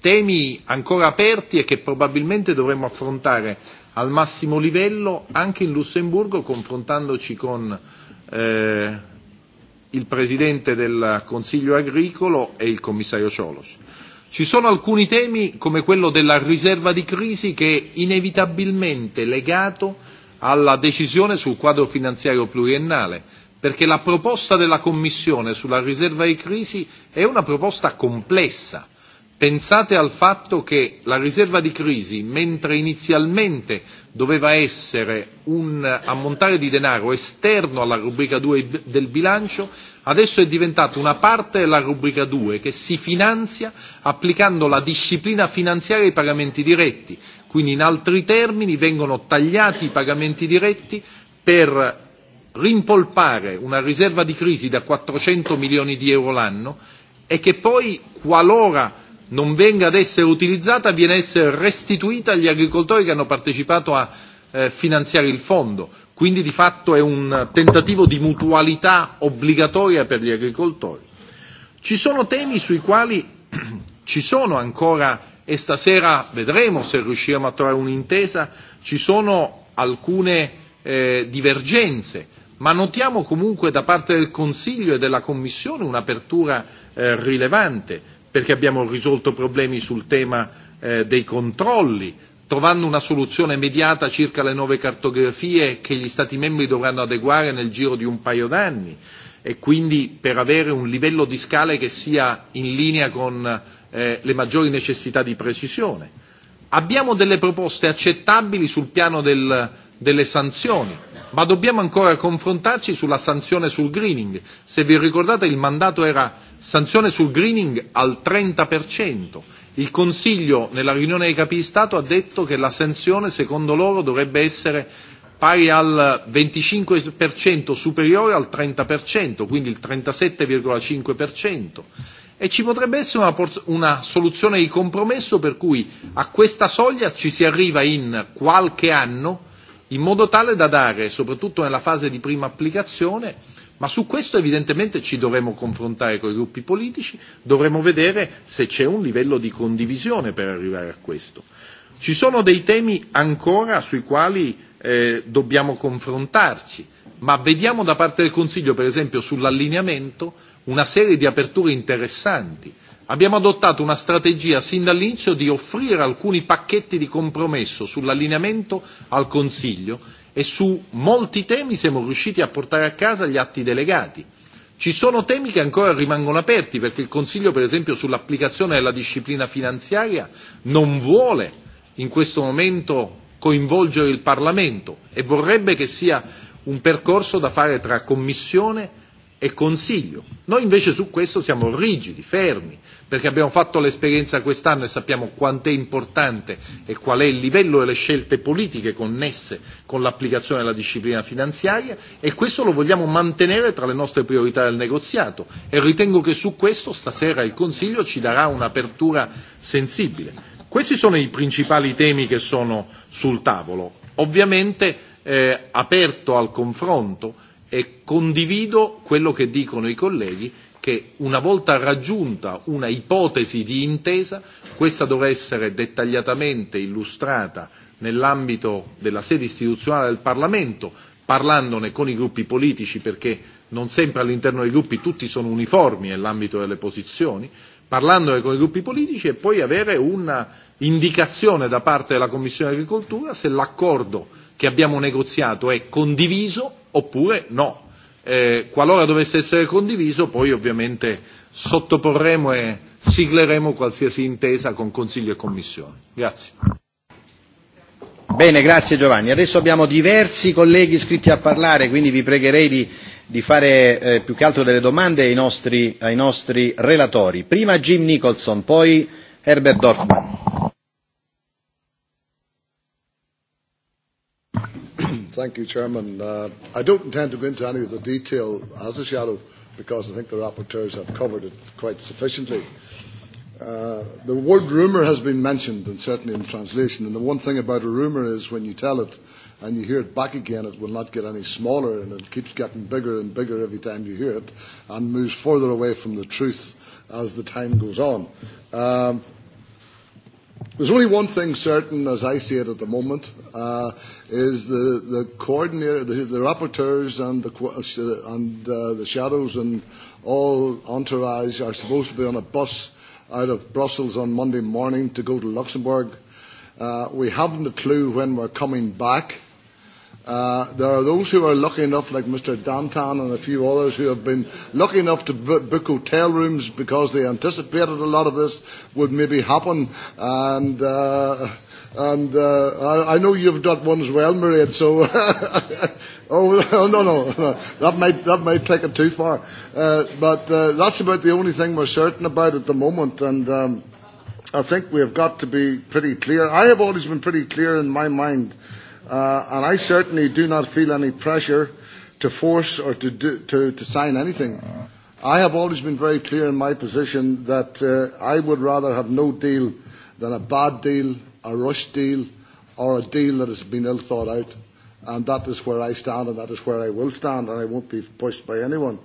H: temi ancora aperti e che probabilmente dovremo affrontare al massimo livello anche in Lussemburgo confrontandoci con eh, il Presidente del Consiglio agricolo e il Commissario Ciolos. Ci sono alcuni temi come quello della riserva di crisi che è inevitabilmente legato alla decisione sul quadro finanziario pluriennale, perché la proposta della Commissione sulla riserva di crisi è una proposta complessa Pensate al fatto che la riserva di crisi, mentre inizialmente doveva essere un ammontare di denaro esterno alla rubrica 2 del bilancio, adesso è diventata una parte della rubrica 2 che si finanzia applicando la disciplina finanziaria ai pagamenti diretti. Quindi in altri termini vengono tagliati i pagamenti diretti per rimpolpare una riserva di crisi da 400 milioni di euro l'anno e che poi, qualora non venga ad essere utilizzata viene a essere restituita agli agricoltori che hanno partecipato a eh, finanziare il fondo. Quindi di fatto è un tentativo di mutualità obbligatoria per gli agricoltori. Ci sono temi sui quali ci sono ancora e stasera vedremo se riusciremo a trovare un'intesa, ci sono alcune eh, divergenze, ma notiamo comunque da parte del Consiglio e della Commissione un'apertura eh, rilevante perché abbiamo risolto problemi sul tema eh, dei controlli, trovando una soluzione immediata circa le nuove cartografie che gli Stati membri dovranno adeguare nel giro di un paio d'anni e quindi per avere un livello di scale che sia in linea con eh, le maggiori necessità di precisione. Abbiamo delle proposte accettabili sul piano del, delle sanzioni ma dobbiamo ancora confrontarci sulla sanzione sul greening. Se vi ricordate il mandato era sanzione sul greening al 30%. Il Consiglio nella riunione dei capi di Stato ha detto che la sanzione secondo loro dovrebbe essere pari al 25% superiore al 30%, quindi il 37,5%. E ci potrebbe essere una, una soluzione di compromesso per cui a questa soglia ci si arriva in qualche anno in modo tale da dare, soprattutto nella fase di prima applicazione, ma su questo evidentemente ci dovremo confrontare con i gruppi politici, dovremo vedere se c'è un livello di condivisione per arrivare a questo. Ci sono dei temi ancora sui quali eh, dobbiamo confrontarci, ma vediamo da parte del Consiglio, per esempio, sull'allineamento una serie di aperture interessanti abbiamo adottato una strategia sin dall'inizio di offrire alcuni pacchetti di compromesso sull'allineamento al Consiglio e su molti temi siamo riusciti a portare a casa gli atti delegati. Ci sono temi che ancora rimangono aperti perché il Consiglio, per esempio, sull'applicazione della disciplina finanziaria non vuole in questo momento coinvolgere il Parlamento e vorrebbe che sia un percorso da fare tra Commissione e Consiglio. Noi invece su questo siamo rigidi, fermi, perché abbiamo fatto l'esperienza quest'anno e sappiamo quanto è importante e qual è il livello delle scelte politiche connesse con l'applicazione della disciplina finanziaria e questo lo vogliamo mantenere tra le nostre priorità del negoziato e ritengo che su questo stasera il Consiglio ci darà un'apertura sensibile. Questi sono i principali temi che sono sul tavolo, ovviamente eh, aperto al confronto e condivido quello che dicono i colleghi che una volta raggiunta una ipotesi di intesa, questa dovrà essere dettagliatamente illustrata nell'ambito della sede istituzionale del Parlamento, parlandone con i gruppi politici perché non sempre all'interno dei gruppi tutti sono uniformi nell'ambito delle posizioni, parlandone con i gruppi politici e poi avere un'indicazione da parte della Commissione agricoltura se l'accordo che abbiamo negoziato è condiviso oppure no eh, qualora dovesse essere condiviso poi ovviamente sottoporremo e sigleremo qualsiasi intesa con Consiglio e Commissione. Grazie. Bene, grazie Giovanni. Adesso abbiamo diversi colleghi
A: iscritti a parlare, quindi vi pregherei di, di fare eh, più che altro delle domande ai nostri, ai nostri relatori. Prima Jim Nicholson, poi Herbert Dorfman.
P: Thank you, Chairman. Uh, I don't intend to go into any of the detail as a shadow because I think the rapporteurs have covered it quite sufficiently. Uh, the word rumour has been mentioned, and certainly in translation. And the one thing about a rumour is when you tell it and you hear it back again, it will not get any smaller, and it keeps getting bigger and bigger every time you hear it, and moves further away from the truth as the time goes on. Um, There's only one thing certain, as I see it at the moment, uh, is the, the coordinator, the, the rapporteurs and the, and, uh, the shadows and all entourage are supposed to be on a bus out of Brussels on Monday morning to go to Luxembourg. Uh, we haven't a clue when we're coming back. Uh, Uh, there are those who are lucky enough, like Mr. Dantan and a few others, who have been lucky enough to b- book hotel rooms because they anticipated a lot of this would maybe happen. And, uh, and uh, I, I know you've got one as well, Mairead, so. oh, no, no, no. That might, that might take it too far. Uh, but uh, that's about the only thing we're certain about at the moment. And. Um, I think we have got to be pretty clear. I have always been pretty clear in my mind uh, Uh, and I certainly do not feel any pressure to force or to, do, to, to sign anything. I have always been very clear in my position that uh, I would rather have no deal than a bad deal, a rush deal, or a deal that has been ill thought out. And that is where I stand, and that is where I will stand, and I won't be pushed by anyone. Uh,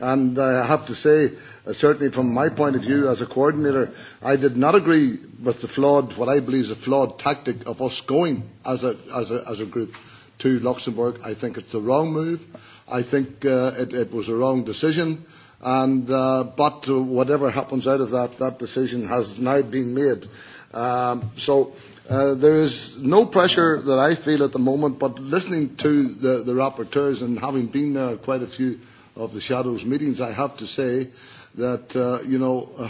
P: And uh, I have to say, uh, certainly from my point of view as a coordinator, I did not agree with the flawed, what I believe is a flawed tactic of us going as a, as a, as a group to Luxembourg. I think it's the wrong move. I think uh, it, it was a wrong decision. And, uh, but uh, whatever happens out of that, that decision has now been made. Um, so uh, there is no pressure that I feel at the moment, but listening to the, the rapporteurs and having been there quite a few of the shadows meetings, I have to say that, uh, you know, uh,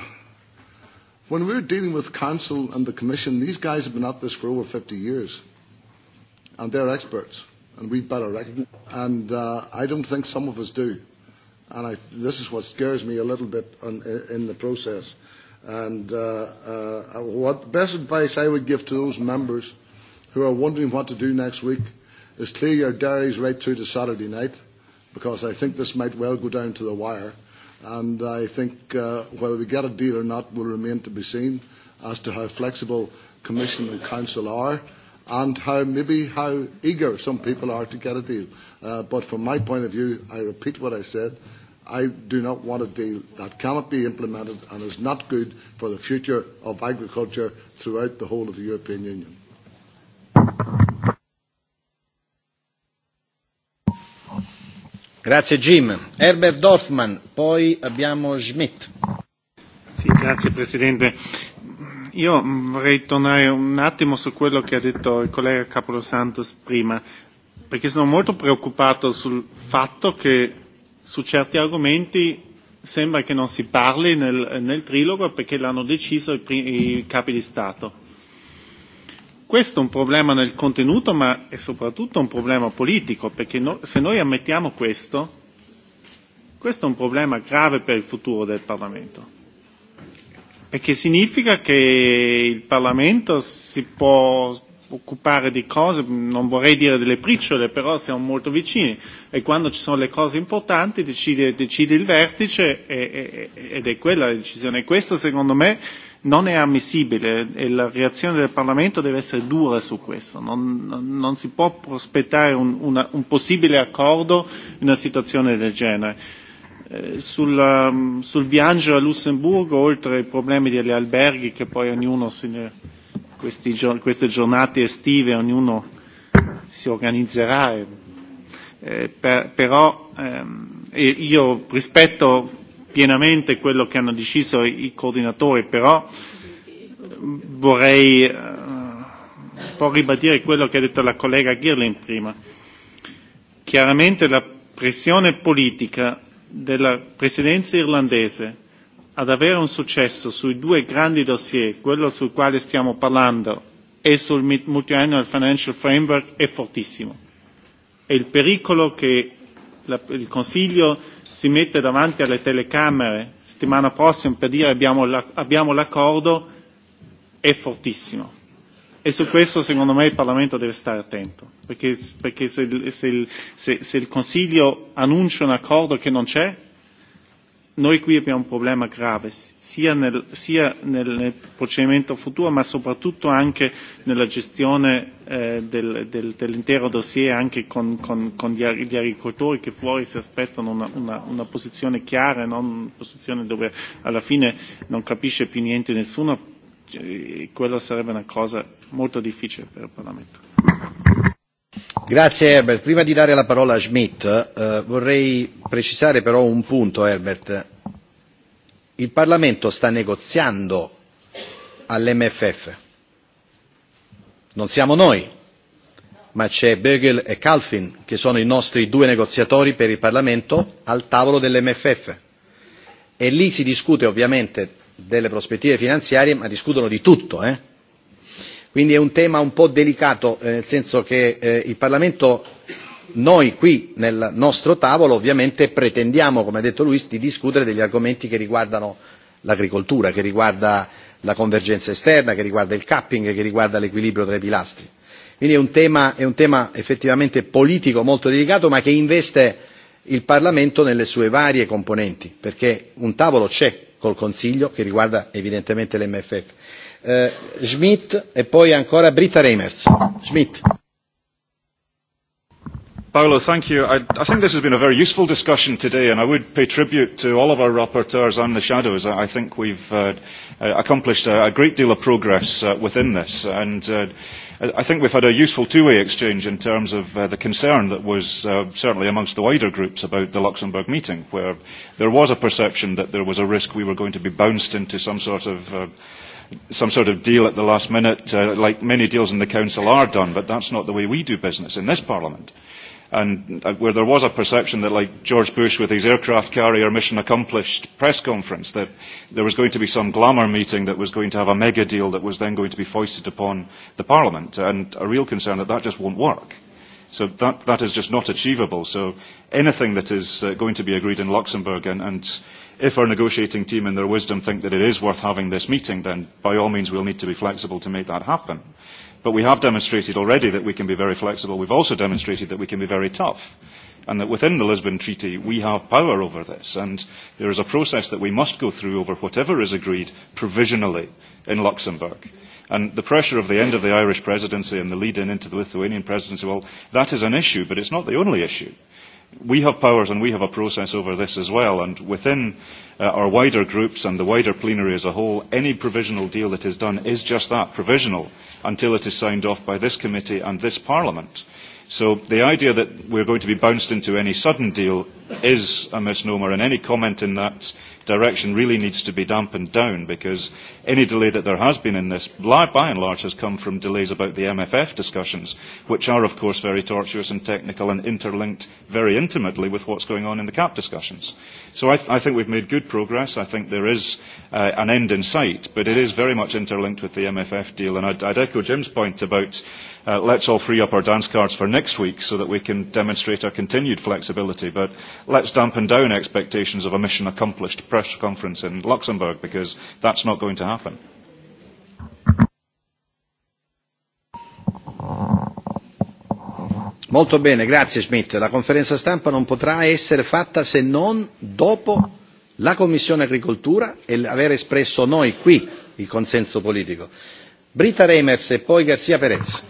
P: when we're dealing with council and the commission, these guys have been at this for over 50 years, and they're experts, and we better recognize. Mm-hmm. And uh, I don't think some of us do, and I, this is what scares me a little bit on, uh, in the process. And uh, uh, uh what the best advice I would give to those members who are wondering what to do next week is clear your diaries right through to Saturday night because I think this might well go down to the wire. And I think uh, whether we get a deal or not will remain to be seen as to how flexible Commission and Council are and how maybe how eager some people are to get a deal. Uh, but from my point of view, I repeat what I said. I do not want a deal that cannot be implemented and is not good for the future of agriculture throughout the whole of the European Union.
A: Grazie Jim. Herbert Dorfman, poi abbiamo Schmidt. Sì, grazie Presidente. Io vorrei tornare un
Q: attimo su quello che ha detto il collega Capolosantos prima, perché sono molto preoccupato sul fatto che su certi argomenti sembra che non si parli nel, nel trilogo perché l'hanno deciso i, i capi di Stato questo è un problema nel contenuto ma è soprattutto un problema politico perché no, se noi ammettiamo questo questo è un problema grave per il futuro del Parlamento perché significa che il Parlamento si può occupare di cose, non vorrei dire delle briciole, però siamo molto vicini e quando ci sono le cose importanti decide, decide il vertice e, e, e ed è quella la decisione. E questo secondo me non è ammissibile e la reazione del Parlamento deve essere dura su questo. Non, non si può prospettare un, una, un possibile accordo in una situazione del genere. Eh, sul, um, sul viaggio a Lussemburgo, oltre ai problemi degli alberghi che poi ognuno si, questi, queste giornate estive ognuno si organizzerà, eh, per, però ehm, e io rispetto pienamente quello che hanno deciso i coordinatori, però vorrei eh, un po' ribadire quello che ha detto la collega Girling prima. Chiaramente la pressione politica della presidenza irlandese ad avere un successo sui due grandi dossier, quello sul quale stiamo parlando e sul multiannual financial framework, è fortissimo. E il pericolo che la, il Consiglio si mette davanti alle telecamere settimana prossima per dire abbiamo, la, abbiamo l'accordo è fortissimo. E su questo secondo me il Parlamento deve stare attento, perché, perché se, se, se, se il Consiglio annuncia un accordo che non c'è, noi qui abbiamo un problema grave sia nel, sia nel procedimento futuro ma soprattutto anche nella gestione eh, del, del, dell'intero dossier anche con, con, con gli, gli agricoltori che fuori si aspettano una, una, una posizione chiara e non una posizione dove alla fine non capisce più niente nessuno e quella sarebbe una cosa
A: molto difficile
Q: per il Parlamento.
A: Grazie Herbert. Prima di dare la parola a Schmidt eh, vorrei precisare però un punto Herbert. Il Parlamento sta negoziando all'MFF. Non siamo noi, ma c'è Bögel e Calfin che sono i nostri due negoziatori per il Parlamento al tavolo dell'MFF. E lì si discute ovviamente delle prospettive finanziarie, ma discutono di tutto, eh? quindi è un tema un po' delicato eh, nel senso che eh, il parlamento noi qui nel nostro tavolo ovviamente pretendiamo come ha detto luis di discutere degli argomenti che riguardano l'agricoltura che riguarda la convergenza esterna che riguarda il capping che riguarda l'equilibrio tra i pilastri. quindi è un tema, è un tema effettivamente politico molto delicato ma che investe il parlamento nelle sue varie componenti perché un tavolo c'è col consiglio che riguarda evidentemente l'mff eh, Schmidt e poi ancora Britta Reimers. Schmidt.
R: Paolo, thank you. I, I think this has been a very useful discussion today, and I would pay tribute to all of our rapporteurs and the shadows. I, I think we've uh, uh accomplished a, a great deal of progress uh, within this, and uh, I think we've had a useful two-way exchange in terms of uh, the concern that was uh, certainly amongst the wider groups about the Luxembourg meeting, where there was a perception that there was a risk we were going to be bounced into some sort of uh, some sort of deal at the last minute, uh, like many deals in the Council are done, but that's not the way we do business in this Parliament. And uh, where there was a perception that, like George Bush with his aircraft carrier mission accomplished press conference, that there was going to be some glamour meeting that was going to have a mega deal that was then going to be foisted upon the Parliament, and a real concern that that just won't work. So that, that is just not achievable. So anything that is uh, going to be agreed in Luxembourg and, and if our negotiating team in their wisdom think that it is worth having this meeting, then by all means we'll need to be flexible to make that happen. But we have demonstrated already that we can be very flexible. We've also demonstrated that we can be very tough and that within the Lisbon Treaty we have power over this. And there is a process that we must go through over whatever is agreed provisionally in Luxembourg. And the pressure of the end of the Irish presidency and the lead-in into the Lithuanian presidency, well, that is an issue, but it's not the only issue we have powers and we have a process over this as well. And within uh, our wider groups and the wider plenary as a whole, any provisional deal that is done is just that, provisional, until it is signed off by this committee and this parliament. So the idea that we're going to be bounced into any sudden deal is a misnomer, and any comment in that direction really needs to be dampened down because any delay that there has been in this, by and large, has come from delays about the MFF discussions, which are, of course, very tortuous and technical and interlinked very intimately with what's going on in the CAP discussions. So I, th- I think we've made good progress. I think there is uh, an end in sight, but it is very much interlinked with the MFF deal. And I'd, I'd echo Jim's point about uh, let's all free up our dance cards for next week so that we can demonstrate our continued flexibility. But let's dampen down expectations of a mission accomplished pressure conference in Luxembourg because that's not going to happen. Molto bene, grazie Schmidt. La conferenza
A: stampa non potrà essere fatta se non dopo la Commissione Agricoltura e aver espresso noi qui il consenso politico. Brita Reimers e poi Garzia Perez.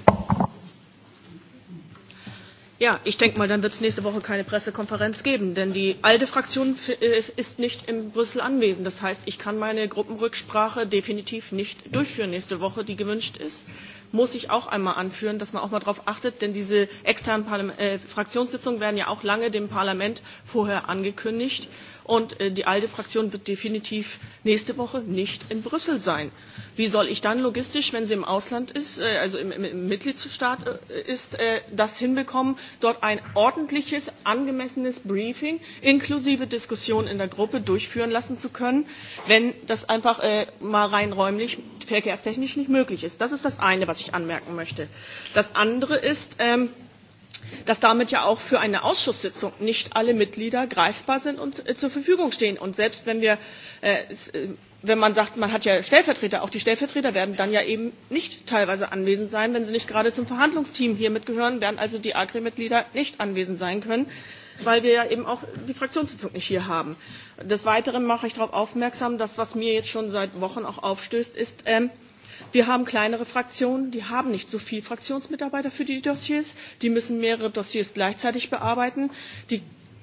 J: Ja, ich denke mal, dann wird es nächste Woche keine Pressekonferenz geben, denn die alte Fraktion äh, ist nicht in Brüssel anwesend. Das heißt, ich kann meine Gruppenrücksprache definitiv nicht durchführen nächste Woche, die gewünscht ist. Muss ich auch einmal anführen, dass man auch mal darauf achtet, denn diese externen Parlam äh, Fraktionssitzungen werden ja auch lange dem Parlament vorher angekündigt. Und äh, die alte Fraktion wird definitiv nächste Woche nicht in Brüssel sein. Wie soll ich dann logistisch, wenn sie im Ausland ist, äh, also im, im, im Mitgliedstaat äh, ist, äh, das hinbekommen, dort ein ordentliches, angemessenes Briefing inklusive Diskussion in der Gruppe durchführen lassen zu können, wenn das einfach äh, mal rein räumlich, verkehrstechnisch nicht möglich ist? Das ist das eine, was ich anmerken möchte. Das andere ist, ähm, dass damit ja auch für eine ausschusssitzung nicht alle mitglieder greifbar sind und äh, zur verfügung stehen. und selbst wenn wir äh, äh, wenn man sagt man hat ja stellvertreter auch die stellvertreter werden dann ja eben nicht teilweise anwesend sein wenn sie nicht gerade zum verhandlungsteam hier mitgehören werden also die agri mitglieder nicht anwesend sein können weil wir ja eben auch die Fraktionssitzung nicht hier haben. Des Weiteren mache ich darauf aufmerksam, dass was mir jetzt schon seit Wochen auch aufstößt, ist, ähm, Wir haben kleinere Fraktionen, die haben nicht so viele Fraktionsmitarbeiter für die Dossiers. Die müssen mehrere Dossiers gleichzeitig bearbeiten. Die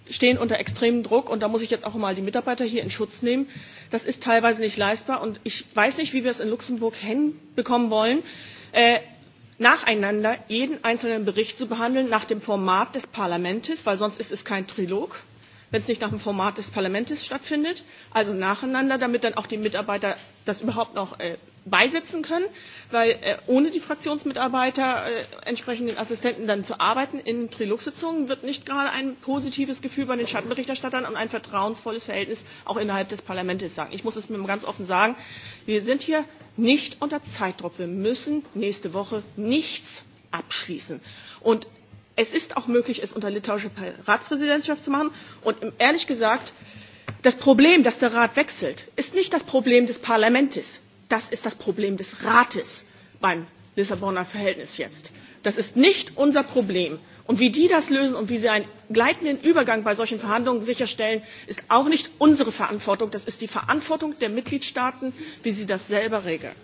J: stehen unter extremem Druck und da muss ich jetzt auch mal die Mitarbeiter hier in Schutz nehmen. Das ist teilweise nicht leistbar und ich weiß nicht, wie wir es in Luxemburg hinbekommen wollen, äh, nacheinander jeden einzelnen Bericht zu behandeln nach dem Format des Parlaments, weil sonst ist es kein Trilog, wenn es nicht nach dem Format des Parlaments stattfindet, also nacheinander, damit dann auch die Mitarbeiter das überhaupt noch äh, beisitzen können, weil äh, ohne die Fraktionsmitarbeiter äh, entsprechenden Assistenten dann zu arbeiten in Trilogsitzungen wird nicht gerade ein positives Gefühl bei den Schattenberichterstattern und ein vertrauensvolles Verhältnis auch innerhalb des Parlaments sagen. Ich muss es mir ganz offen sagen, wir sind hier nicht unter Zeitdruck. Wir müssen nächste Woche nichts abschließen. Und es ist auch möglich, es unter litauischer Ratspräsidentschaft zu machen. Und ehrlich gesagt, das Problem, dass der Rat wechselt, ist nicht das Problem des Parlaments Das ist das Problem des Rates beim Lissabonner Verhältnis jetzt. Das ist nicht unser Problem. Und wie die das lösen und wie sie einen gleitenden Übergang bei solchen Verhandlungen sicherstellen, ist auch nicht unsere Verantwortung. Das ist die Verantwortung der Mitgliedstaaten, wie sie das selber regeln.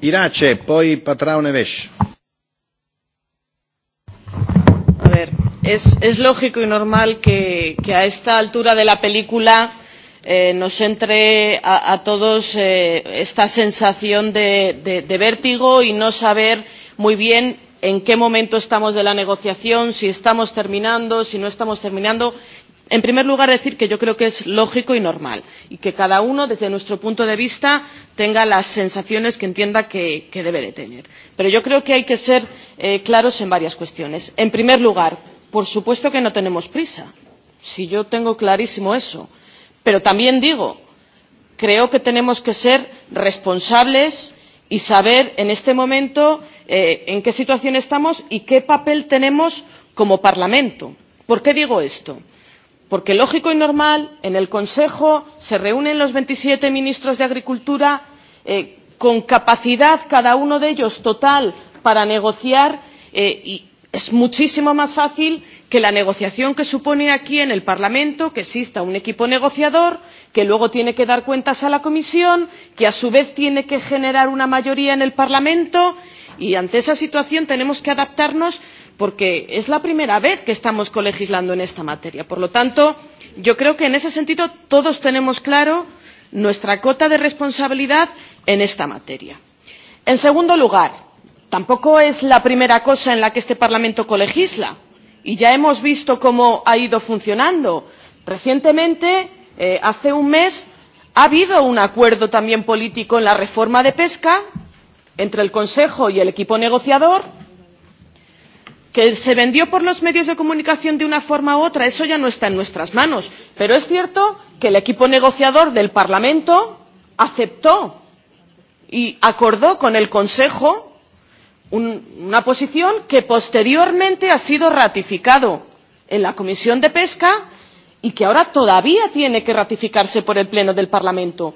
A: Irace, poi Patraonevesh.
L: A ver, es, es lógico y normal que, que a esta altura de la película eh, nos entre a, a todos eh, esta sensación de, de, de vértigo y no saber muy bien en qué momento estamos de la negociación, si estamos terminando, si no estamos terminando. En primer lugar, decir que yo creo que es lógico y normal y que cada uno, desde nuestro punto de vista, tenga las sensaciones que entienda que, que debe de tener. Pero yo creo que hay que ser eh, claros en varias cuestiones. En primer lugar, por supuesto que no tenemos prisa. Si yo tengo clarísimo eso. Eh, pero también digo creo que tenemos que ser responsables y saber en este momento eh, en qué situación estamos y qué papel tenemos como parlamento. por qué digo esto? porque lógico y normal en el consejo se reúnen los veintisiete ministros de agricultura eh, con capacidad cada uno de ellos total para negociar eh, y, es muchísimo más fácil que la negociación que supone aquí en el parlamento que exista un equipo negociador que luego tiene que dar cuentas a la comisión que a su vez tiene que generar una mayoría en el parlamento y ante esa situación tenemos que adaptarnos porque es la primera vez que estamos colegislando en esta materia. por lo tanto yo creo que en ese sentido todos tenemos clara nuestra cota de responsabilidad en esta materia. en segundo lugar tampoco es la primera cosa en la que este parlamento colegisla y ya hemos visto cómo ha ido funcionando. recientemente eh, hace un mes ha habido un acuerdo también político en la reforma de pesca entre el consejo y el equipo negociador que se vendió por los medios de comunicación de una forma u otra eso ya no está en nuestras manos pero es cierto que el equipo negociador del parlamento aceptó y acordó con el consejo un, una posición que posteriormente ha sido ratificado en la Comisión de Pesca y que ahora todavía tiene que ratificarse por el Pleno del Parlamento.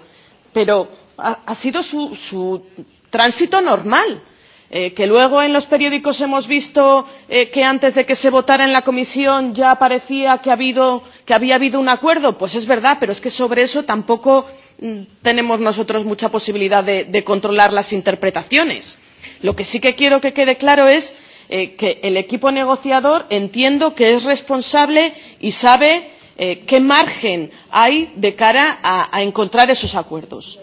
L: Pero ha, ha sido su, su tránsito normal. Eh, que luego en los periódicos hemos visto eh, que antes de que se votara en la comisión ya parecía que, ha habido, que había habido un acuerdo, pues es verdad, pero es que sobre eso tampoco mm, tenemos nosotros mucha posibilidad de, de controlar las interpretaciones lo que sí que quiero que quede claro es eh, que el equipo negociador entiendo que es responsable y sabe eh, qué margen hay de cara a, a encontrar esos acuerdos.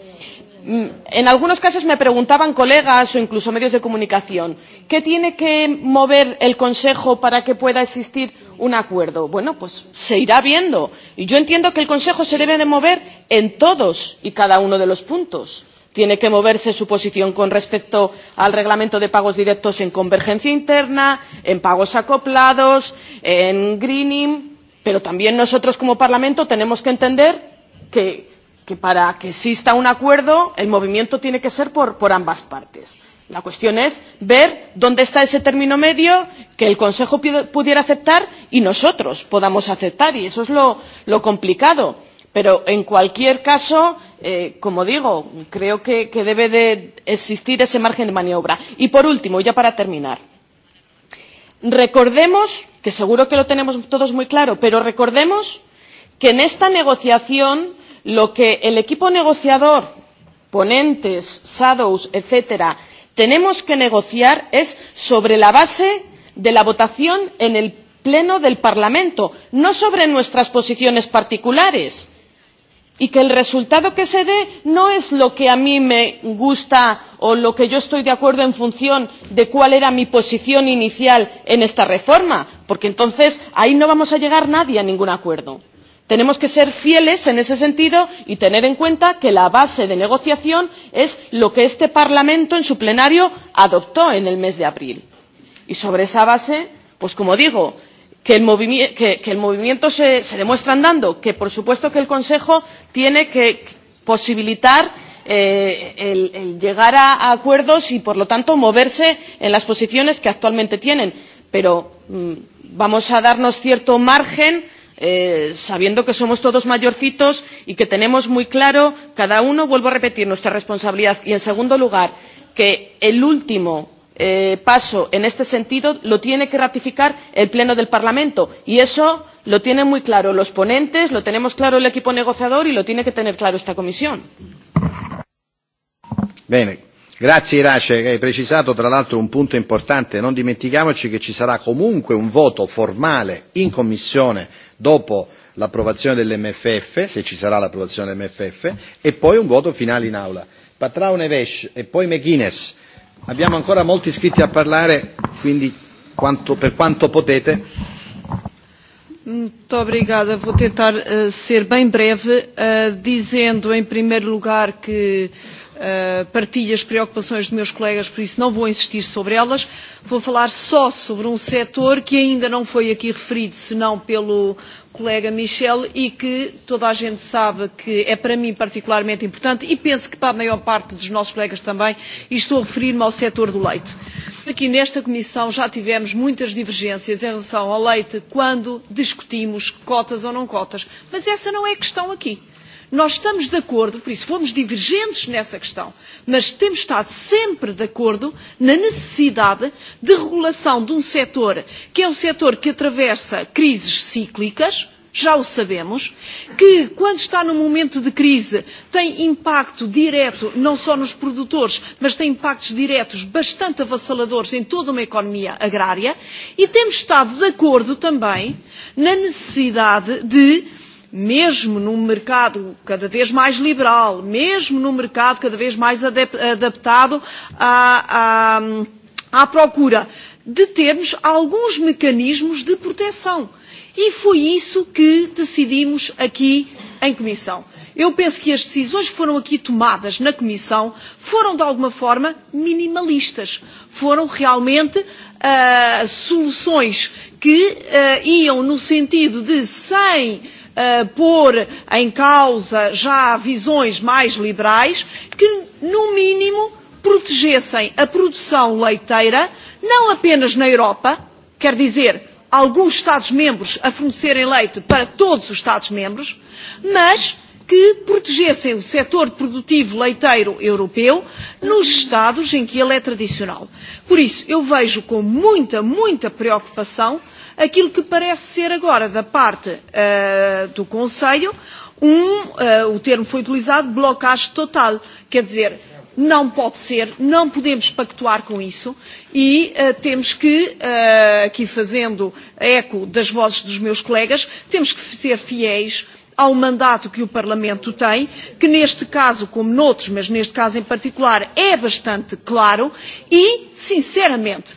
L: Mm, en algunos casos me preguntaban colegas o incluso medios de comunicación ¿qué tiene que mover el Consejo para que pueda existir un acuerdo? Bueno, pues se irá viendo. Y yo entiendo que el Consejo se debe de mover en todos y cada uno de los puntos tiene que moverse su posición con respecto al reglamento de pagos directos en convergencia interna en pagos acoplados en greening pero también nosotros como parlamento tenemos que entender que, que para que exista un acuerdo el movimiento tiene que ser por, por ambas partes. La cuestión es ver dónde está ese término medio que el Consejo pudiera aceptar y nosotros podamos aceptar. Y eso es lo, lo complicado pero en cualquier caso eh, como digo creo que, que debe de existir ese margen de maniobra. y por último ya para terminar recordemos que seguro que lo tenemos todos muy claro pero recordemos que en esta negociación lo que el equipo negociador ponentes ponentes etcétera tenemos que negociar es sobre la base de la votación en el pleno del parlamento no sobre nuestras posiciones particulares y que el resultado que se dé no es lo que a mí me gusta o lo que yo estoy de acuerdo en función de cuál era mi posición inicial en esta reforma porque entonces ahí no vamos a llegar nadie a ningún acuerdo. tenemos que ser fieles en ese sentido y tener en cuenta que la base de negociación es lo que este parlamento en su pleno adoptó en el mes de abril y sobre esa base pues como digo que el, movi que, que el movimiento se, se demuestra andando que por supuesto que el consejo tiene que posibilitar eh, el, el llegar a, a acuerdos y por lo tanto moverse en las posiciones que actualmente tienen pero mm, vamos a darnos cierto margen eh, sabiendo que somos todos mayorcitos y que tenemos muy claro cada uno vuelvo a repetir nuestra responsabilidad y en segundo lugar que el último eh, paso en este sentido lo tiene que ratificar el pleno del parlamento y eso lo tienen muy claro los ponentes lo tenemos claro el equipo negociador y lo tiene que tener claro esta comisión.
A: Bene. Grazie Irace che hai precisato tra l'altro un punto importante, non dimentichiamoci che ci sarà comunque un voto formale in Commissione dopo l'approvazione dell'MFF, se ci sarà l'approvazione dell'MFF, e poi un voto finale in Aula. Patrao Nevesh e poi McGuinness Abbiamo ancora molti iscritti a parlare, quindi quanto, per quanto potete.
M: Muito obrigada. Vou tentar uh, ser bem breve, uh, dizendo em primeiro lugar que Uh, eh, partilho as preocupações dos meus colegas, por isso não vou insistir sobre elas. Vou falar só sobre um setor que ainda não foi aqui referido, senão pelo colega Michel, e que toda a gente sabe que é para mim particularmente importante e penso que para a maior parte dos nossos colegas também, e estou a referir-me ao setor do leite. Aqui nesta Comissão já tivemos muitas divergências em relação ao leite quando discutimos cotas ou não cotas, mas essa não é a questão aqui. Nós estamos de acordo, por isso fomos divergentes nessa questão, mas temos estado sempre de acordo na necessidade de regulação de um setor que é um setor que atravessa crises cíclicas, já o sabemos, que quando está num momento de crise tem impacto direto não só nos produtores, mas tem impactos diretos bastante avassaladores em toda uma economia agrária e temos estado de acordo também na necessidade de mesmo num mercado cada vez mais liberal, mesmo num mercado cada vez mais adaptado à, à, à procura de termos alguns mecanismos de proteção. E foi isso que decidimos aqui em Comissão. Eu penso que as decisões que foram aqui tomadas na Comissão foram, de alguma forma, minimalistas. Foram realmente uh, soluções que uh, iam no sentido de, sem uh, pôr em causa já visões mais liberais que, no mínimo, protegessem a produção leiteira, não apenas na Europa, quer dizer, alguns Estados-membros a fornecerem leite para todos os Estados-membros, mas que protegessem o setor produtivo leiteiro europeu nos Estados em que ele é tradicional. Por isso, eu vejo com muita, muita preocupação uh, aquilo que parece ser agora da parte uh, do Conselho um, uh, o termo foi utilizado, blocagem total. Quer dizer, não pode ser, não podemos pactuar com isso e uh, temos que, uh, aqui fazendo eco das vozes dos meus colegas, temos que ser fiéis ao mandato que o Parlamento tem, que neste caso, como noutros, mas neste caso em particular, é bastante claro e, sinceramente,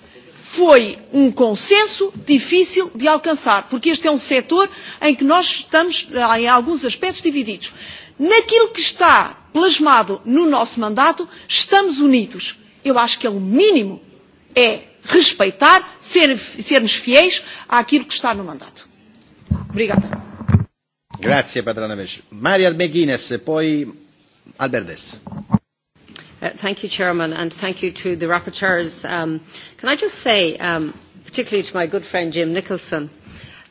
M: foi um consenso difícil de alcançar, porque este é um setor em que nós estamos, eh, em alguns aspectos, divididos. Naquilo que está plasmado no nosso mandato, estamos unidos. Eu acho que é o mínimo, é respeitar, ser, sermos fiéis àquilo que está no mandato. Obrigada.
A: Grazie, Patrana Maria Beguines, poi Alberdes.
S: Uh, thank you, Chairman, and thank you to the rapporteurs. Um, can I just say, um, particularly to my good friend Jim Nicholson,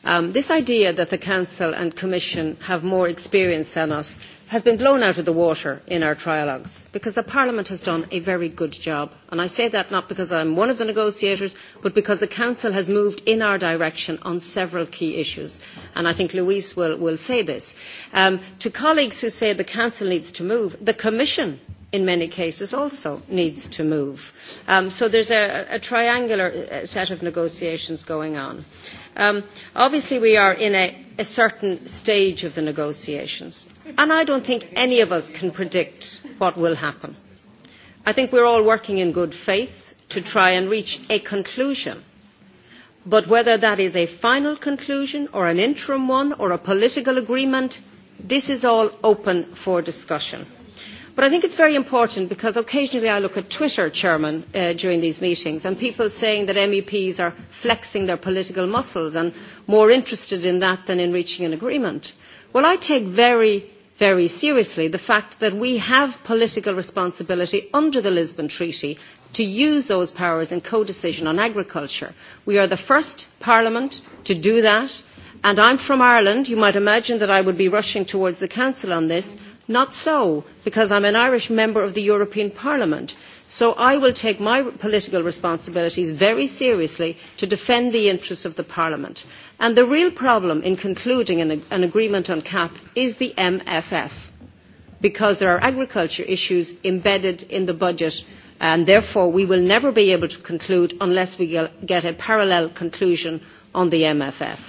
S: um, this idea that the Council and Commission have more experience than us has been blown out of the water in our trialogues because the Parliament has done a very good job. And I say that not because I'm one of the negotiators, but because the Council has moved in our direction on several key issues. And I think Louise will, will say this. Um, to colleagues who say the Council needs to move, the Commission in many cases also needs to move. Um, so there's a, a triangular uh, set of negotiations going on. Um, obviously, we are in a, a certain stage of the negotiations, and I don't think any of us can predict what will happen. I think we're all working in good faith to try and reach a conclusion. But whether that is a final conclusion or an interim one or a political agreement, this is all open for discussion But I think it's very important because occasionally I look at Twitter, Chairman, uh, during these meetings, and people saying that MEPs are flexing their political muscles and more interested in that than in reaching an agreement. Well, I take very very seriously the fact that we have political responsibility under the Lisbon Treaty to use those powers in codecision on agriculture. We are the first parliament to do that and I'm from Ireland. You might imagine that I would be rushing towards the council on this. Mm-hmm Not so, because I'm an Irish member of the European Parliament. So I will take my political responsibilities very seriously to defend the interests of the Parliament. And the real problem in concluding an, an agreement on CAP is the MFF, because there are agriculture issues embedded in the budget and therefore we will never be able to conclude unless we get a parallel conclusion on the MFF.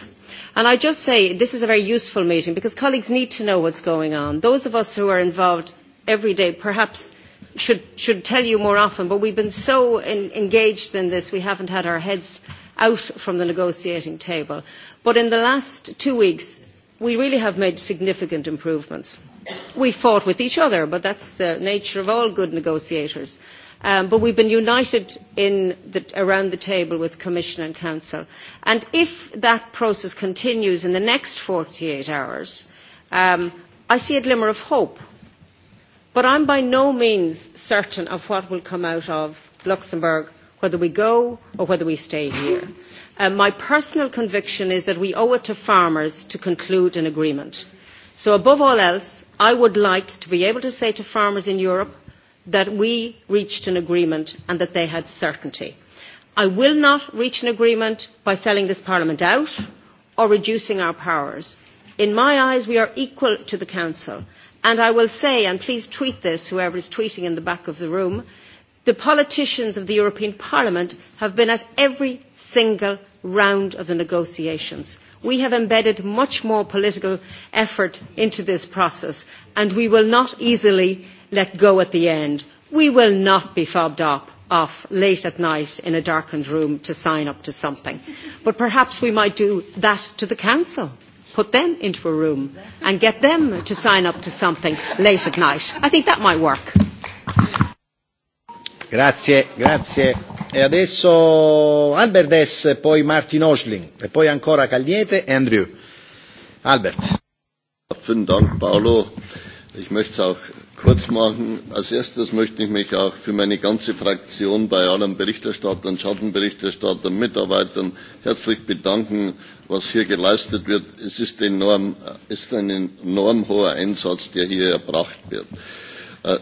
S: And I just say this is a very useful meeting because colleagues need to know what's going on. Those of us who are involved every day perhaps should, should tell you more often, but we've been so in, engaged in this we haven't had our heads out from the negotiating table. But in the last two weeks, we really have made significant improvements. We fought with each other, but that's the nature of all good negotiators. Uh, Um, but we've been united in the, around the table with Commission and Council. And if that process continues in the next 48 hours, um, I see a glimmer of hope. But I'm by no means certain of what will come out of Luxembourg, whether we go or whether we stay here. Uh, my personal conviction is that we owe it to farmers to conclude an agreement. So above all else, I would like to be able to say to farmers in Europe, that we reached an agreement and that they had certainty. I will not reach an agreement by selling this Parliament out or reducing our powers. In my eyes, we are equal to the Council. And I will say, and please tweet this, whoever is tweeting in the back of the room, the politicians of the European Parliament have been at every single round of the negotiations. We have embedded much more political effort into this process, and we will not easily let go at the end. We will not be fobbed up off late at night in a darkened room to sign up to something. But perhaps we might do that to the council. Put them into a room and get them to sign up to something late at night. I think that might work.
A: Grazie, grazie. E adesso Albert Dess, poi Martin
D: Osling, e poi ancora Cagliete e Andrew. Albert. Vielen Dank, Paolo. Ich möchte es auch kurz machen. Als erstes möchte ich mich auch für meine ganze Fraktion bei allen Berichterstattern, Schattenberichterstattern, Mitarbeitern herzlich bedanken, was hier geleistet wird. Es ist, enorm, äh, ist ein enorm hoher Einsatz, der hier erbracht wird. Äh,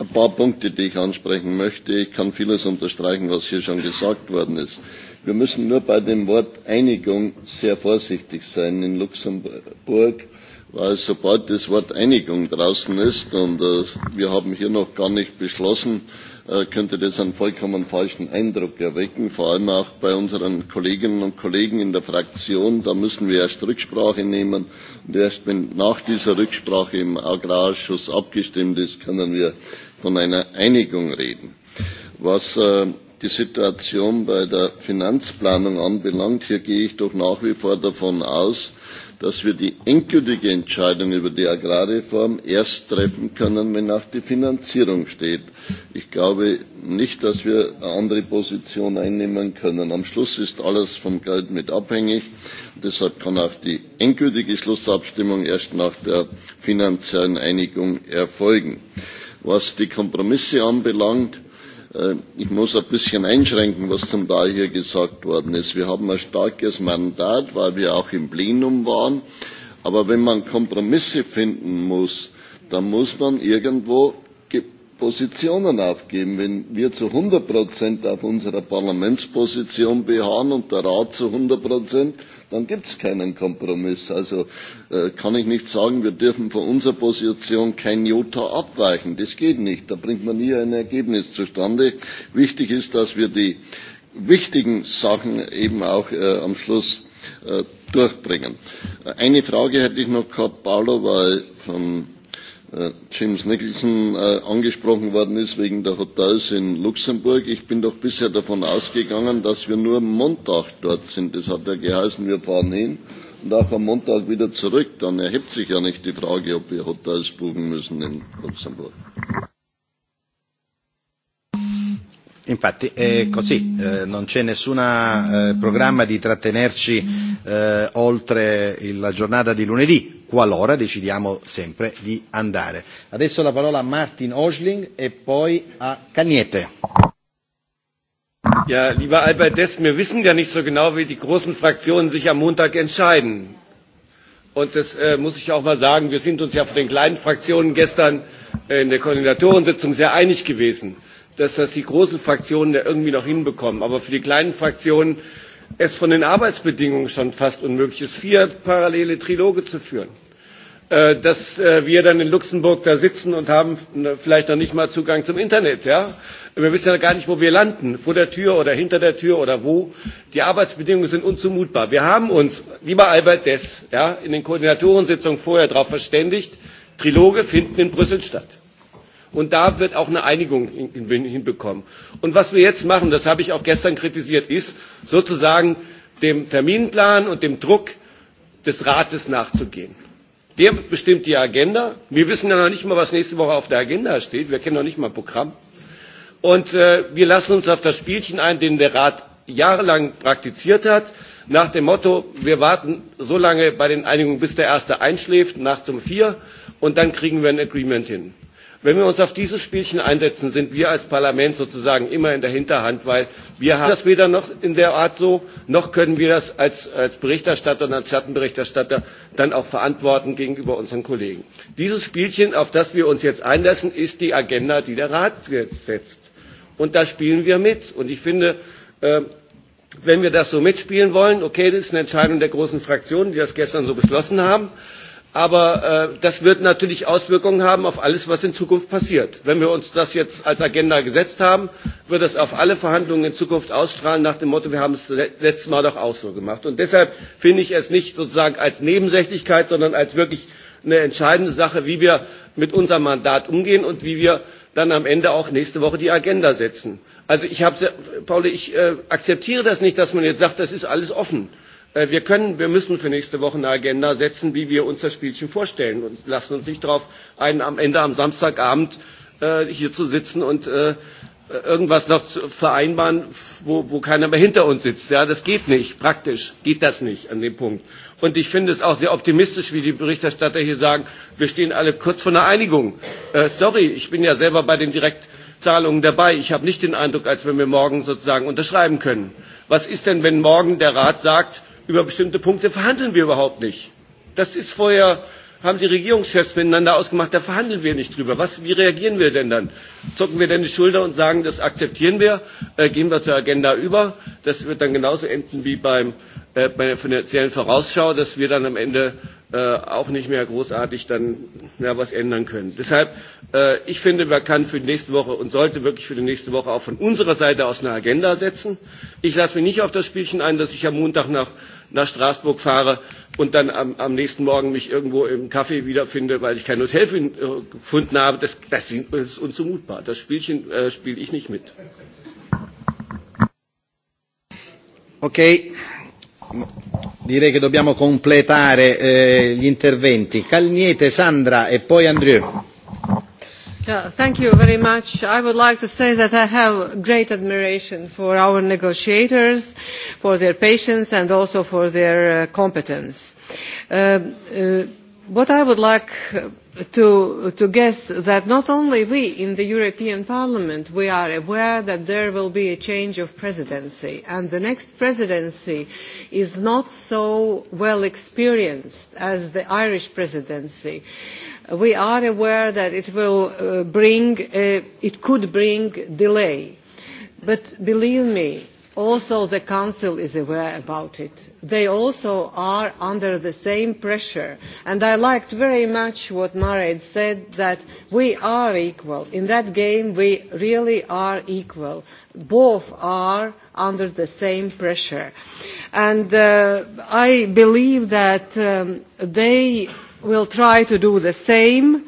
D: ein paar Punkte, die ich ansprechen möchte. Ich kann vieles unterstreichen, was hier schon gesagt worden ist. Wir müssen nur bei dem Wort Einigung sehr vorsichtig sein in Luxemburg weil sobald das Wort Einigung draußen ist und äh, wir haben hier noch gar nicht beschlossen, äh, könnte das einen vollkommen falschen Eindruck erwecken, vor allem auch bei unseren Kolleginnen und Kollegen in der Fraktion. Da müssen wir erst Rücksprache nehmen und erst wenn nach dieser Rücksprache im Agrarausschuss abgestimmt ist, können wir von einer Einigung reden. Was äh, die Situation bei der Finanzplanung anbelangt, hier gehe ich doch nach wie vor davon aus, dass wir die endgültige Entscheidung über die Agrarreform erst treffen können, wenn auch die Finanzierung steht. Ich glaube nicht, dass wir eine andere Position einnehmen können. Am Schluss ist alles vom Geld mit abhängig. Deshalb kann auch die endgültige Schlussabstimmung erst nach der finanziellen Einigung erfolgen. Was die Kompromisse anbelangt, Äh, ich muss ein bisschen einschränken, was zum Teil hier gesagt worden ist. Wir haben ein starkes Mandat, weil wir auch im Plenum waren. Aber wenn man Kompromisse finden muss, dann muss man irgendwo Positionen aufgeben. Wenn wir zu 100 Prozent auf unserer Parlamentsposition beharren und der Rat zu 100 Prozent, dann gibt es keinen Kompromiss. Also äh, kann ich nicht sagen, wir dürfen von unserer Position kein Jota abweichen. Das geht nicht. Da bringt man nie ein Ergebnis zustande. Wichtig ist, dass wir die wichtigen Sachen eben auch äh, am Schluss äh, durchbringen. Äh, eine Frage hätte ich noch gehabt, Paolo, weil vom äh, James Nicholson äh, angesprochen worden ist wegen der Hotels in Luxemburg. Ich bin doch bisher davon ausgegangen, dass wir nur Montag dort sind. Das hat ja geheißen, wir fahren hin und auch am Montag wieder zurück. Dann erhebt sich ja nicht die Frage, ob wir Hotels buchen müssen in Luxemburg.
A: Infatti è così, eh, non c'è nessun eh, programma di trattenerci eh, oltre la giornata di lunedì, qualora decidiamo sempre di andare. Adesso la parola a Martin Osling e poi a Cagnete.
K: Ja, lieber Albert Dess, wir wissen ja nicht so genau, wie die großen Fraktionen sich am Montag entscheiden. Und das äh, muss ich auch mal sagen, wir sind uns ja von den kleinen Fraktionen gestern äh, in der Koordinatorensitzung sehr einig gewesen dass das die großen Fraktionen ja irgendwie noch hinbekommen. Aber für die kleinen Fraktionen es von den Arbeitsbedingungen schon fast unmöglich ist, vier parallele Triloge zu führen. Äh, dass äh, wir dann in Luxemburg da sitzen und haben vielleicht noch nicht mal Zugang zum Internet. Ja? Wir wissen ja gar nicht, wo wir landen, vor der Tür oder hinter der Tür oder wo. Die Arbeitsbedingungen sind unzumutbar. Wir haben uns, lieber Albert Dess, ja, in den Koordinatorensitzungen vorher darauf verständigt, Triloge finden in Brüssel statt Und da wird auch eine Einigung hinbekommen. Und was wir jetzt machen, das habe ich auch gestern kritisiert, ist sozusagen dem Terminplan und dem Druck des Rates nachzugehen. Der bestimmt die Agenda. Wir wissen ja noch nicht mal, was nächste Woche auf der Agenda steht. Wir kennen noch nicht mal Programm. Und äh, wir lassen uns auf das Spielchen ein, den der Rat jahrelang praktiziert hat, nach dem Motto, wir warten so lange bei den Einigungen, bis der Erste einschläft, nachts um vier, und dann kriegen wir ein Agreement hin wenn wir uns auf dieses spielchen einsetzen sind wir als parlament sozusagen immer in der hinterhand weil wir haben das weder noch in der art so noch können wir das als, als berichterstatter und als schattenberichterstatter dann auch verantworten gegenüber unseren kollegen. dieses spielchen auf das wir uns jetzt einlassen ist die agenda die der rat jetzt setzt und da spielen wir mit und ich finde äh, wenn wir das so mitspielen wollen okay das ist eine entscheidung der großen fraktionen die das gestern so beschlossen haben Aber äh, das wird natürlich Auswirkungen haben auf alles, was in Zukunft passiert. Wenn wir uns das jetzt als Agenda gesetzt haben, wird das auf alle Verhandlungen in Zukunft ausstrahlen nach dem Motto, wir haben es letztes Mal doch auch so gemacht. Und deshalb finde ich es nicht sozusagen als Nebensächlichkeit, sondern als wirklich eine entscheidende Sache, wie wir mit unserem Mandat umgehen und wie wir dann am Ende auch nächste Woche die Agenda setzen. Also ich habe, Pauli, ich äh, akzeptiere das nicht, dass man jetzt sagt, das ist alles offen. Äh, Äh, wir können, wir müssen für nächste Woche eine Agenda setzen, wie wir uns das Spielchen vorstellen und lassen uns nicht darauf ein, am Ende am Samstagabend äh, hier zu sitzen und äh, irgendwas noch zu vereinbaren, wo, wo keiner mehr hinter uns sitzt. Ja, das geht nicht. Praktisch geht das nicht an dem Punkt. Und ich finde es auch sehr optimistisch, wie die Berichterstatter hier sagen, wir stehen alle kurz vor einer Einigung. Äh, sorry, ich bin ja selber bei den direkt Zahlungen dabei. Ich habe nicht den Eindruck, als wenn wir morgen sozusagen unterschreiben können. Was ist denn, wenn morgen der Rat sagt, über bestimmte punkte verhandeln wir überhaupt nicht. das ist vorher haben die Regierungschefs miteinander ausgemacht, da verhandeln wir nicht drüber. Was, wie reagieren wir denn dann? Zucken wir denn die Schulter und sagen, das akzeptieren wir, äh, gehen wir zur Agenda über? Das wird dann genauso enden wie beim, äh, bei der finanziellen Vorausschau, dass wir dann am Ende äh, auch nicht mehr großartig dann na, was ändern können. Deshalb, äh, ich finde, man kann für die nächste Woche und sollte wirklich für die nächste Woche auch von unserer Seite aus eine Agenda setzen. Ich lasse mich nicht auf das Spielchen ein, dass ich am Montag nach, nach Straßburg fahre und dann am, am nächsten Morgen mich irgendwo im Kaffee wiederfinde, weil ich kein Hotel find, äh, gefunden habe, das, das ist unzumutbar. Das Spielchen äh, spiele ich nicht mit.
A: Ok, direi che dobbiamo completare eh, gli interventi. Calniete, Sandra e poi Andrieu.
T: Yeah, thank you very much. I would like to say that I have great admiration for our negotiators, for their patience and also for their uh, competence. Uh, uh, what I would like uh, to, to guess that not only we in the European Parliament, we are aware that there will be a change of presidency and the next presidency is not so well experienced as the Irish presidency. Uh, we are aware that it will uh, bring uh, it could bring delay but believe me also the council is aware about it they also are under the same pressure and i liked very much what marit said that we are equal in that game we really are equal both are under the same pressure and uh, i believe that um, they will try to do the same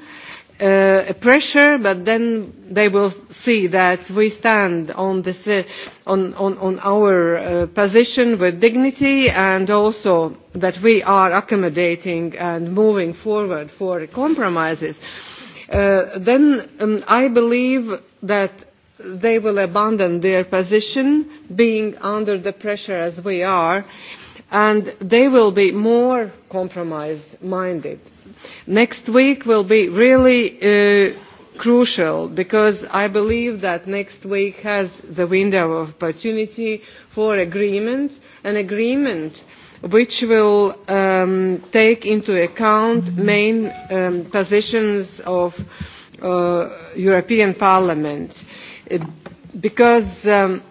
T: uh, pressure, but then they will see that we stand on, this, uh, on, on, on our uh, position with dignity and also that we are accommodating and moving forward for compromises. Uh, then um, I believe that they will abandon their position, being under the pressure as we are, uh, and they will be more compromise minded. Next week will be really uh, crucial because I believe that next week has the window of opportunity for agreement, an agreement which will um, take into account main um, positions of uh, European Parliament. Because um,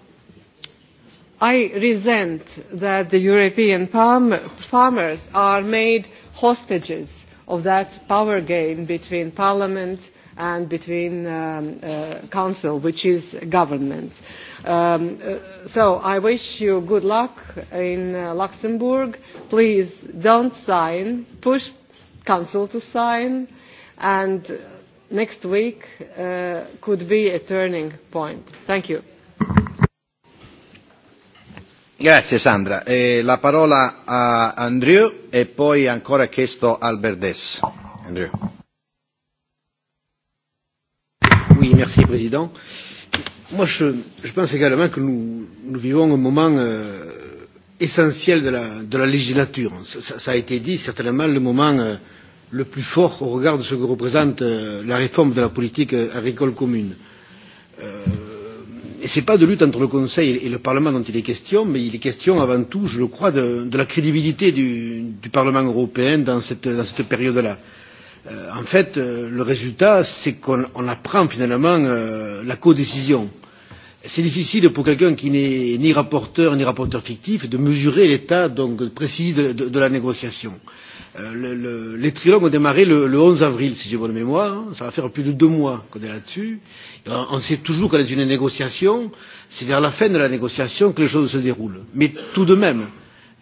T: I resent that the European farmers are made hostages of that power game between Parliament and between um, uh, Council, which is governments. Um, uh, so I wish you good luck in uh, Luxembourg. Please don't sign. Push Council to sign. And next week uh, could be a turning point. Thank you.
A: Grazie Sandra. Eh, la parola a Andrew e poi ancora chiesto Albert Dess. Andrew. Oui, merci Président.
U: Moi, je, je pense également que nous, nous vivons un moment euh, essentiel de la, de la législature. Ça, ça a été dit, certainement le moment euh, le plus fort au regard de ce que représente euh, la réforme de la politique euh, agricole commune. Euh, ce n'est pas de lutte entre le Conseil et le Parlement dont il est question, mais il est question avant tout, je le crois, de, de la crédibilité du, du Parlement européen dans cette, dans cette période-là. Euh, en fait, euh, le résultat, c'est qu'on on apprend finalement euh, la codécision. Euh, c'est difficile pour quelqu'un qui n'est ni rapporteur ni rapporteur fictif de mesurer l'état donc précis de, de, de la négociation. Euh, le, le, les trilogues ont démarré le, le 11 avril, si j'ai bonne mémoire. Ça va faire plus de deux mois qu'on est là-dessus. On, on sait toujours que dans une négociation, c'est vers la fin de la négociation que les choses se déroulent. Mais tout de même,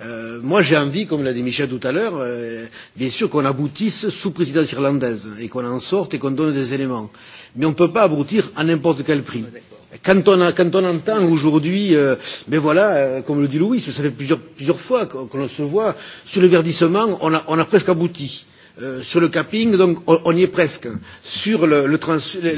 U: euh, moi j'ai envie, comme l'a dit Michel tout à l'heure, euh, bien sûr qu'on aboutisse sous présidence irlandaise et qu'on en sorte et qu'on donne des éléments. Mais on ne peut pas aboutir à n'importe quel prix. D'accord Quand on, a, quand on entend aujourd'hui, euh, ben voilà, euh, comme le dit Louis, ça fait plusieurs, plusieurs fois qu'on qu se voit, sur le verdissement, on a, on a presque abouti. Euh, sur le capping, donc on, on y est presque. Sur le, le trans, le,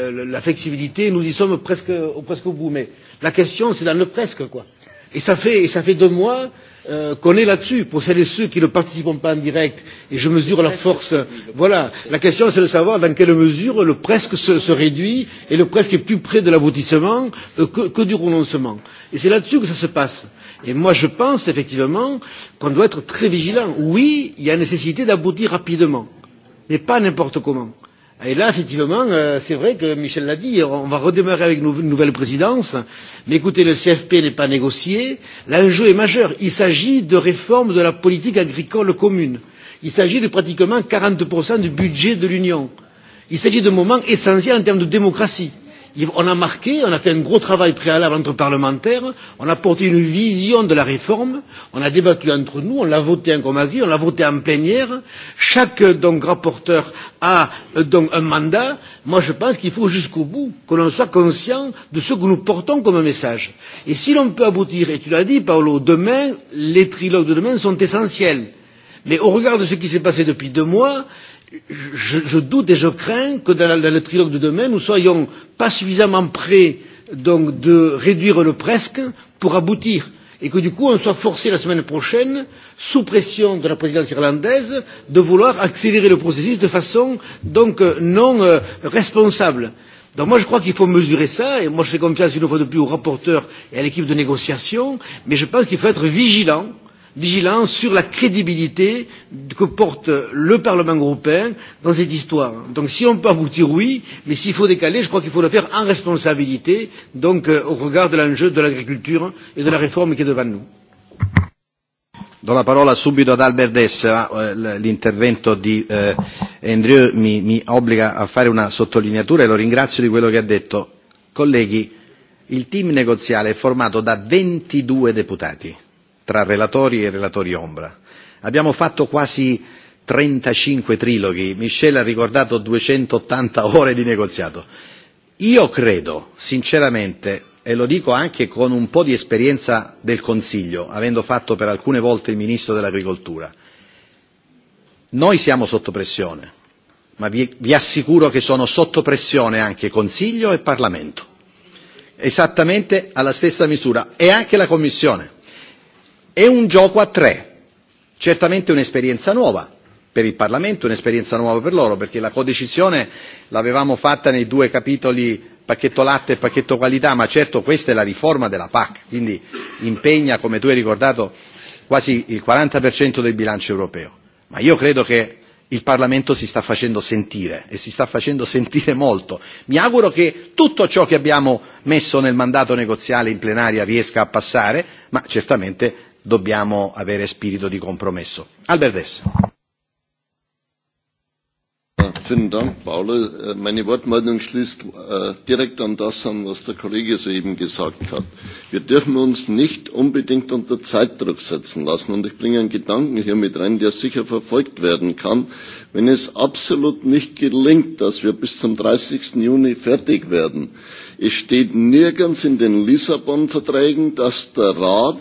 U: le, le, la flexibilité, nous y sommes presque, presque au bout. Mais la question, c'est dans le presque, quoi. Et ça fait, et ça fait deux mois euh, qu'on est là dessus pour celles et ceux qui ne participeront pas en direct et je mesure leur force voilà la question c'est de savoir dans quelle mesure le presque se, se réduit et le presque est plus près de l'aboutissement euh, que, que du renoncement et c'est là dessus que ça se passe et moi je pense effectivement qu'on doit être très vigilant oui il y a nécessité d'aboutir rapidement mais pas n'importe comment Et là, effectivement, euh, c'est vrai que Michel l'a dit, on va redémarrer avec une nouvelle présidence. Mais écoutez, le CFP n'est pas négocié. L'enjeu est majeur. Il s'agit de réforme de la politique agricole commune. Il s'agit de pratiquement 40% du budget de l'Union. Il s'agit d'un moment essentiel en termes de démocratie on a marqué, on a fait un gros travail préalable entre parlementaires, on a apporté une vision de la réforme, on a débattu entre nous, on l'a voté en comité, on l'a voté en plénière. Chaque donc rapporteur a euh, donc un mandat. Moi, je pense qu'il faut jusqu'au bout que l'on soit conscient de ce que nous portons comme message. Et si l'on peut aboutir, et tu l'as dit, Paolo, demain, les trilogues de demain sont essentiels. Mais au regard de ce qui s'est passé depuis deux mois, je, je doute et je crains que dans, dans le trilogue de demain, nous ne soyons pas suffisamment prêts donc, de réduire le presque pour aboutir et que du coup on soit forcé la semaine prochaine, sous pression de la présidence irlandaise, de vouloir accélérer le processus de façon donc non euh, responsable. Donc moi je crois qu'il faut mesurer ça, et moi je fais confiance une fois de plus au rapporteur et à l'équipe de négociation, mais je pense qu'il faut être vigilant euh, vigilants sur la crédibilité que porte le Parlement européen dans cette histoire. Donc si on peut aboutir, oui, mais s'il faut décaler, je crois qu'il faut le faire en responsabilité, donc euh, au regard de l'enjeu de l'agriculture et de la réforme qui est devant nous.
A: Do la parola subito ad Albert Dess, ma eh, l'intervento di eh, Andrew mi, mi obbliga a fare una sottolineatura e lo ringrazio di quello che ha detto. Colleghi, il team negoziale è formato da 22 deputati tra relatori e relatori ombra. Abbiamo fatto quasi 35 triloghi, Michel ha ricordato 280 ore di negoziato. Io credo, sinceramente, e lo dico anche con un po' di esperienza del Consiglio, avendo fatto per alcune volte il Ministro dell'Agricoltura, noi siamo sotto pressione, ma vi, vi assicuro che sono sotto pressione anche Consiglio e Parlamento, esattamente alla stessa misura, e anche la Commissione È un gioco a tre, certamente un'esperienza nuova per il Parlamento, un'esperienza nuova per loro, perché la codecisione l'avevamo fatta nei due capitoli pacchetto latte e pacchetto qualità, ma certo questa è la riforma della PAC, quindi impegna, come tu hai ricordato, quasi il 40% del bilancio europeo. Ma io credo che il Parlamento si sta facendo sentire e si sta facendo sentire molto. Mi auguro che tutto ciò che abbiamo messo nel mandato negoziale in plenaria riesca a passare, ma certamente dobbiamo avere
D: spirito di compromesso. Albert Dess. Vielen Dank, Paolo. Äh, meine Wortmeldung schließt äh, direkt an das an, was der Kollege soeben gesagt hat. Wir dürfen uns nicht unbedingt unter Zeitdruck setzen lassen. Und ich bringe einen Gedanken hier mit rein, der sicher verfolgt werden kann. Wenn es absolut nicht gelingt, dass wir bis zum 30. Juni fertig werden, es steht nirgends in den Lissabon-Verträgen, dass der Rat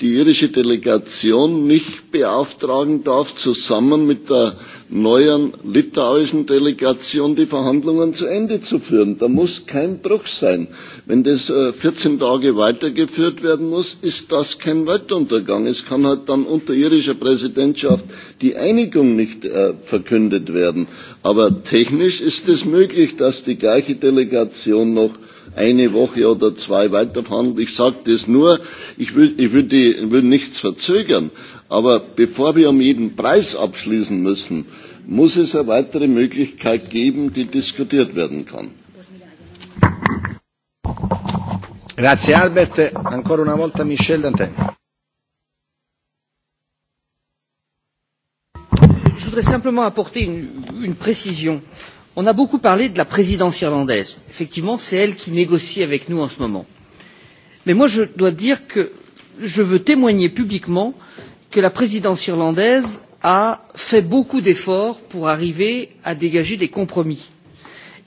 D: die irische Delegation nicht beauftragen darf, zusammen mit der neuen litauischen Delegation die Verhandlungen zu Ende zu führen. Da muss kein Bruch sein. Wenn das 14 äh, Tage weitergeführt werden muss, ist das kein Weltuntergang. Es kann halt dann unter irischer Präsidentschaft die Einigung nicht äh, verkündet werden. Aber technisch ist es möglich, dass die gleiche Delegation noch eine Woche oder zwei weiterverhandelt. Ich sage das nur, ich will, ich will, die, will nichts verzögern. Aber bevor wir um jeden Preis abschließen müssen, muss es eine weitere Möglichkeit geben, die diskutiert werden kann.
A: Grazie Albert, ancora una volta Michel Dantin.
O: Je voudrais simplement apporter une, une précision. Euh, on a beaucoup parlé de la présidence irlandaise effectivement c'est elle qui négocie avec nous en ce moment mais moi je dois dire que je veux témoigner publiquement que la présidence irlandaise a fait beaucoup d'efforts pour arriver à dégager des compromis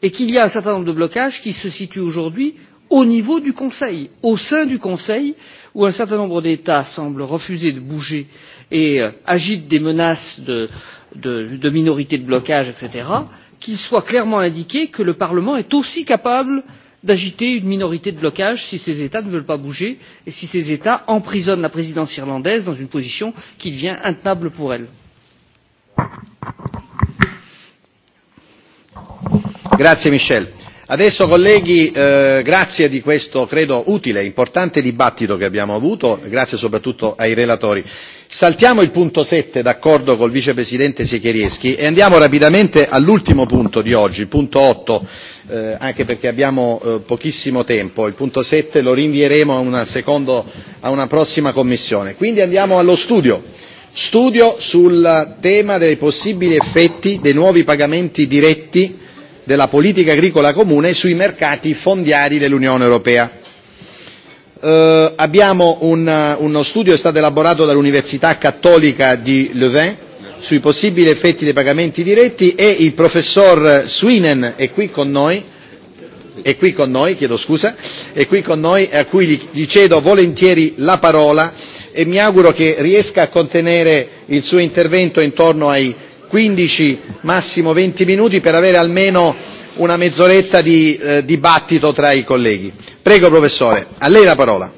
O: et qu'il y a un certain nombre de blocages qui se situent aujourd'hui au niveau du conseil au sein du conseil où un certain nombre d'états semblent refuser de bouger et euh, agitent des menaces de, de, de minorités de blocage etc qu'il soit clairement indiqué que le parlement est aussi capable d'agiter une minorité de blocage si ces états ne veulent pas bouger et si ces états emprisonnent la présidence irlandaise dans une position qui devient intenable pour elle.
A: grazie michel. Adesso colleghi, eh, grazie di questo credo utile e importante dibattito che abbiamo avuto, grazie soprattutto ai relatori. Saltiamo il punto 7 d'accordo col vicepresidente Secherieschi e andiamo rapidamente all'ultimo punto di oggi, il punto 8, eh, anche perché abbiamo eh, pochissimo tempo, il punto 7 lo rinvieremo a una, secondo, a una prossima commissione. Quindi andiamo allo studio. Studio sul tema dei possibili effetti dei nuovi pagamenti diretti della politica agricola comune sui mercati fondiari dell'Unione europea. Eh, abbiamo un, uno studio che è stato elaborato dall'Università Cattolica di Leuven sui possibili effetti dei pagamenti diretti e il professor Swinen è qui con noi, è qui con noi, chiedo scusa, è qui con noi a cui gli, gli cedo volentieri la parola e mi auguro che riesca a contenere il suo intervento intorno ai 15, massimo 20 minuti per avere almeno una mezz'oretta di eh, dibattito tra i colleghi. Prego professore, a lei la parola.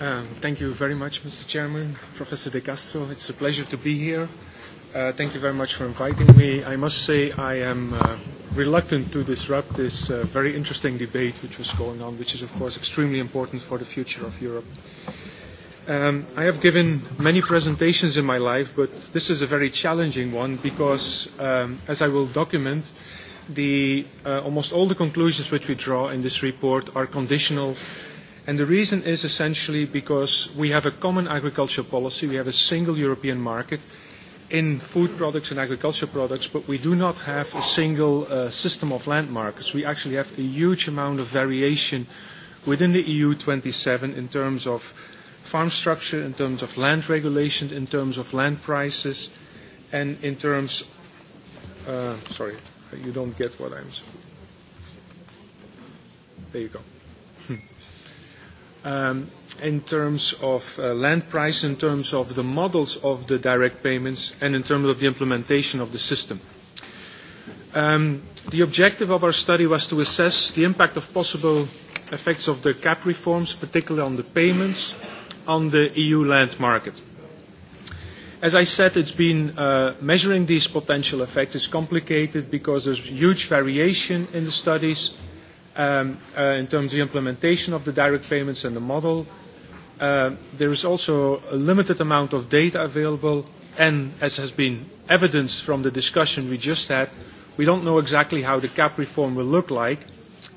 C: Um, thank you very much, Mr. Chairman, Professor De Castro. It's a pleasure to be here. Uh, thank you very much for inviting me. I must say I am uh, reluctant to disrupt this uh, very interesting debate which was going on, which is of course extremely important for the future of Europe. Uh, Um, I have given many presentations in my life, but this is a very challenging one because, um, as I will document, the, uh, almost all the conclusions which we draw in this report are conditional. And the reason is essentially because we have a common agricultural policy, we have a single European market, in food products and agricultural products, but we do not have a single uh, system of land markets. We actually have a huge amount of variation within the EU 27 in terms of farm structure, in terms of land regulation, in terms of land prices, and in terms. Uh, sorry, you don't get what I'm saying. There you go. um, in terms of uh, land price, in terms of the models of the direct payments, and in terms of the implementation of the system. Um, the objective of our study was to assess the impact of possible effects of the CAP reforms, particularly on the payments, on the EU land market. As I said, it's been uh, measuring these potential effects is complicated because there's huge variation in the studies um, uh, in terms of the implementation of the direct payments and the model. Uh, there is also a limited amount of data available, and as has been evidenced from the discussion we just had, we don't know exactly how the cap reform will look like,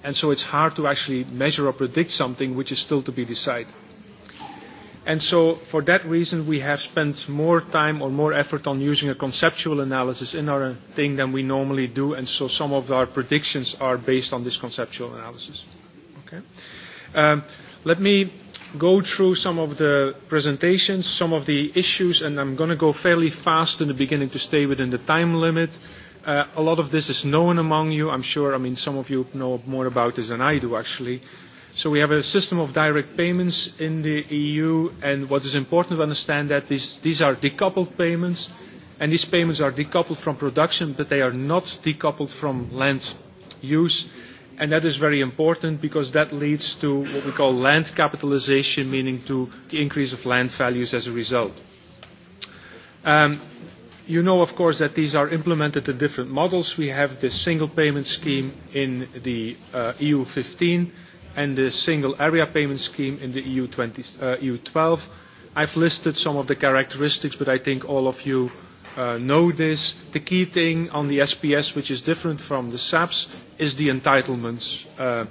C: and so it's hard to actually measure or predict something which is still to be decided. And so for that reason, we have spent more time or more effort on using a conceptual analysis in our thing than we normally do. And so some of our predictions are based on this conceptual analysis. Okay. Um, let me go through some of the presentations, some of the issues, and I'm going to go fairly fast in the beginning to stay within the time limit. Uh, a lot of this is known among you. I'm sure, I mean, some of you know more about this than I do, actually. So we have a system of direct payments in the EU, and what is important to understand that these, these are decoupled payments, and these payments are decoupled from production, but they are not decoupled from land use. And that is very important because that leads to what we call land capitalization, meaning to the increase of land values as a result. Um, you know, of course, that these are implemented in different models. We have the single payment scheme in the uh, EU 15 and the single area payment scheme in the EU, 20, uh, EU 12. I've listed some of the characteristics, but I think all of you uh, know this. The key thing on the SPS, which is different from the SAPs, is the entitlements, uh,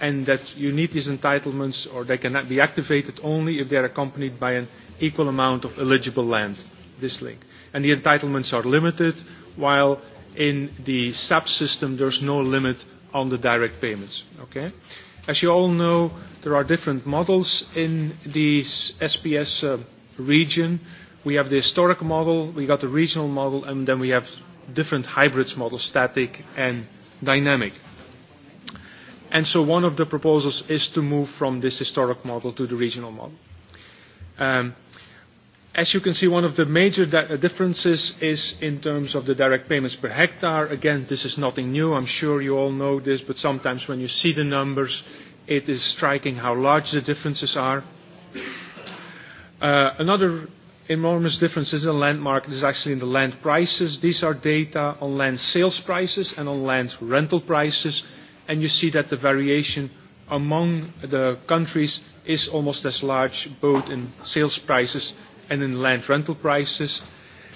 C: and that you need these entitlements, or they cannot be activated only if they are accompanied by an equal amount of eligible land. This link, and the entitlements are limited, while in the SAP system there's no limit on the direct payments. Okay. Uh, As you all know, there are different models in the SPS uh, region. We have the historic model, we got the regional model, and then we have different hybrids models, static and dynamic. And so one of the proposals is to move from this historic model to the regional model. Um, As you can see, one of the major uh, differences is in terms of the direct payments per hectare. Again, this is nothing new. I'm sure you all know this, but sometimes when you see the numbers, it is striking how large the differences are. Uh, another enormous difference in the land market is actually in the land prices. These are data on land sales prices and on land rental prices, and you see that the variation among the countries is almost as large, both in sales prices and in land rental prices.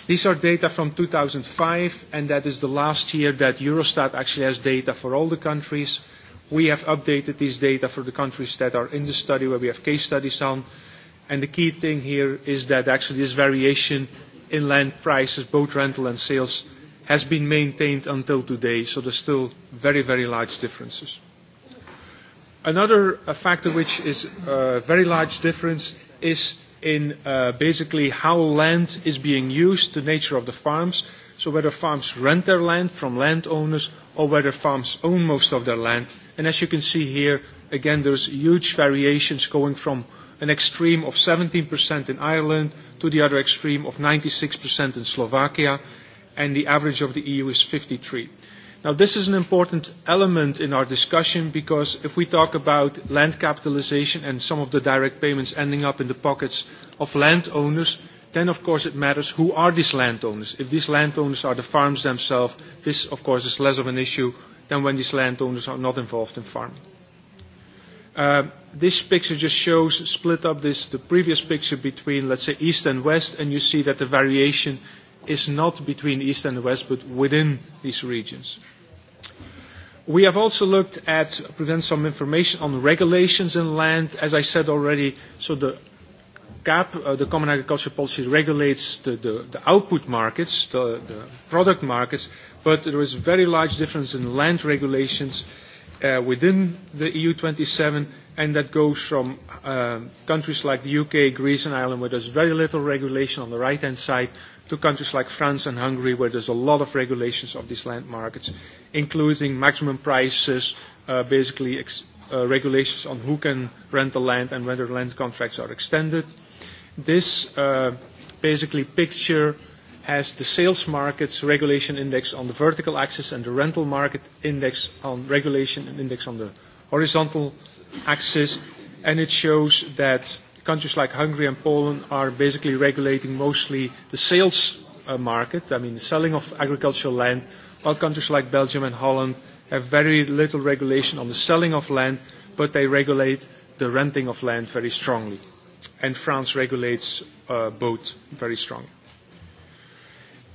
C: These are data from 2005, and that is the last year that Eurostat actually has data for all the countries. We have updated these data for the countries that are in the study where we have case studies on. And the key thing here is that actually this variation in land prices, both rental and sales, has been maintained until today. So there's still very, very large differences. Another factor which is a uh, very large difference is in uh, basically how land is being used, the nature of the farms. So whether farms rent their land from landowners or whether farms own most of their land. And as you can see here, again, there's huge variations going from an extreme of 17% in Ireland to the other extreme of 96% in Slovakia, and the average of the EU is 53. Now, this is an important element in our discussion because if we talk about land capitalization and some of the direct payments ending up in the pockets of landowners, then of course it matters who are these landowners. If these landowners are the farms themselves, this of course is less of an issue than when these landowners are not involved in farming. Uh, this picture just shows split up this the previous picture between let's say east and west and you see that the variation is not between East and the West, but within these regions. We have also looked at present some information on regulations in land, as I said already. So the CAP, uh, the Common Agricultural Policy, regulates the, the, the output markets, the, the product markets, but there is a very large difference in land regulations uh, within the EU27, and that goes from uh, countries like the UK, Greece, and Ireland, where there's very little regulation on the right-hand side, to countries like France and Hungary, where there's a lot of regulations of these land markets, including maximum prices, uh, basically ex- uh, regulations on who can rent the land and whether land contracts are extended. This uh, basically picture has the sales markets regulation index on the vertical axis and the rental market index on regulation and index on the horizontal axis, and it shows that countries like Hungary and Poland are basically regulating mostly the sales uh, market, I mean the selling of agricultural land, while countries like Belgium and Holland have very little regulation on the selling of land, but they regulate the renting of land very strongly. And France regulates uh, both very strongly.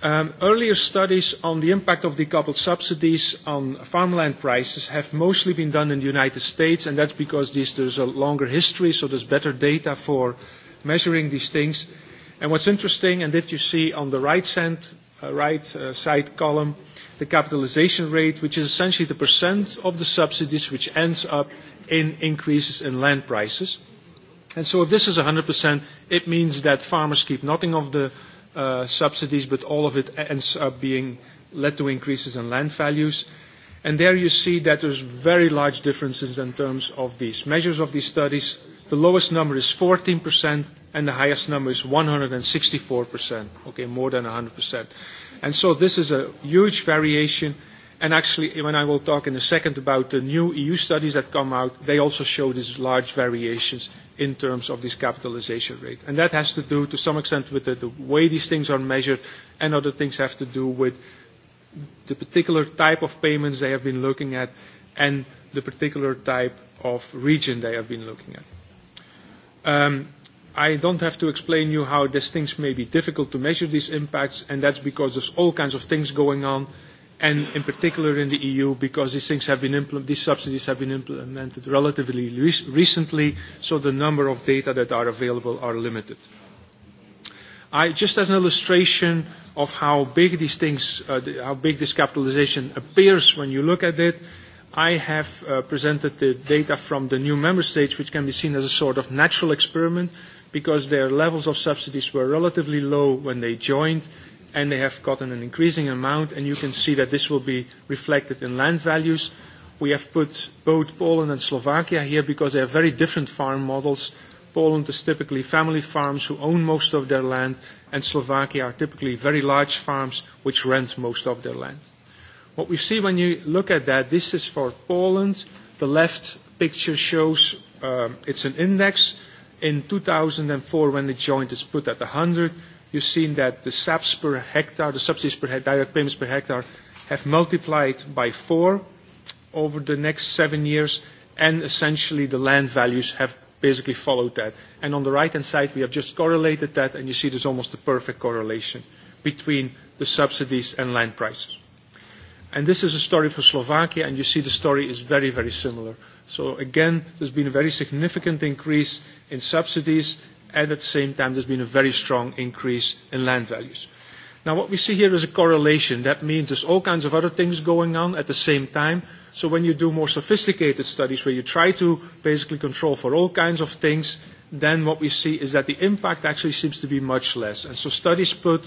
C: Um, earlier studies on the impact of decoupled subsidies on farmland prices have mostly been done in the United States, and that's because these, there's a longer history, so there's better data for measuring these things. And what's interesting, and that you see on the right, sand, uh, right uh, side column, the capitalization rate, which is essentially the percent of the subsidies which ends up in increases in land prices. And so if this is 100%, it means that farmers keep nothing of the uh, subsidies, but all of it ends up being led to increases in land values. And there you see that there's very large differences in terms of these measures of these studies. The lowest number is 14%, and the highest number is 164%, okay, more than 100%. And so this is a huge variation And actually, when I will talk in a second about the new EU studies that come out, they also show these large variations in terms of this capitalization rate. And that has to do, to some extent, with the, the way these things are measured, and other things have to do with the particular type of payments they have been looking at and the particular type of region they have been looking at. Um, I don't have to explain you how these things may be difficult to measure these impacts, and that's because there's all kinds of things going on and in particular in the EU because these things have been impl- these subsidies have been implemented relatively re- recently, so the number of data that are available are limited. I, just as an illustration of how big these things, uh, the, how big this capitalization appears when you look at it, I have uh, presented the data from the new member states, which can be seen as a sort of natural experiment because their levels of subsidies were relatively low when they joined and they have gotten an increasing amount, and you can see that this will be reflected in land values. We have put both Poland and Slovakia here because they have very different farm models. Poland is typically family farms who own most of their land, and Slovakia are typically very large farms which rent most of their land. What we see when you look at that, this is for Poland. The left picture shows um, it's an index. In 2004, when it joined, it's put at 100 you've seen that the SAPs per hectare, the subsidies per hectare, direct payments per hectare, have multiplied by four over the next seven years, and essentially the land values have basically followed that. And on the right-hand side, we have just correlated that, and you see there's almost a perfect correlation between the subsidies and land prices. And this is a story for Slovakia, and you see the story is very, very similar. So again, there's been a very significant increase in subsidies, and at the same time there's been a very strong increase in land values. Now what we see here is a correlation. That means there's all kinds of other things going on at the same time. So when you do more sophisticated studies where you try to basically control for all kinds of things, then what we see is that the impact actually seems to be much less. And so studies put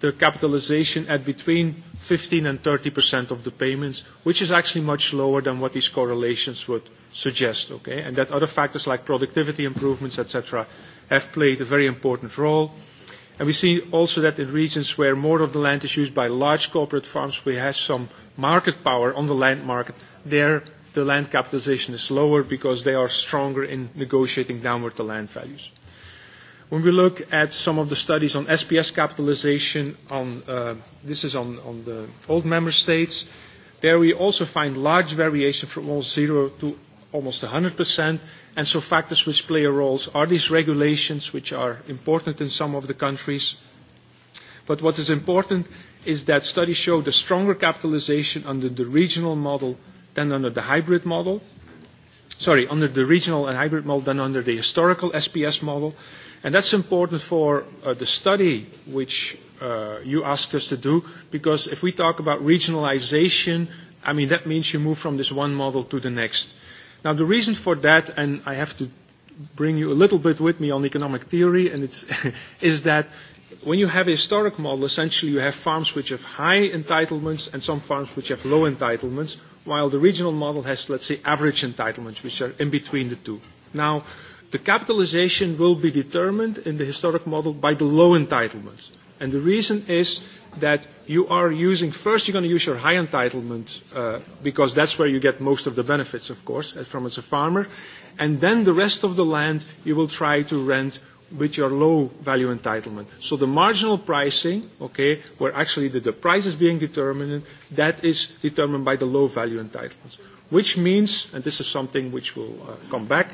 C: the capitalization at between 15 and 30% of the payments, which is actually much lower than what these correlations would suggest. Okay? And that other factors like productivity improvements, etc., have played a very important role. And we see also that in regions where more of the land is used by large corporate farms, we have some market power on the land market, there the land capitalization is lower because they are stronger in negotiating downward the land values. When we look at some of the studies on SPS capitalization, on, uh, this is on, on the old member states, there we also find large variation from almost zero to almost 100%. And so factors which play a role are these regulations, which are important in some of the countries. But what is important is that studies show the stronger capitalization under the regional model than under the hybrid model. Sorry, under the regional and hybrid model than under the historical SPS model. And that's important for uh, the study which uh, you asked us to do, because if we talk about regionalization, I mean, that means you move from this one model to the next. Now, the reason for that, and I have to bring you a little bit with me on economic theory, and it's is that when you have a historic model, essentially you have farms which have high entitlements and some farms which have low entitlements, while the regional model has, let's say, average entitlements, which are in between the two. Now, uh, The capitalization will be determined in the historic model by the low entitlements. And the reason is that you are using, first you're going to use your high entitlement uh, because that's where you get most of the benefits, of course, from as a farmer. And then the rest of the land you will try to rent with your low value entitlement. So the marginal pricing, okay, where actually the, the price is being determined, that is determined by the low value entitlements. Which means, and this is something which will uh, come back,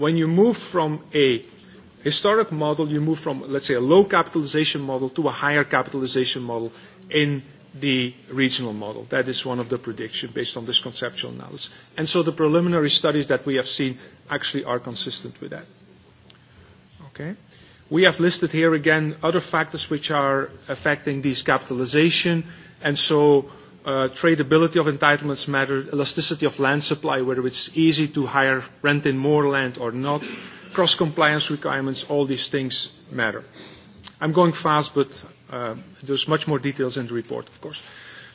C: when you move from a historic model, you move from, let's say, a low capitalization model to a higher capitalization model in the regional model. That is one of the predictions based on this conceptual knowledge. And so the preliminary studies that we have seen actually are consistent with that. Okay. We have listed here again other factors which are affecting these capitalization. And so uh, tradability of entitlements matter, elasticity of land supply, whether it's easy to hire, rent in more land or not, cross-compliance requirements, all these things matter. I'm going fast, but uh, there's much more details in the report, of course.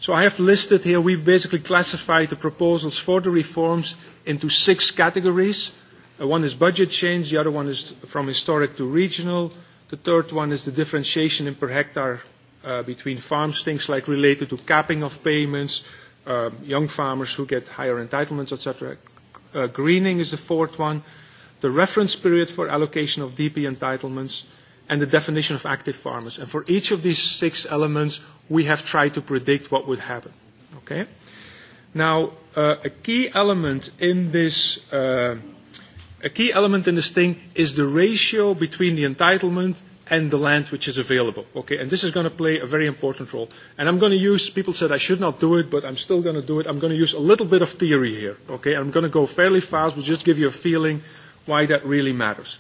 C: So I have listed here, we've basically classified the proposals for the reforms into six categories. Uh, one is budget change, the other one is from historic to regional, the third one is the differentiation in per hectare uh, between farms, things like related to capping of payments, uh, young farmers who get higher entitlements, etc. Uh, greening is the fourth one, the reference period for allocation of DP entitlements, and the definition of active farmers. And for each of these six elements, we have tried to predict what would happen. Okay? Now, uh, a key element in this uh, a key element in this thing is the ratio between the entitlement and the land which is available. Okay, and this is going to play a very important role. And I'm going to use, people said I should not do it, but I'm still going to do it. I'm going to use a little bit of theory here. Okay, I'm going to go fairly fast, but just give you a feeling why that really matters.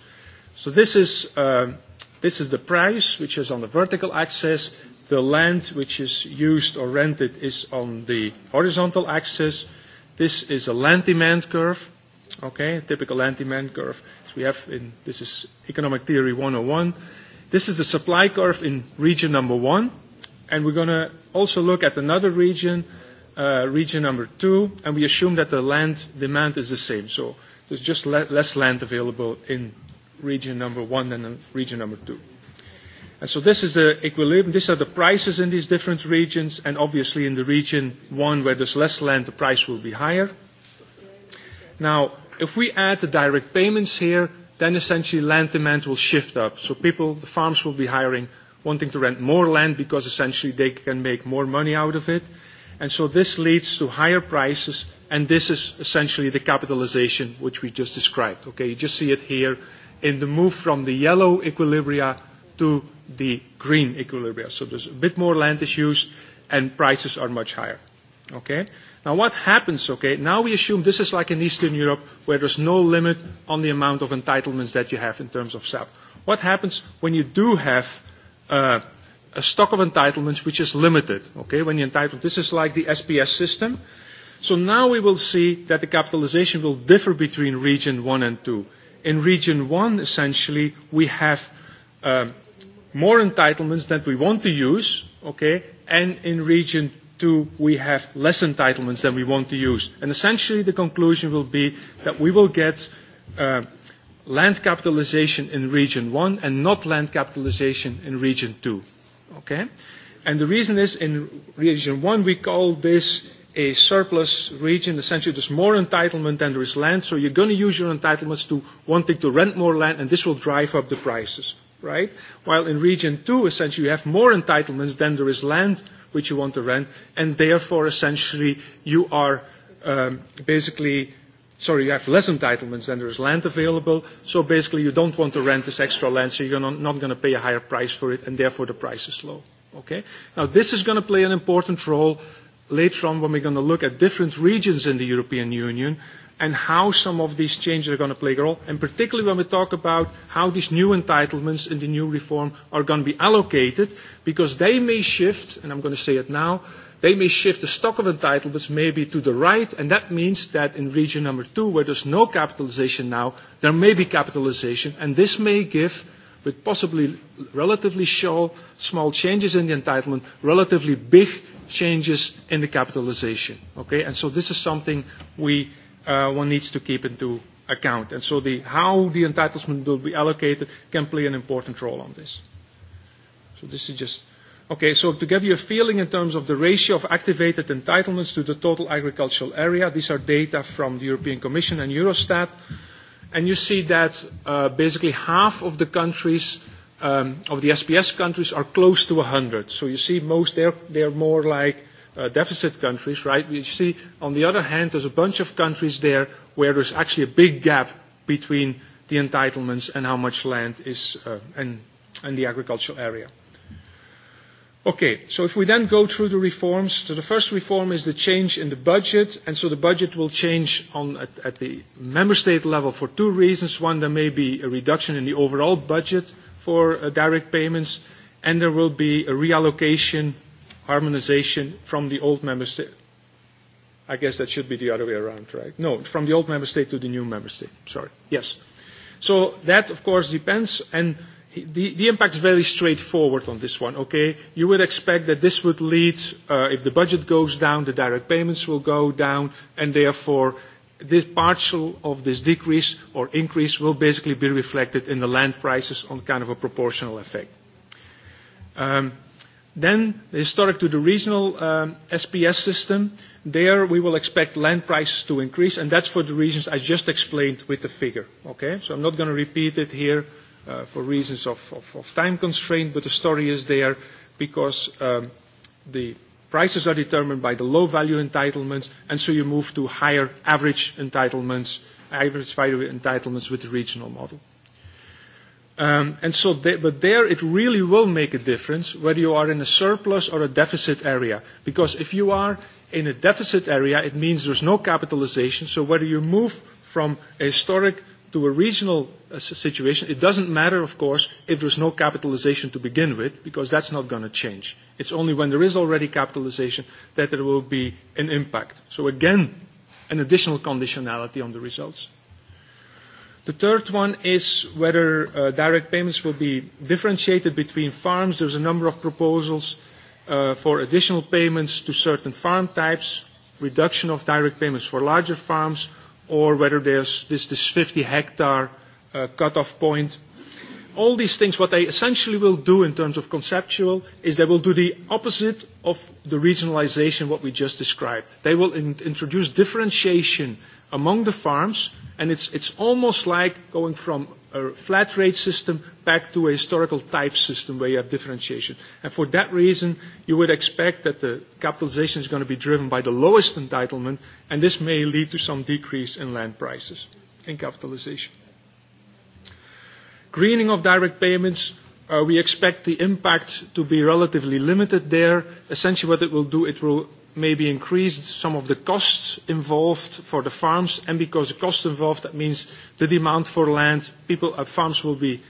C: So this is, um, this is the price, which is on the vertical axis. The land which is used or rented is on the horizontal axis. This is a land demand curve. Okay, a typical land demand curve. So we have in, this is economic theory 101 This is the supply curve in region number one, and we're going to also look at another region, uh, region number two, and we assume that the land demand is the same. So there's just le- less land available in region number one than in region number two. And so this is the equilibrium. These are the prices in these different regions, and obviously in the region one where there's less land, the price will be higher. Now, if we add the direct payments here, then essentially land demand will shift up. So people, the farms will be hiring, wanting to rent more land because essentially they can make more money out of it. And so this leads to higher prices, and this is essentially the capitalization which we just described. Okay, you just see it here in the move from the yellow equilibria to the green equilibria. So there's a bit more land is used, and prices are much higher. Okay? Now what happens, okay, now we assume this is like in Eastern Europe where there's no limit on the amount of entitlements that you have in terms of SAP. What happens when you do have uh, a stock of entitlements which is limited, okay, when you're entitled, this is like the SPS system. So now we will see that the capitalization will differ between region 1 and 2. In region 1, essentially, we have um, more entitlements than we want to use, okay, and in region two, we have less entitlements than we want to use. And essentially, the conclusion will be that we will get uh, land capitalization in region one and not land capitalization in region two. Okay? And the reason is in region one, we call this a surplus region. Essentially, there's more entitlement than there is land, so you're going to use your entitlements to wanting to rent more land, and this will drive up the prices, right? While in region two, essentially, you have more entitlements than there is land which you want to rent, and therefore essentially you are um, basically sorry, you have less entitlements than there is land available, so basically you don't want to rent this extra land, so you're not, not going to pay a higher price for it, and therefore the price is low. Okay? Now this is going to play an important role later on when we're going to look at different regions in the European Union and how some of these changes are going to play a role, and particularly when we talk about how these new entitlements in the new reform are going to be allocated, because they may shift, and I'm going to say it now, they may shift the stock of entitlements maybe to the right, and that means that in region number two, where there's no capitalization now, there may be capitalization, and this may give, with possibly relatively show, small changes in the entitlement, relatively big changes in the capitalization. Okay? And so this is something we uh, one needs to keep into account. And so the, how the entitlement will be allocated can play an important role on this. So this is just, okay, so to give you a feeling in terms of the ratio of activated entitlements to the total agricultural area, these are data from the European Commission and Eurostat, and you see that uh, basically half of the countries um, of the SPS countries are close to 100. So you see most, they're, they're more like uh, deficit countries, right? You see, on the other hand, there's a bunch of countries there where there's actually a big gap between the entitlements and how much land is uh, and, and the agricultural area. Okay, so if we then go through the reforms, so the first reform is the change in the budget, and so the budget will change on, at, at the member state level for two reasons. One, there may be a reduction in the overall budget for uh, direct payments, and there will be a reallocation harmonization from the old member state. I guess that should be the other way around, right? No, from the old member state to the new member state. Sorry. Yes. So that, of course, depends. And the, the impact is very straightforward on this one, okay? You would expect that this would lead, uh, if the budget goes down, the direct payments will go down, and therefore this partial of this decrease or increase will basically be reflected in the land prices on kind of a proportional effect. Um, Then, historic to the regional um, SPS system, there we will expect land prices to increase, and that's for the reasons I just explained with the figure. Okay? So I'm not going to repeat it here uh, for reasons of, of, of time constraint, but the story is there because um, the prices are determined by the low value entitlements, and so you move to higher average entitlements, average value entitlements with the regional model. Um, and so, they, but there it really will make a difference whether you are in a surplus or a deficit area. Because if you are in a deficit area, it means there's no capitalization. So whether you move from a historic to a regional uh, situation, it doesn't matter, of course, if there's no capitalization to begin with, because that's not going to change. It's only when there is already capitalization that there will be an impact. So again, an additional conditionality on the results. The third one is whether uh, direct payments will be differentiated between farms. There's a number of proposals uh, for additional payments to certain farm types, reduction of direct payments for larger farms, or whether there's this, this 50 hectare uh, cutoff point. All these things, what they essentially will do in terms of conceptual, is they will do the opposite of the regionalization what we just described. They will in- introduce differentiation uh, among the farms, and it's, it's almost like going from a flat rate system back to a historical type system where you have differentiation. And for that reason, you would expect that the capitalization is going to be driven by the lowest entitlement, and this may lead to some decrease in land prices and capitalization. Greening of direct payments, uh, we expect the impact to be relatively limited there. Essentially, what it will do, it will maybe increased some of the costs involved for the farms, and because the costs involved, that means the demand for land, people at farms will be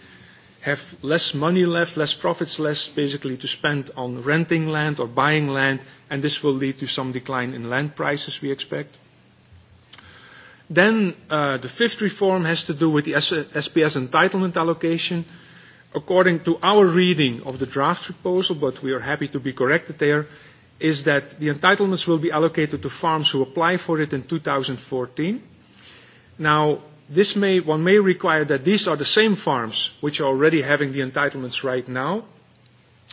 C: have less money left, less profits less basically to spend on renting land or buying land, and this will lead to some decline in land prices, we expect. Then uh, the fifth reform has to do with the SPS entitlement allocation. According to our reading of the draft proposal, but we are happy to be corrected there, is that the entitlements will be allocated to farms who apply for it in 2014. Now, this may, one may require that these are the same farms which are already having the entitlements right now,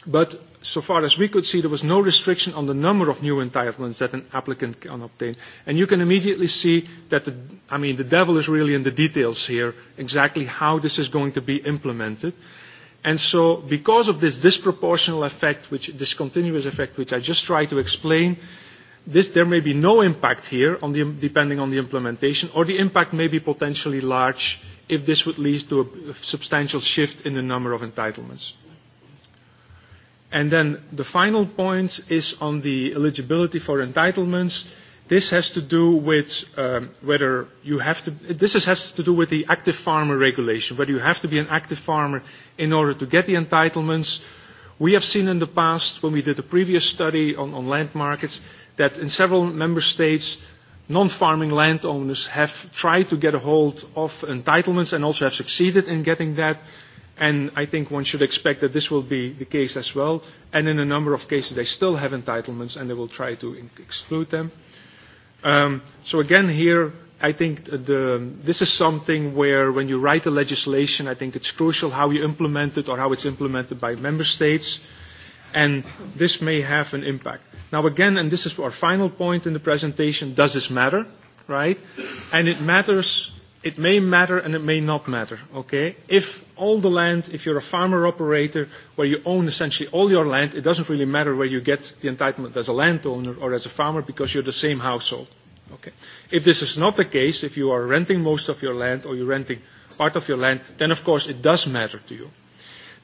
C: but so far as we could see, there was no restriction on the number of new entitlements that an applicant can obtain. And you can immediately see that, the, I mean, the devil is really in the details here, exactly how this is going to be implemented. Uh, And so because of this disproportional effect, which this continuous effect, which I just tried to explain, this, there may be no impact here on the, depending on the implementation, or the impact may be potentially large if this would lead to a substantial shift in the number of entitlements. And then the final point is on the eligibility for entitlements. Uh, This has to do with um, whether you have to. This has to do with the active farmer regulation, whether you have to be an active farmer in order to get the entitlements. We have seen in the past, when we did a previous study on, on land markets, that in several member states, non-farming landowners have tried to get a hold of entitlements and also have succeeded in getting that. And I think one should expect that this will be the case as well. And in a number of cases, they still have entitlements and they will try to exclude them. Uh, Um, so again, here, I think the, this is something where when you write the legislation, I think it's crucial how you implement it or how it's implemented by member states. And this may have an impact. Now again, and this is our final point in the presentation, does this matter? Right? And it matters it may matter and it may not matter, okay? If all the land, if you're a farmer operator where you own essentially all your land, it doesn't really matter where you get the entitlement as a landowner or as a farmer because you're the same household. Okay. If this is not the case, if you are renting most of your land or you're renting part of your land, then of course it does matter to you.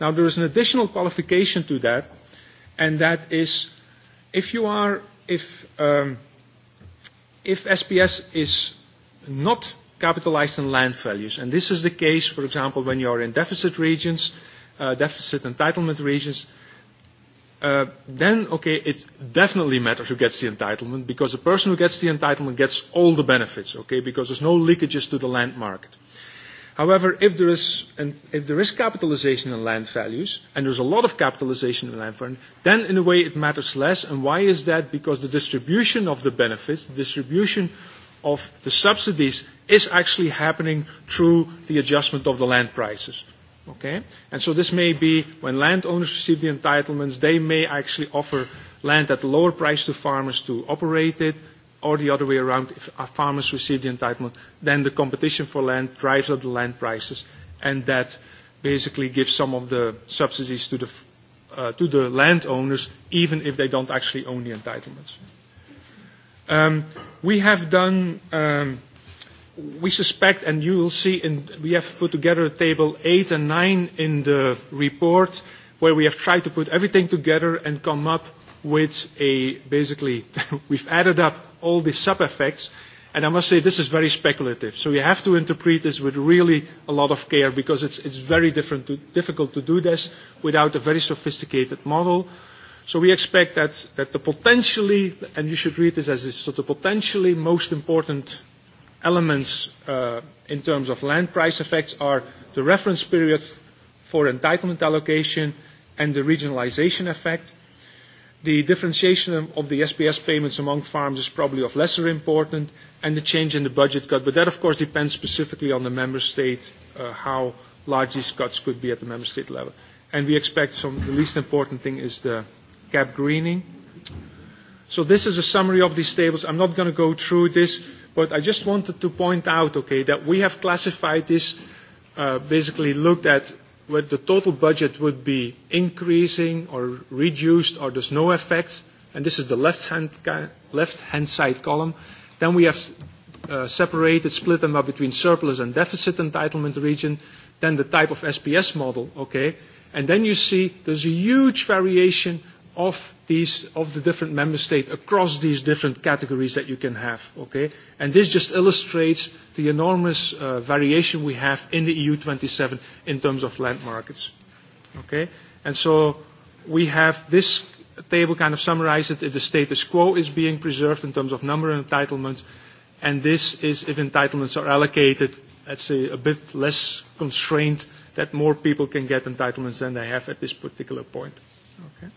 C: Now there is an additional qualification to that, and that is if you are, if, um, if SPS is not capitalized on land values. And this is the case, for example, when you are in deficit regions, uh, deficit entitlement regions, uh, then, okay, it definitely matters who gets the entitlement because the person who gets the entitlement gets all the benefits, okay, because there's no leakages to the land market. However, if there is, an, if there is capitalization in land values, and there's a lot of capitalization in land values, then in a way it matters less. And why is that? Because the distribution of the benefits, the distribution of the subsidies is actually happening through the adjustment of the land prices. Okay? And so this may be when landowners receive the entitlements, they may actually offer land at a lower price to farmers to operate it, or the other way around, if farmers receive the entitlement, then the competition for land drives up the land prices, and that basically gives some of the subsidies to the, uh, to the landowners, even if they don't actually own the entitlements. Mm-hmm. Um, we have done, um, we suspect, and you will see, in, we have put together table 8 and 9 in the report where we have tried to put everything together and come up with a, basically, we've added up all the sub-effects And I must say, this is very speculative. So you have to interpret this with really a lot of care because it's, it's very different to, difficult to do this without a very sophisticated model. So we expect that, that the potentially, and you should read this as this, so the potentially most important elements uh, in terms of land price effects are the reference period for entitlement allocation and the regionalization effect. The differentiation of the SPS payments among farms is probably of lesser importance, and the change in the budget cut. But that, of course, depends specifically on the member state, uh, how large these cuts could be at the member state level. And we expect some, the least important thing is the gap greening. So this is a summary of these tables. I'm not going to go through this, but I just wanted to point out, okay, that we have classified this, uh, basically looked at what the total budget would be increasing or reduced or there's no effect, and this is the left-hand, left-hand side column. Then we have uh, separated, split them up between surplus and deficit entitlement region, then the type of SPS model, okay? And then you see there's a huge variation of these of the different member states across these different categories that you can have okay and this just illustrates the enormous uh, variation we have in the EU27 in terms of land markets okay and so we have this table kind of summarizes that the status quo is being preserved in terms of number of entitlements and this is if entitlements are allocated let's say a bit less constrained that more people can get entitlements than they have at this particular point okay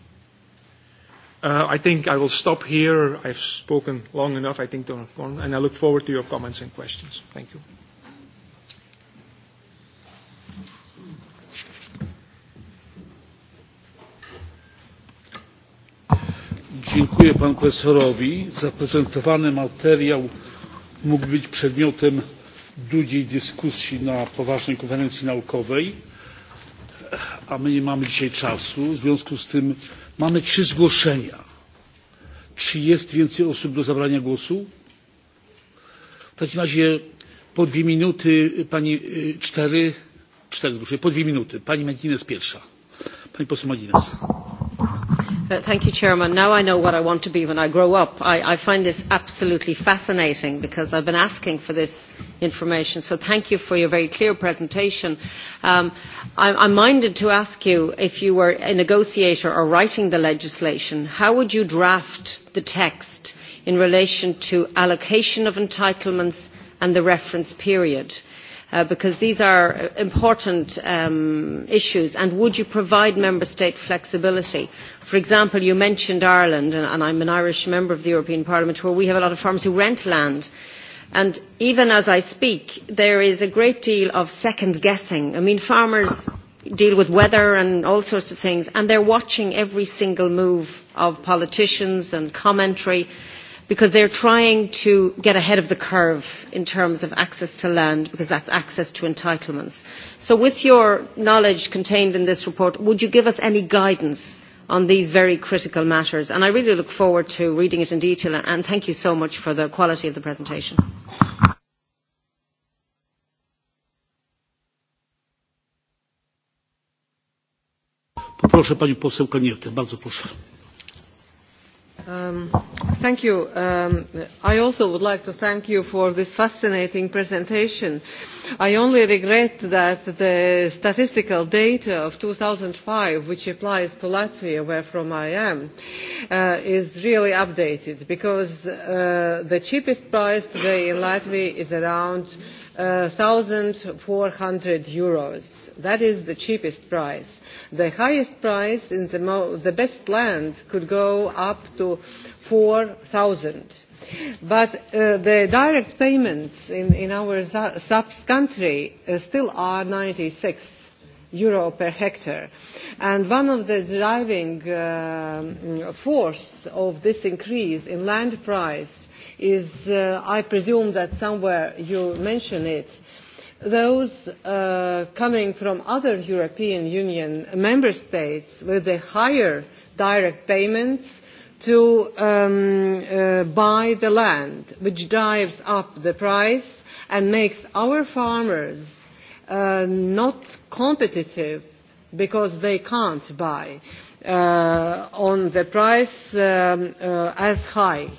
C: Uh, I think I will stop here. I've spoken long enough, I think, Donald Corn, and I look forward to your comments and questions. Thank you.
V: Dziękuję panu profesorowi. Zaprezentowany materiał mógł być przedmiotem długiej dyskusji na poważnej konferencji naukowej, a my nie mamy dzisiaj czasu. W związku z tym Mamy trzy zgłoszenia. Czy jest więcej osób do zabrania głosu? W takim razie po dwie minuty pani cztery, cztery zgłoszenia, po dwie minuty. Pani Medines pierwsza. Pani poseł Medines.
S: Uh, thank you, Chairman. Now I know what I want to be when I grow up. I, I find this absolutely fascinating because I've been asking for this information. So thank you for your very clear presentation. Um, I, I'm minded to ask you, if you were a negotiator or writing the legislation, how would you draft the text in relation to allocation of entitlements and the reference period? Uh, uh, because these are important um, issues, and would you provide member state flexibility? For example, you mentioned Ireland, and, and I'm an Irish member of the European Parliament, where we have a lot of farmers who rent land. And even as I speak, there is a great deal of second guessing. I mean, farmers deal with weather and all sorts of things, and they're watching every single move of politicians and commentary. Uh, because they're trying to get ahead of the curve in terms of access to land because that's access to entitlements. So with your knowledge contained in this report, would you give us any guidance on these very critical matters? And I really look forward to reading it in detail and thank you so much for the quality of the presentation.
V: Proszę panią poseł Kanietę, bardzo proszę.
T: Um, thank you. Um, I also would like to thank you for this fascinating presentation. I only regret that the statistical data of 2005, which applies to Latvia, where from I am, uh, is really updated because uh, the cheapest price today in Latvia is around uh, uh, 1,400 euros. That is the cheapest price. The highest price in the, mo- the best land could go up to 4,000. But uh, the direct payments in, in our su- subs country uh, still are 96 euro per hectare. And one of the driving uh, force of this increase in land price is, uh, I presume that somewhere you mention it, those uh, coming from other European Union member states with a higher direct payments to um, uh, buy the land, which drives up the price and makes our farmers uh, not competitive because they can't buy uh, on the price um, uh, as high. Uh,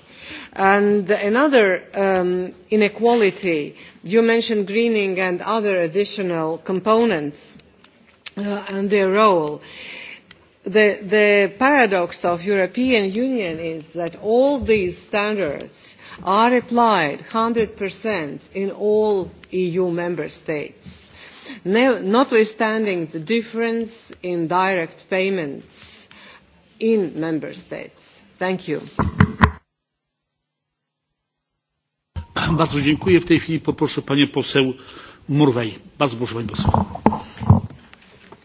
T: And another um, inequality, you mentioned greening and other additional components uh, and their role. The, the paradox of European Union is that all these standards are applied 100% in all EU member states, no, notwithstanding the difference in direct payments in member states. Thank you
V: bardzo dziękuję. w tej chwili poproszę panią poseł murvai. bardzo proszę pani poseł.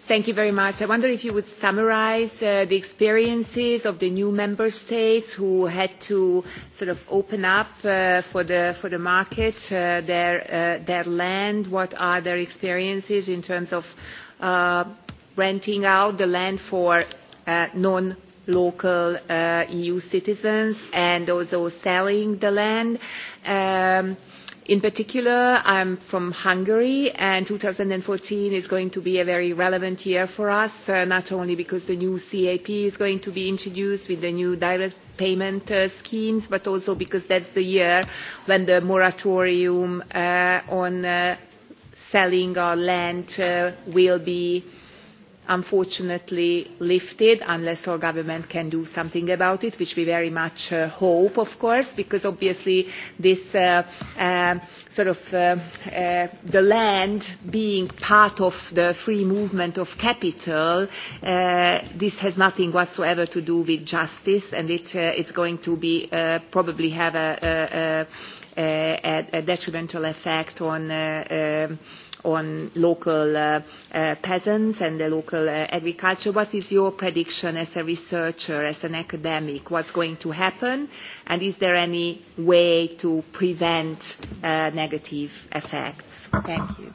W: Thank you very much. I wonder if you would summarize uh, the experiences of the new member states who had to sort of open up uh, for the for the market uh, their uh, their land. What are their experiences in terms of uh, renting out the land for uh, non local uh, EU citizens and also selling the land Um, in particular, I'm from Hungary, and 2014 is going to be a very relevant year for us, uh, not only because the new CAP is going to be introduced with the new direct payment uh, schemes, but also because that's the year when the moratorium uh, on uh, selling our land uh, will be uh, unfortunately lifted unless our government can do something about it, which we very much uh, hope, of course, because obviously this uh, uh, sort of uh, uh, the land being part of the free movement of capital, uh, this has nothing whatsoever to do with justice, and it, uh, it's going to be uh, probably have a, a, a, a detrimental effect on. Uh, uh, on local uh, uh, peasants and the local uh, agriculture. What is your prediction as a researcher, as an academic? What's going to happen? And is there any way to prevent uh, negative effects? Thank you.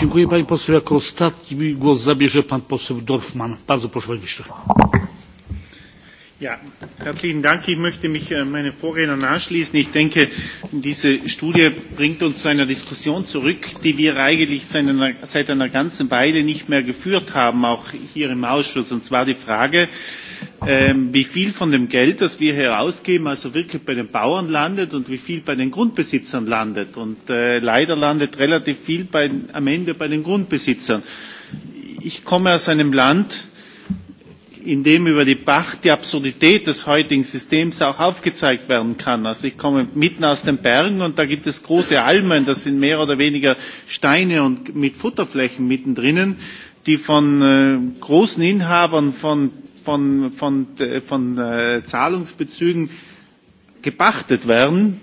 V: Dziękuję Pani Poseł. Jako ostatni głos zabierze Pan Poseł Dorfman. Bardzo proszę Panie Ministrze.
Q: Ja, herzlichen Dank. Ich möchte mich äh, meinen Vorrednern anschließen. Ich denke, diese Studie bringt uns zu einer Diskussion zurück, die wir eigentlich seit einer, seit einer ganzen Weile nicht mehr geführt haben, auch hier im Ausschuss. Und zwar die Frage, äh, wie viel von dem Geld, das wir hier ausgeben, also wirklich bei den Bauern landet und wie viel bei den Grundbesitzern landet. Und äh, leider landet relativ viel bei, am Ende bei den Grundbesitzern. Ich komme aus einem Land, in dem über die Pacht die Absurdität des heutigen Systems auch aufgezeigt werden kann. Also ich komme mitten aus den Bergen und da gibt es große Almen, das sind mehr oder weniger Steine und mit Futterflächen mittendrin, die von äh, großen Inhabern von, von, von, von, äh, von äh, Zahlungsbezügen gepachtet werden,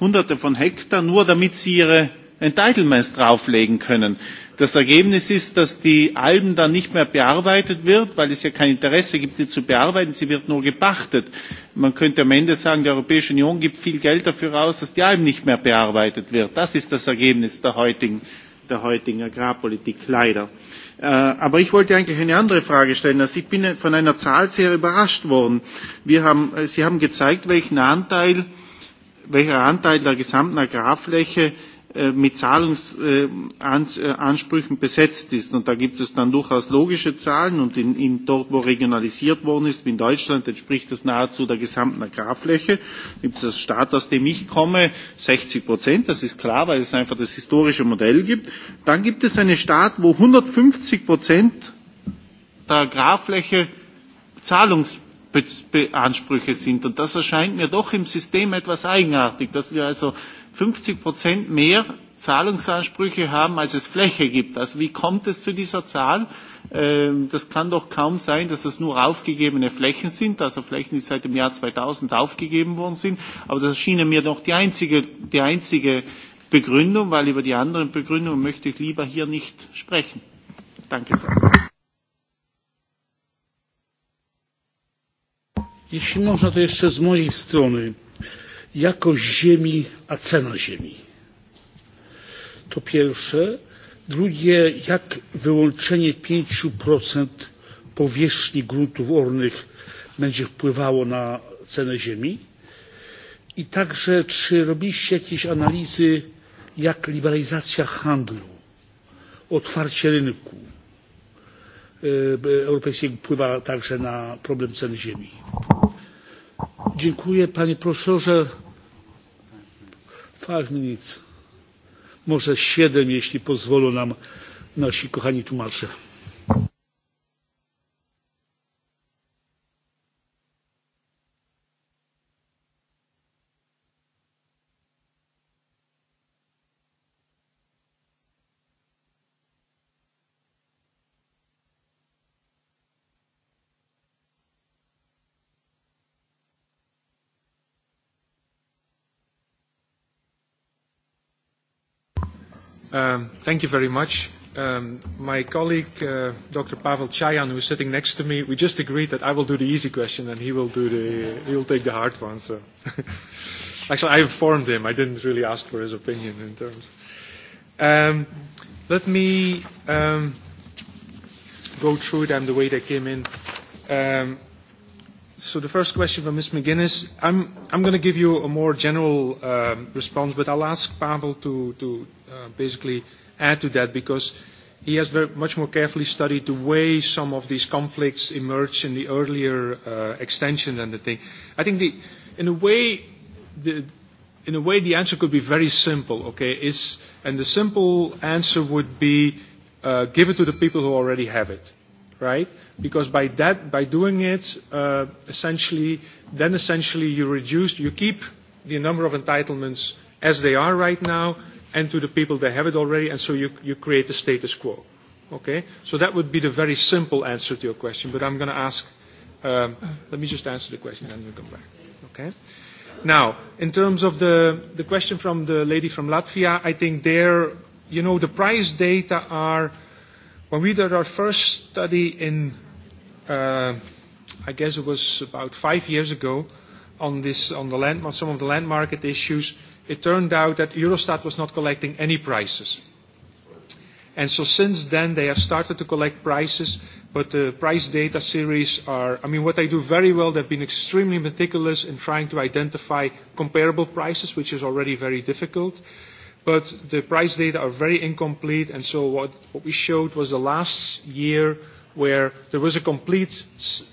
Q: hunderte von Hektar, nur damit sie ihre Entitlements drauflegen können. Das Ergebnis ist, dass die Alben dann nicht mehr bearbeitet wird, weil es ja kein Interesse gibt, sie zu bearbeiten. Sie wird nur gepachtet. Man könnte am Ende sagen, die Europäische Union gibt viel Geld dafür aus, dass die Alben nicht mehr bearbeitet wird. Das ist das Ergebnis der heutigen, der heutigen Agrarpolitik, leider. Äh, aber ich wollte eigentlich eine andere Frage stellen. Also ich bin von einer Zahl sehr überrascht worden. Wir haben, äh, Sie haben gezeigt, welchen Anteil, welcher Anteil der gesamten Agrarfläche Äh, mit Zahlungsansprüchen besetzt ist. Und da gibt es dann durchaus logische Zahlen. Und in, in, dort, wo regionalisiert worden ist, wie in Deutschland, entspricht das nahezu der gesamten Agrarfläche. Gibt es das Staat, aus dem ich komme, 60 Prozent. Das ist klar, weil es einfach das historische Modell gibt. Dann gibt es einen Staat, wo 150 Prozent der Agrarfläche Zahlungs Be Be Ansprüche sind. Und das erscheint mir doch im System etwas eigenartig, dass wir also 50 Prozent mehr Zahlungsansprüche haben, als es Fläche gibt. Also wie kommt es zu dieser Zahl? Ähm, das kann doch kaum sein, dass das nur aufgegebene Flächen sind, also Flächen, die seit dem Jahr 2000 aufgegeben worden sind. Aber das schien mir doch die einzige, die einzige Begründung, weil über die anderen Begründungen möchte ich lieber hier nicht sprechen. Danke sehr.
V: jeśli można to jeszcze z mojej strony jakość ziemi a cena ziemi to pierwsze drugie jak wyłączenie pięć powierzchni gruntów ornych będzie wpływało na cenę ziemi i także czy robiliście jakieś analizy jak liberalizacja handlu otwarcie rynku E, europejskiej wpływa także na problem cen ziemi. Dziękuję panie profesorze. Five minutes. Może siedem, jeśli pozwolą nam nasi kochani tłumacze.
C: Um, thank you very much. Um, my colleague, uh, Dr. Pavel Chayan, who is sitting next to me, we just agreed that I will do the easy question and he will do the he will take the hard one. So, actually, I informed him. I didn't really ask for his opinion in terms. Um, let me um, go through them the way they came in. Um, So the first question from Ms. McGuinness, I'm, I'm going to give you a more general um, response, but I'll ask Pavel to, to uh, basically add to that because he has very, much more carefully studied the way some of these conflicts emerged in the earlier uh, extension and the thing. I think the, in a way, the, in a way the answer could be very simple, okay? Is, and the simple answer would be uh, give it to the people who already have it right? Because by that, by doing it, uh, essentially, then essentially you reduce, you keep the number of entitlements as they are right now, and to the people that have it already, and so you, you create a status quo. Okay? So that would be the very simple answer to your question, but I'm going to ask, um, let me just answer the question, then you come back. Okay? Now, in terms of the, the question from the lady from Latvia, I think there, you know, the price data are When we did our first study in, uh, I guess it was about five years ago, on, this, on, the land, on some of the land market issues, it turned out that Eurostat was not collecting any prices. And so since then, they have started to collect prices, but the price data series are, I mean, what they do very well, they've been extremely meticulous in trying to identify comparable prices, which is already very difficult. Uh, but the price data are very incomplete, and so what, what we showed was the last year where there was a complete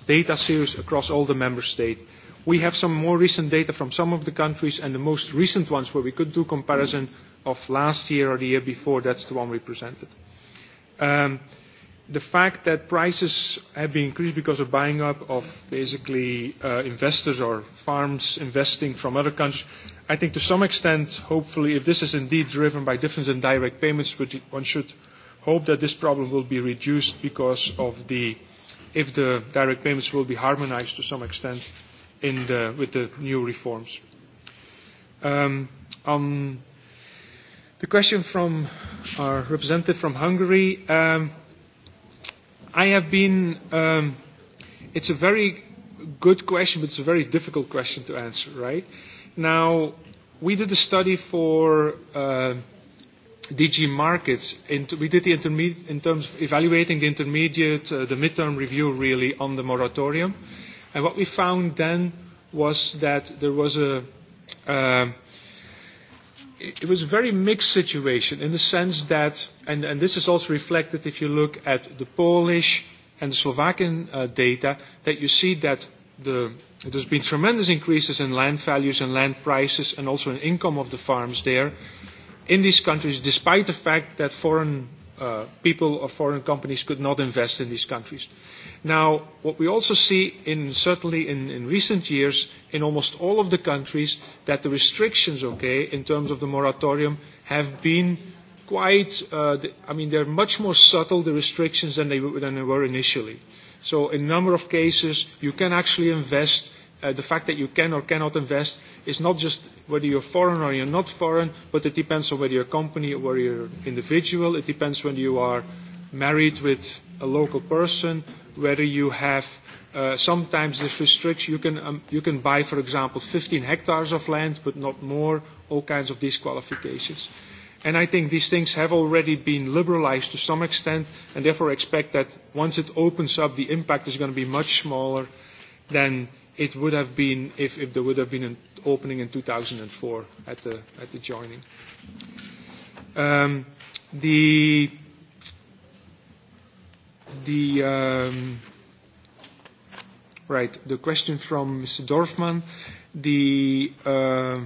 C: data series across all the member states. We have some more recent data from some of the countries, and the most recent ones where we could do comparison of last year or the year before, that's the one we presented. Um, the fact that prices have been increased because of buying up of basically uh, investors or farms investing from other countries, I think to some extent, hopefully, if this is indeed driven by difference in direct payments, which one should hope that this problem will be reduced because of the, if the direct payments will be harmonized to some extent in the, with the new reforms. Um, on um, the question from our representative from Hungary, um, I have been. Um, it's a very good question, but it's a very difficult question to answer, right? Now, we did a study for uh, um, DG Markets. Inter- we did the intermediate in terms of evaluating the intermediate, uh, the midterm review, really, on the moratorium. And what we found then was that there was a. Uh, it was a very mixed situation in the sense that, and, and this is also reflected if you look at the Polish and the Slovakian uh, data, that you see that the, there's been tremendous increases in land values and land prices and also in income of the farms there in these countries, despite the fact that foreign uh, people of foreign companies could not invest in these countries. Now, what we also see, in, certainly in, in recent years, in almost all of the countries, that the restrictions, okay, in terms of the moratorium, have been quite, uh, the, I mean, they're much more subtle, the restrictions, than they, than they were initially. So in a number of cases, you can actually invest uh, the fact that you can or cannot invest is not just whether you're foreign or you're not foreign, but it depends on whether you're a company or whether you're an individual. It depends whether you are married with a local person, whether you have uh, sometimes this restriction. You can, um, you can buy, for example, 15 hectares of land, but not more, all kinds of these qualifications. And I think these things have already been liberalized to some extent, and therefore expect that once it opens up, the impact is going to be much smaller than it would have been if, if there would have been an opening in 2004 at the, at the joining. Um, the the um, right the question from Mr. Dorfman, the uh,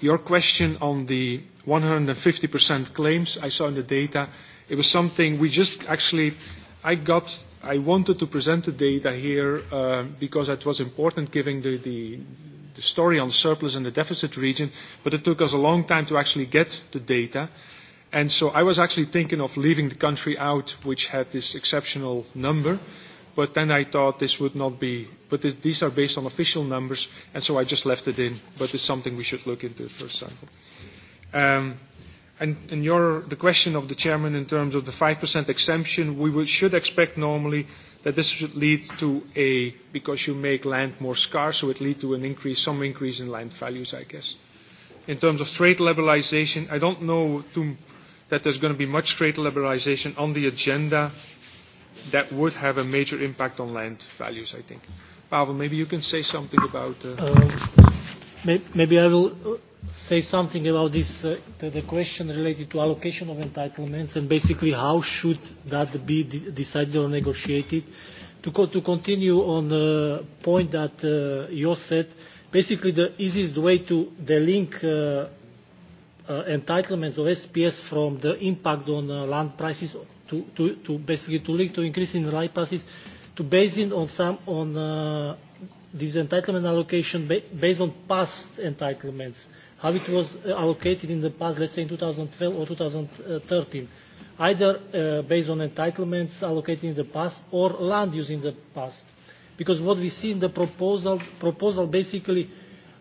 C: your question on the 150% claims I saw in the data, it was something we just actually I got I wanted to present the data here uh, because it was important giving the, the, the story on surplus and the deficit region, but it took us a long time to actually get the data. And so I was actually thinking of leaving the country out, which had this exceptional number. But then I thought this would not be, but this, these are based on official numbers, and so I just left it in. But it's something we should look into, for example. Um, And, and your, the question of the chairman in terms of the 5% exemption, we would, should expect normally that this should lead to a, because you make land more scarce, so it lead to an increase, some increase in land values, I guess. In terms of trade liberalization, I don't know to, that there's going to be much trade liberalization on the agenda that would have a major impact on land values, I think. Pavel, maybe you can say something about... Uh... Uh,
X: maybe I will uh, say something about this, uh, the, the question related to allocation of entitlements and basically how should that be de decided or negotiated? To, co to continue on the point that uh, you said, basically the easiest way to delink uh, uh, entitlements of SPS from the impact on uh, land prices to, to, to basically to link to increase in land prices to base it on some on uh, this entitlement allocation ba based on past entitlements. Uh, how it was uh, allocated in the past, let's say in 2012 or 2013, either uh, based on entitlements allocated in the past or land use in the past. Because what we see in the proposal, proposal basically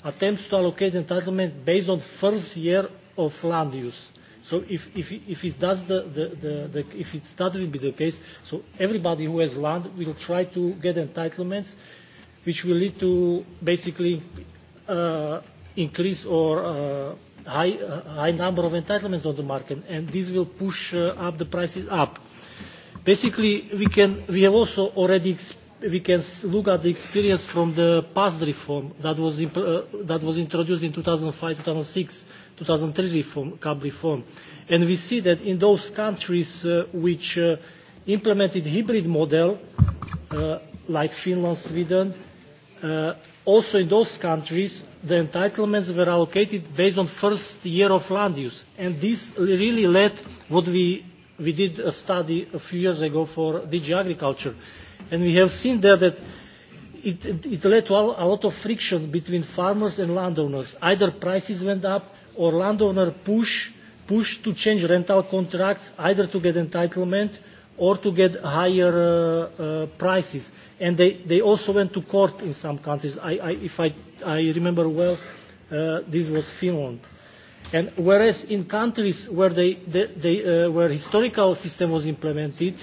X: attempts to allocate entitlement based on first year of land use. So if, if, if it does the, the, the, the if it that will be the case, so everybody who has land will try to get entitlements, which will lead to basically uh, increase or uh, high, uh, high number of entitlements on the market, and this will push uh, up the prices up. Basically, we, can, we have also already experienced we can look at the experience from the past reform that was, imp- uh, that was introduced in 2005, 2006, 2003 reform, CAP reform. And we see that in those countries uh, which uh, implemented hybrid model, uh, like Finland, Sweden, uh, Also in those countries, the entitlements were allocated based on first year of land use. And this really led what we, we did a study a few years ago for DG Agriculture. And we have seen there that it, it, it led to a lot of friction between farmers and landowners. Either prices went up or landowner push, push to change rental contracts either to get entitlement or to get higher uh, uh, prices. Uh, and they, they also went to court in some countries. I, I, if I, I remember well, uh, this was Finland. And whereas in countries where, they, they, they, uh, where historical system was implemented,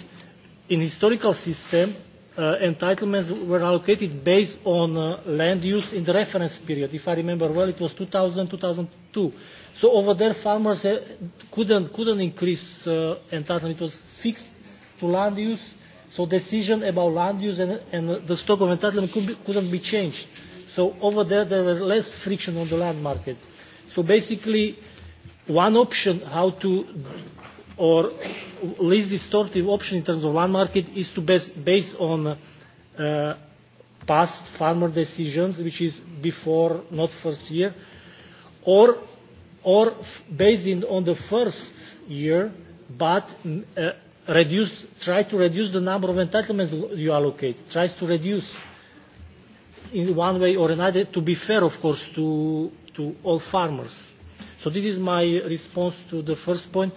X: in historical system, uh, entitlements were allocated based on uh, land use in the reference period. If I remember well, it was 2000, 2002. So over there, farmers uh, couldn't, couldn't increase uh, entitlement. It was fixed to land use So decision about land use and, and the stock of entitlement could be, couldn't be changed. So over there, there was less friction on the land market. So basically, one option how to, or least distortive option in terms of land market is to base, base on uh, past farmer decisions, which is before, not first year, or, or based on the first year, but uh, reduce, try to reduce the number of entitlements you allocate, tries to reduce in one way or another to be fair, of course, to, to all farmers. So this is my response to the first point.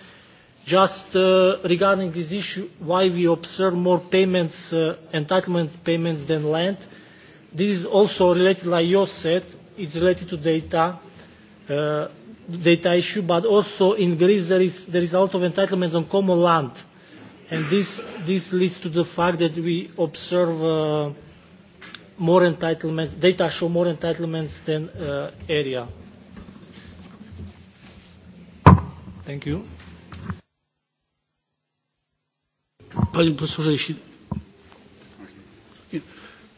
X: Just uh, regarding this issue, why we observe more payments, uh, entitlement payments than land, this is also related, like you said, it's related to data. Uh, data issue, but also in Greece there is, there is a lot of entitlements on common land. Uh, And this, this leads to the fact that we observe uh, more entitlements, data show more entitlements than uh, area. Thank you. Panie profesorze, jeśli...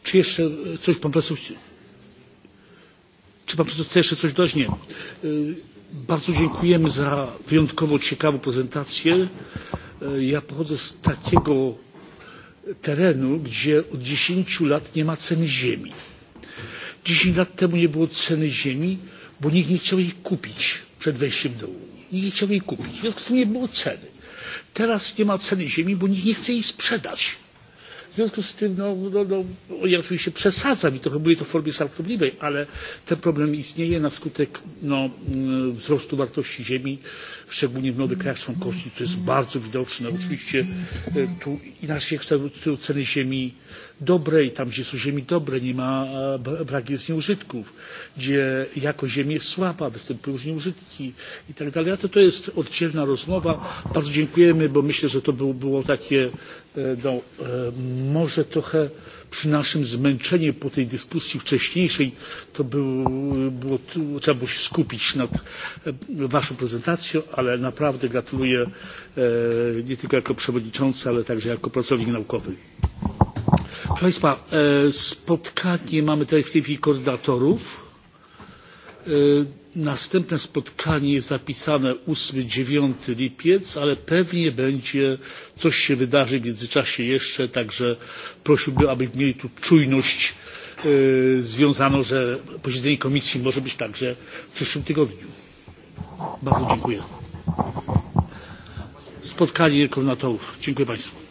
X: czy jeszcze coś
V: pan profesor... Czy pan profesor chce jeszcze coś dodać? Nie Bardzo dziękujemy za wyjątkowo ciekawą prezentację. E, ja pochodzę z takiego terenu, gdzie od 10 lat nie ma ceny ziemi. 10 lat temu nie było ceny ziemi, bo nikt nie chciał jej kupić przed wejściem do Unii. Nikt nie chciał jej kupić, w związku z tym nie było ceny. Teraz nie ma ceny ziemi, bo nikt nie chce jej sprzedać związku z tym, no, no, no, ja oczywiście przesadzam i trochę mówię to w formie sarkobliwej, ale ten problem istnieje na skutek no, mm, wzrostu wartości ziemi, szczególnie w nowych krajach członkowskich, co jest bardzo widoczne. Oczywiście e, tu inaczej kształtują ceny ziemi dobrej, tam gdzie są ziemi dobre, nie ma, e, brak jest nieużytków, gdzie jako ziemi jest słaba, występują już nieużytki i tak dalej. Ale to, to jest oddzielna rozmowa. Bardzo dziękujemy, bo myślę, że to było, było takie e, no, e, może trochę przy naszym zmęczeniu po tej dyskusji wcześniejszej to było, było, trzeba było się skupić nad Waszą prezentacją, ale naprawdę gratuluję nie tylko jako przewodniczący, ale także jako pracownik naukowy. Proszę Państwa, e, spotkanie mamy tutaj w tej chwili koordynatorów. E, następne spotkanie jest zapisane 8-9 lipiec, ale pewnie będzie, coś się wydarzy w międzyczasie jeszcze, także prosiłbym, aby mieli tu czujność e, związaną, że posiedzenie komisji może być także w przyszłym tygodniu. Bardzo dziękuję. Spotkanie koordynatorów. Dziękuję Państwu.